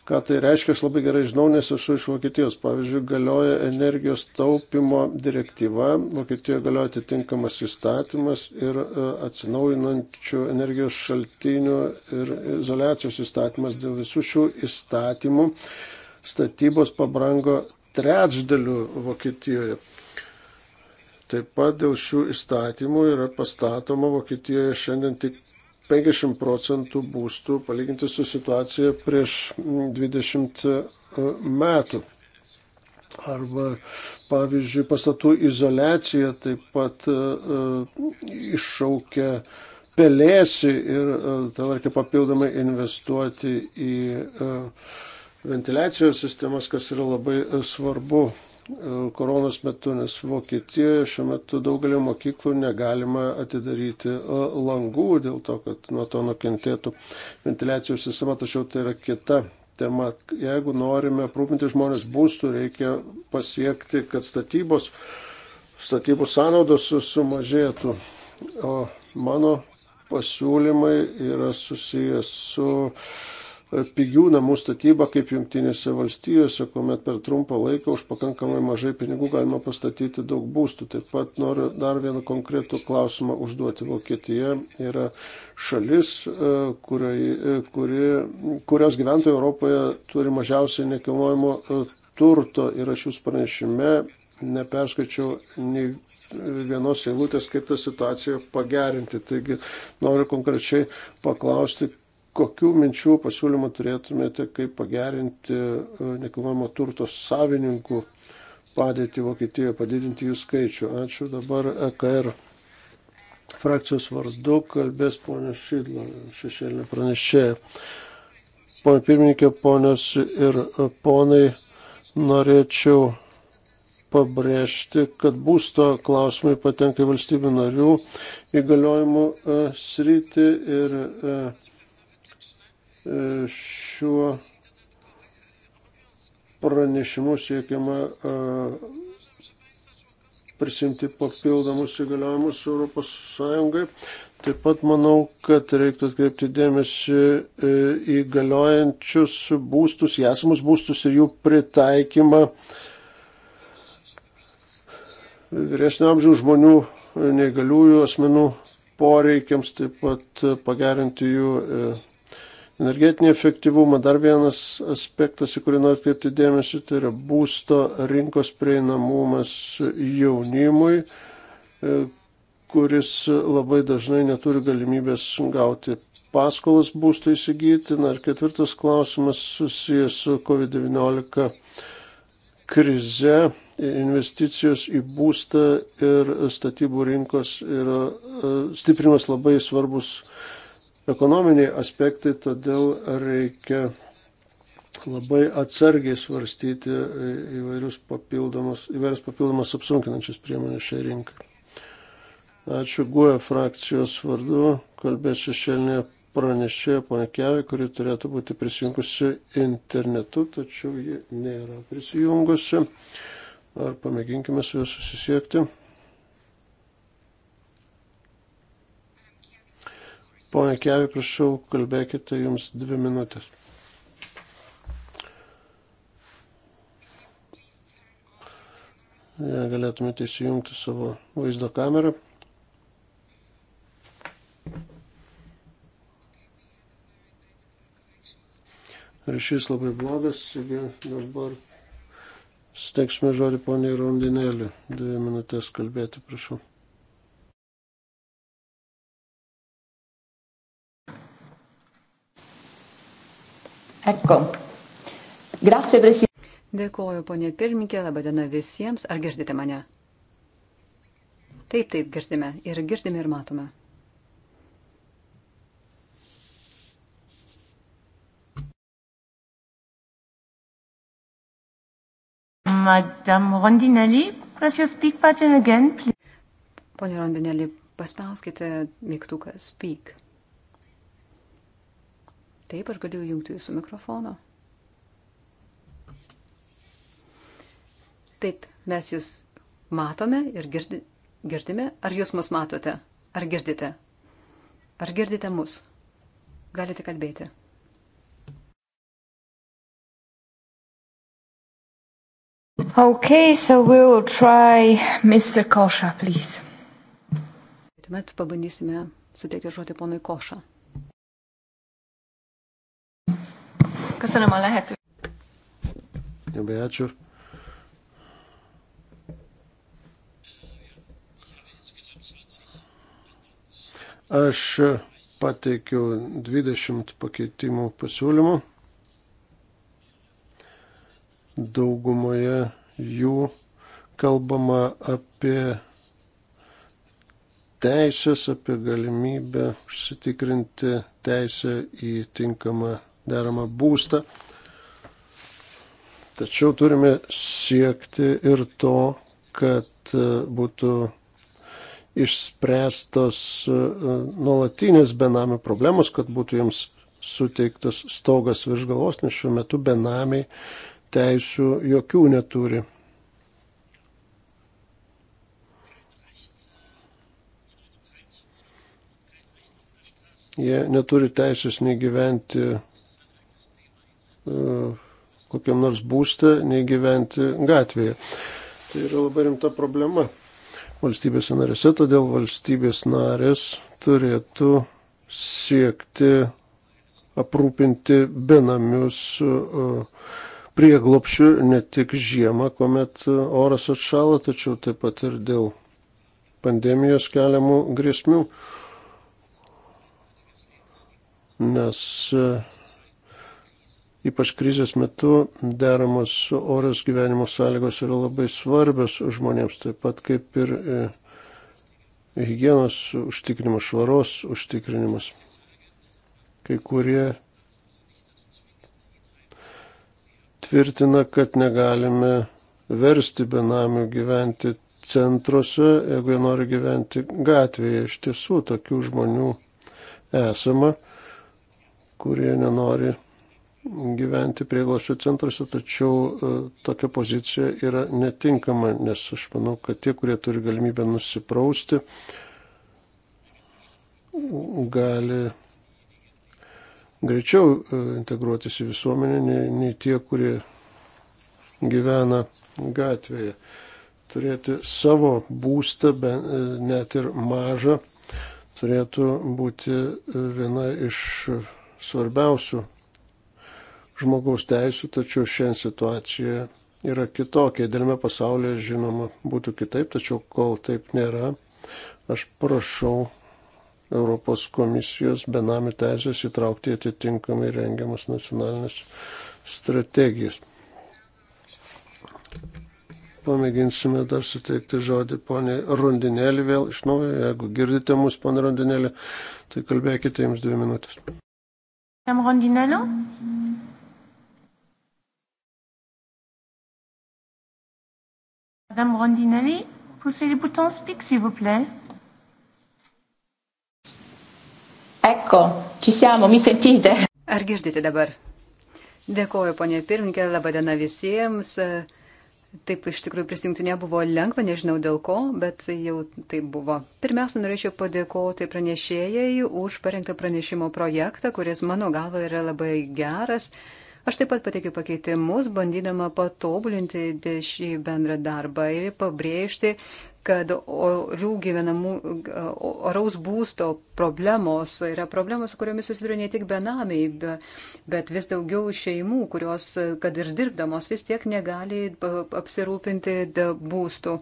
Speaker 1: Ką tai reiškia, aš labai gerai žinau, nes esu iš Vokietijos. Pavyzdžiui, galioja energijos taupimo direktyva, Vokietijoje galioja atitinkamas įstatymas ir e, atsinaujinančių energijos šaltinių ir izolacijos įstatymas. Dėl visų šių įstatymų statybos pabrango trečdaliu Vokietijoje. Taip pat dėl šių įstatymų yra pastatoma Vokietijoje šiandien tik 50 procentų būstų palyginti su situacija prieš 20 e, metų. Arba, pavyzdžiui, pastatų izolacija taip pat uh, iššaukia pelėsi ir uh, tam reikia papildomai investuoti į uh, ventiliacijos sistemas, kas yra labai svarbu koronos metu, nes Vokietijoje šiuo metu daugelio mokyklų negalima atidaryti e, langų dėl to, kad nuo to nukentėtų ventiliacijos sistema, tačiau tai yra kita tema. Jeigu norime aprūpinti žmonės būstų, reikia pasiekti, kad statybos, statybų sąnaudos sumažėtų. O mano pasiūlymai yra susijęs su uh, pigių namų statybą kaip jungtinėse valstijose, kuomet per trumpą laiką už pakankamai mažai pinigų galima pastatyti daug būstų. Taip pat noriu dar vieną konkretų klausimą užduoti. Vokietija yra šalis, e, kuriai, e, kuri, kurios gyventojai Europoje turi mažiausiai nekilnojimo e, turto ir aš jūs pranešime neperskaičiau nei vienos eilutės, kaip tą situaciją pagerinti. Taigi noriu konkrečiai paklausti, kokių minčių pasiūlymų turėtumėte, kaip pagerinti e, nekilnojamo turto savininkų padėtį Vokietijoje, padidinti jų skaičių. Ačiū. Dabar EKR frakcijos vardu kalbės ponė Šidla, šešėlinė pranešėja. Pone pirmininkė, ponios ir ponai, norėčiau pabrėžti, kad būsto klausimai patenka į valstybių narių įgaliojimų e, sritį ir e, šiuo pranešimu siekiama e, prisimti papildomus įgaliojimus Europos Sąjungai. Taip pat manau, kad reiktų atkreipti dėmesį e, į galiojančius būstus, į esamus būstus ir jų pritaikymą vyresnio amžiaus žmonių, neįgaliųjų asmenų poreikiams, taip pat pagerinti jų e, Energetinį efektyvumą dar vienas aspektas, į kurį noriu atkreipti dėmesį, tai yra būsto rinkos prieinamumas jaunimui, e, kuris labai dažnai neturi galimybės gauti paskolas būstą įsigyti. Na ir ketvirtas klausimas susijęs su COVID-19 krize. Investicijos į būstą ir statybų rinkos yra e, stiprimas labai svarbus ekonominiai aspektai, todėl reikia labai atsargiai svarstyti įvairius papildomus, įvairias papildomas apsunkinančias priemonės šiai rinkai. Ačiū GUE frakcijos vardu, kalbėsiu šiandien pranešė Panekiavė, kuri turėtų būti prisijungusi internetu, tačiau ji nėra prisijungusi. Ar pamėginkime su juo susisiekti? Pone Kevi, prašau, kalbėkite jums dvi minutės. Ja, galėtumėte įsijungti savo vaizdo kamerą. Ryšys labai blogas, taigi dabar steiksime žodį
Speaker 3: poniai Rondinėlį. Dvi minutės kalbėti, prašau. Ecco. Grazie, Presidente.
Speaker 2: Dėkuoju, ponė pirmininkė, laba diena visiems. Ar girdite mane? Taip, taip, girdime. Ir girdime, ir matome.
Speaker 3: Madame Rondinelli, press your speak button again, please. Pone Rondinelli, paspauskite
Speaker 2: mygtuką speak. Taip, aš galiu jungti jūsų mikrofoną. Taip, mes jūs matome ir girdi, girdime. Ar jūs mus matote? Ar
Speaker 3: girdite? Ar girdite mus? Galite kalbėti. Okay, so we will try Mr. Kosha, please. Tuomet
Speaker 2: pabandysime suteikti žodį ponui Košą. Köszönöm a lehetőséget.
Speaker 1: Aš pateikiau 20 pakeitimų pasiūlymų. Daugumoje jų kalbama apie teisės, apie galimybę užsitikrinti teisę į tinkamą deramą būstą. Tačiau turime siekti ir to, kad e, būtų išspręstos e, e, nuolatinės benamių problemos, kad būtų jiems suteiktas stogas virš galvos, nes šiuo metu benamiai teisų jokių neturi. Jie neturi teisės nei gyventi E, kokiam nors būstą, nei gyventi gatvėje. Tai yra labai rimta problema valstybėse narėse, todėl valstybės narės turėtų siekti aprūpinti benamius e, prieglopšių ne tik žiemą, kuomet e, oras atšala, tačiau taip pat ir dėl pandemijos keliamų grėsmių. Nes uh, ypač krizės metu, deramos orios gyvenimo sąlygos yra labai svarbios žmonėms, taip pat kaip ir e, hygienos užtikrinimas, švaros užtikrinimas. Kai kurie tvirtina, kad negalime versti benamių gyventi centruose, jeigu jie nori gyventi gatvėje. Iš tiesų, tokių žmonių esama, kurie nenori gyventi prieglašio centruose, tačiau e, tokia pozicija yra netinkama, nes aš manau, kad tie, kurie turi galimybę nusiprausti, gali greičiau e, integruotis į visuomenę nei, nei tie, kurie gyvena gatvėje. Turėti savo būstą, e, net ir mažą, turėtų būti viena iš svarbiausių žmogaus teisų, tačiau šiandien situacija yra kitokia. Dėlme pasaulyje, žinoma, būtų kitaip, tačiau kol taip nėra, aš prašau Europos komisijos benami teisės įtraukti atitinkamai rengiamas nacionalinės strategijas. Pamėginsime dar suteikti žodį poniai Rundinėlį vėl iš naujo. Jeigu girdite mus, ponė
Speaker 3: Rundinėlį, tai kalbėkite jums dvi minutės. Madame Rondinello Madame Rondinelli, poussez le bouton speak s'il vous plaît.
Speaker 2: Ecco, ci siamo, mi sentite? Ar girdite dabar? Dėkoju, ponė pirmininkė, laba diena visiems. Taip, iš tikrųjų prisijungti nebuvo lengva, nežinau dėl ko, bet jau tai buvo. Pirmiausia, norėčiau padėkoti pranešėjai už parengtą pranešimo projektą, kuris mano galva yra labai geras. Uh, Aš taip pat pateikiu pakeitimus, bandydama patobulinti šį bendrą darbą ir pabrėžti, kad orių gyvenamų, oraus būsto problemos yra problemos, kuriomis susiduria ne tik benamiai, bet vis daugiau šeimų, kurios, kad ir dirbdamos, vis tiek negali apsirūpinti būstų.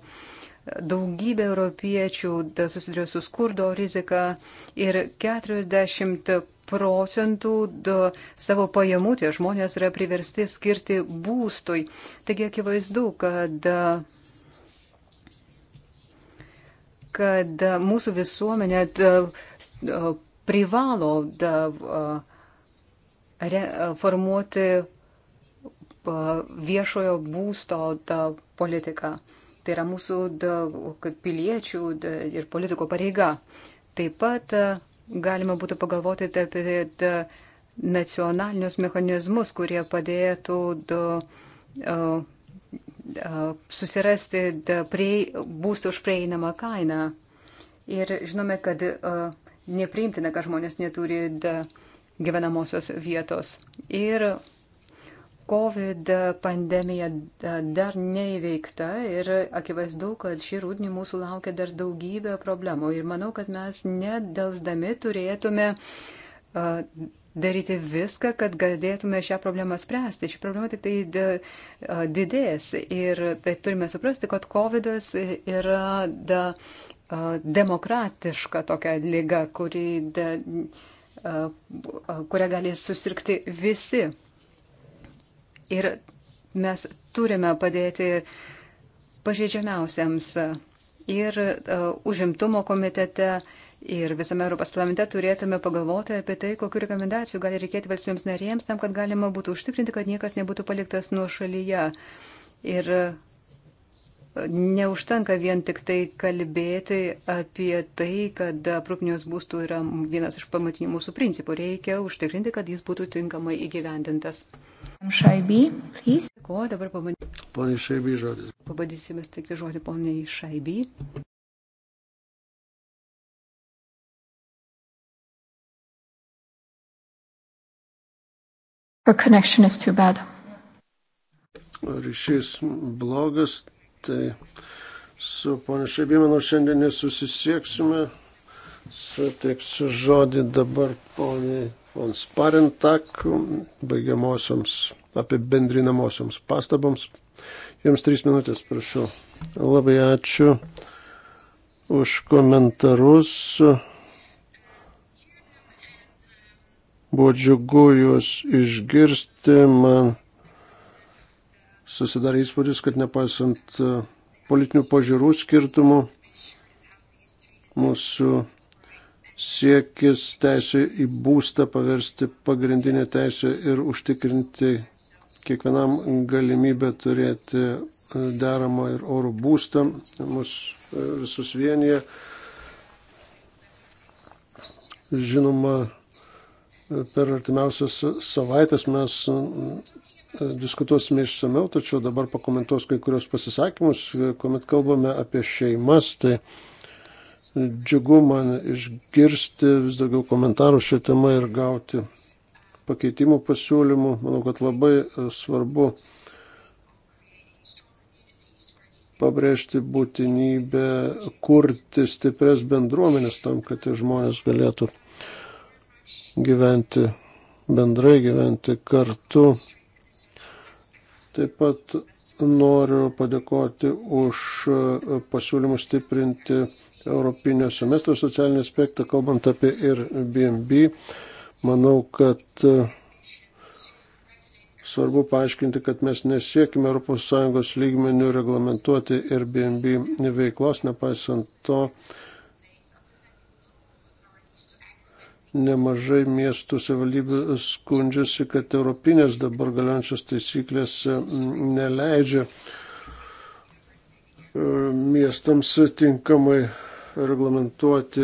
Speaker 2: Daugybė europiečių susiduria su skurdo rizika ir 40 procentų savo pajamų tie žmonės yra priversti skirti būstui. Taigi akivaizdu, kad, kad mūsų visuomenė privalo da, re, formuoti viešojo būsto da, politiką. Tai yra mūsų da, piliečių da, ir politikų pareiga. Taip pat e, galima būtų pagalvoti apie da, nacionalinius mechanizmus, kurie padėtų da, a, e, a, e, susirasti da, prie, būstą už prieinamą kainą. Ir žinome, kad a, nepriimtina, kad žmonės neturi da, gyvenamosios vietos. Ir COVID pandemija dar neįveikta ir akivaizdu, kad šį rūdnį mūsų laukia dar daugybė problemų. Ir manau, kad mes nedelsdami turėtume daryti viską, kad galėtume šią problemą spręsti. Ši problema tik tai didės. Ir tai turime suprasti, kad COVID yra da, demokratiška tokia lyga, kuri da, kurią gali susirgti visi. Ir mes turime padėti pažeidžiamiausiams ir uh, užimtumo komitete. Ir visame Europos parlamente turėtume pagalvoti apie tai, kokiu rekomendacijų gali reikėti valstybėms narėms, tam, kad galima būtų užtikrinti, kad niekas nebūtų paliktas nuo šalyje. Ir e, neužtenka vien tik tai kalbėti apie tai, kad aprūpinimas būstų yra vienas iš pamatinių mūsų principų. Reikia užtikrinti, kad jis būtų tinkamai įgyvendintas. Šaiby, please. Ko dabar pabandysime?
Speaker 1: Pone Šaiby žodis.
Speaker 2: Pabandysime
Speaker 3: sutikti žodį poniai Šaiby. Her connection is too bad. Ryšys blogas, tai
Speaker 1: su panašiai, manau, šiandien nesusisieksime. Suteiksiu žodį dabar poniai Sparentak baigiamosioms apibendrinamosioms pastaboms. Jums trys minutės, prašau. Labai ačiū už komentarus. Buvo džiugu juos išgirsti. Man susidarė įspūdis, kad nepaisant politinių požiūrų skirtumų, mūsų siekis teisę į būstą paversti pagrindinę teisę ir užtikrinti kiekvienam galimybę turėti e, deramą ir orų būstą, mus e, visus vienyje. Žinoma, e, per artimiausias savaitės mes diskutuosime išsameu, tačiau dabar pakomentuos kai kurios pasisakymus, kuomet kalbame apie šeimas, tai džiugu man išgirsti vis daugiau komentarų šią temą ir gauti pakeitimų pasiūlymų. Manau, kad labai e, svarbu pabrėžti būtinybę kurti stipres bendruomenės tam, kad tie žmonės galėtų gyventi bendrai, gyventi kartu. Taip pat noriu padėkoti už e, pasiūlymus stiprinti Europinio semestro socialinį aspektą, kalbant apie Airbnb, manau, kad e, svarbu paaiškinti, kad mes nesiekime ES lygmenių reglamentuoti Airbnb veiklos, nepaisant to, nemažai miestų savivaldybių skundžiasi, kad europinės dabar galiančios taisyklės e, neleidžia e, miestams tinkamai reglamentuoti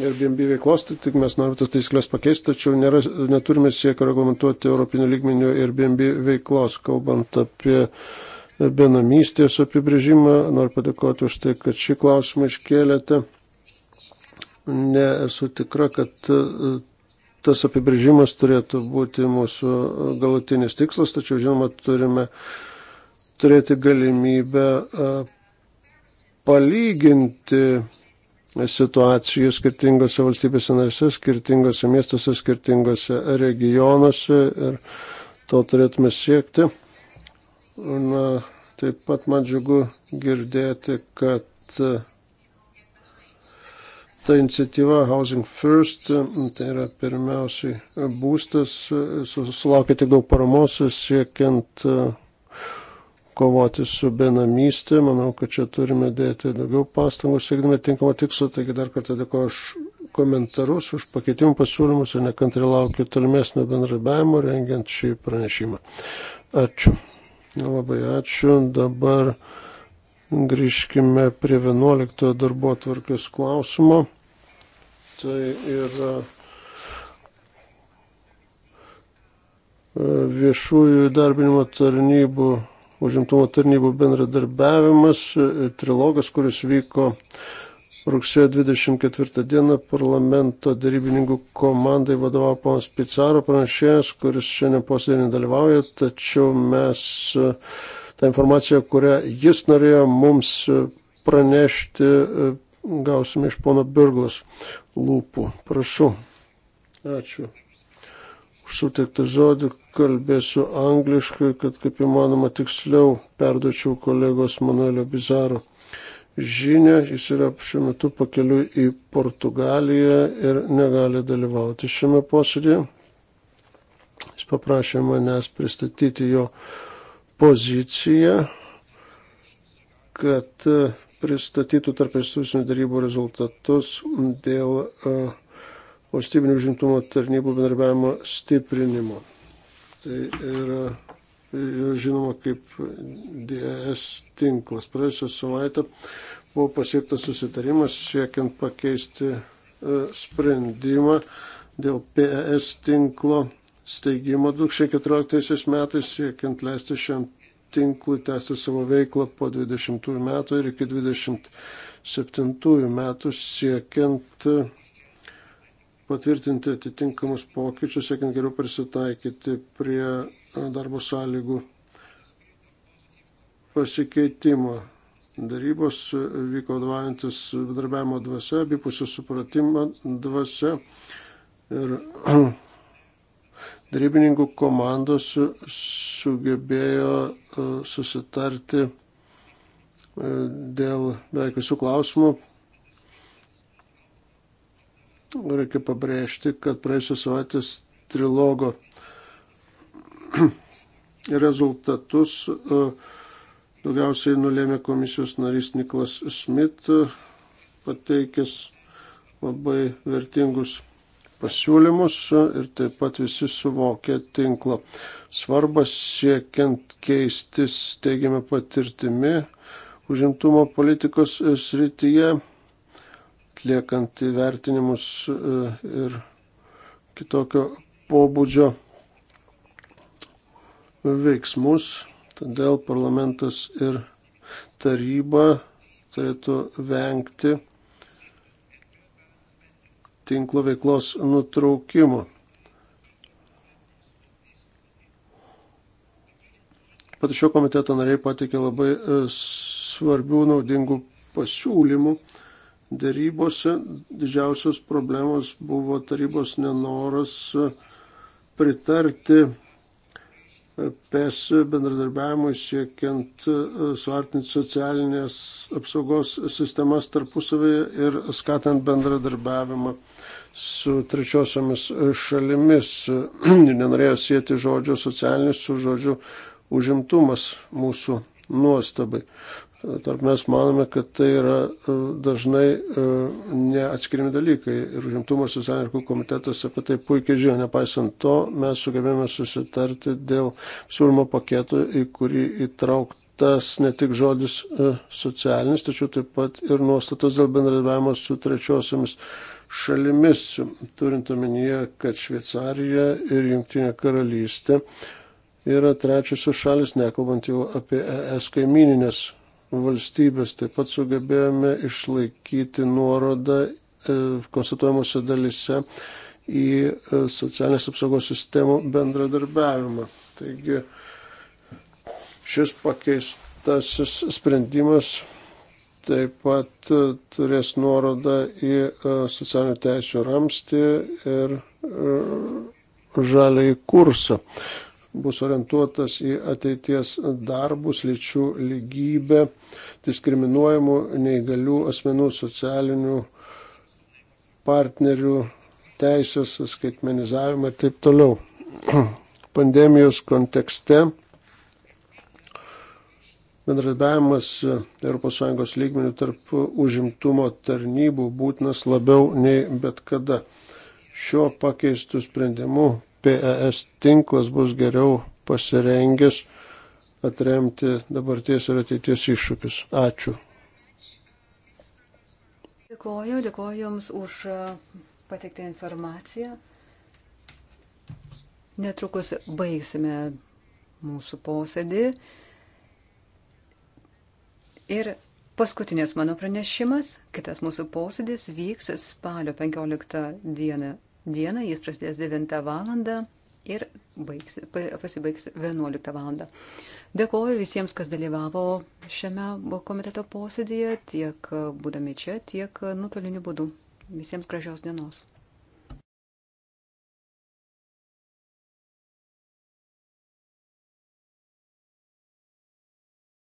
Speaker 1: Airbnb veiklos, tai tik mes norime tas taisyklės pakeisti, tačiau nėra, neturime siekio reglamentuoti Europinio lygmenio Airbnb veiklos, kalbant apie benamystės apibrėžimą. Noriu padėkoti už tai, kad šį klausimą iškėlėte. Nesu tikra, kad e, tas apibrėžimas turėtų būti mūsų galutinis tikslas, tačiau žinoma turime turėti galimybę e, palyginti situacijų skirtingose valstybėse narėse, skirtingose miestuose, skirtingose regionuose ir to turėtume siekti. Na, taip pat man džiugu girdėti, kad e, ta iniciatyva Housing First, e, tai yra pirmiausiai būstas, e, sulaukė tik daug paramos siekiant kovoti su benamystė. Manau, kad čia turime dėti daugiau pastangų, siekdami tinkamo tikslo. Taigi dar kartą dėkoju už komentarus, už pakeitimų pasiūlymus ir nekantri laukiu tolimesnio bendradarbiavimo rengiant šį pranešimą. Ačiū. Labai ačiū. Dabar grįžkime prie 11 darbo atvarkės klausimo. Tai yra. E, viešųjų darbinimo tarnybų užimtumo tarnybų bendradarbiavimas, e, trilogas, kuris vyko rugsėjo 24 dieną, parlamento darybininkų komandai vadovavo ponas Pizarro pranešėjas, kuris šiandien posėdį nedalyvauja, tačiau mes e, tą informaciją, kurią jis norėjo mums e, pranešti, gausime iš pono Birglas lūpų. Prašau. Ačiū suteiktą žodį kalbėsiu angliškai, kad kaip įmanoma tiksliau perdočiau kolegos Manuelio Bizaro žinę. Jis yra šiuo metu pakeliu į Portugaliją ir negali dalyvauti šiame posėdėje. Jis paprašė manęs pristatyti jo poziciją, kad pristatytų tarp institucinių darybų rezultatus dėl uh, valstybinių žimtumo tarnybų bendarbiavimo stiprinimo. Tai yra, yra žinoma kaip DES tinklas. Praėjusią savaitę buvo pasiektas susitarimas siekiant pakeisti e, sprendimą dėl PES tinklo steigimo 2014 metais, siekiant leisti šiam tinklui tęsti savo veiklą po 20 metų ir iki 27 metų siekiant patvirtinti atitinkamus pokyčius, siekiant geriau prisitaikyti prie e, darbo sąlygų pasikeitimo. Darybos e, vyko vadovaujantis bedarbiavimo dvasia, abipusio supratimo dvasia ir darybininkų komandos sugebėjo e, susitarti dėl beveik visų klausimų Reikia pabrėžti, kad praėjusios savaitės trilogo rezultatus e, daugiausiai nulėmė komisijos narys Niklas Smith, e, pateikęs labai vertingus pasiūlymus e, ir taip pat visi suvokė tinklo svarbą siekiant keistis teigiamą patirtimi užimtumo politikos srityje atliekant įvertinimus e, ir kitokio pobūdžio veiksmus. Todėl parlamentas ir taryba turėtų vengti tinklo veiklos nutraukimo. Pat šio komiteto nariai patikė labai e, svarbių naudingų pasiūlymų dėrybose. Didžiausios problemos buvo tarybos nenoras pritarti PES bendradarbiavimui siekiant e, suartinti socialinės apsaugos sistemas tarpusavėje ir skatant bendradarbiavimą su trečiosiamis šalimis. Nenorėjo sėti žodžio socialinis su žodžiu užimtumas mūsų nuostabai. Tarp mes manome, kad tai yra e, dažnai e, neatskirimi dalykai ir užimtumo ir socialinių komitetas apie tai puikiai žino. Nepaisant to, mes sugebėjome susitarti dėl siūlymo paketo, į kurį įtraukti tas ne tik žodis e, socialinis, tačiau taip pat ir nuostatos dėl bendradarbiavimo su trečiosiamis šalimis, turint omenyje, kad Šveicarija ir Junktinė karalystė yra trečiosios šalis, nekalbant jau apie ES kaimininės valstybės. Taip pat sugebėjome išlaikyti nuorodą e, konstatuojamosiose dalise į e, socialinės apsaugos sistemų bendradarbiavimą. Taigi šis pakeistasis sprendimas taip pat e, turės nuorodą į socialinių teisų ramstį ir žaliai kursą bus orientuotas į ateities darbus, lyčių lygybę, diskriminuojamų neįgalių asmenų socialinių partnerių teisės, skaitmenizavimą ir taip toliau. Pandemijos kontekste bendradarbiavimas ES lygmenių tarp užimtumo tarnybų būtinas labiau nei bet kada. Šiuo pakeistų sprendimu PES tinklas bus geriau pasirengęs atremti dabarties ir ateities iššūkius. Ačiū.
Speaker 2: Dėkoju, dėkoju Jums už e, pateiktą informaciją. Netrukus baigsime mūsų posėdį. Ir paskutinės mano pranešimas, kitas mūsų posėdis vyks spalio 15 dieną dieną, jis prasidės 9 val. ir baigs, pasibaigs 11 val. Dėkoju visiems, kas dalyvavo šiame komiteto
Speaker 3: posėdėje, tiek būdami čia, tiek nutoliniu būdu. Visiems gražios dienos.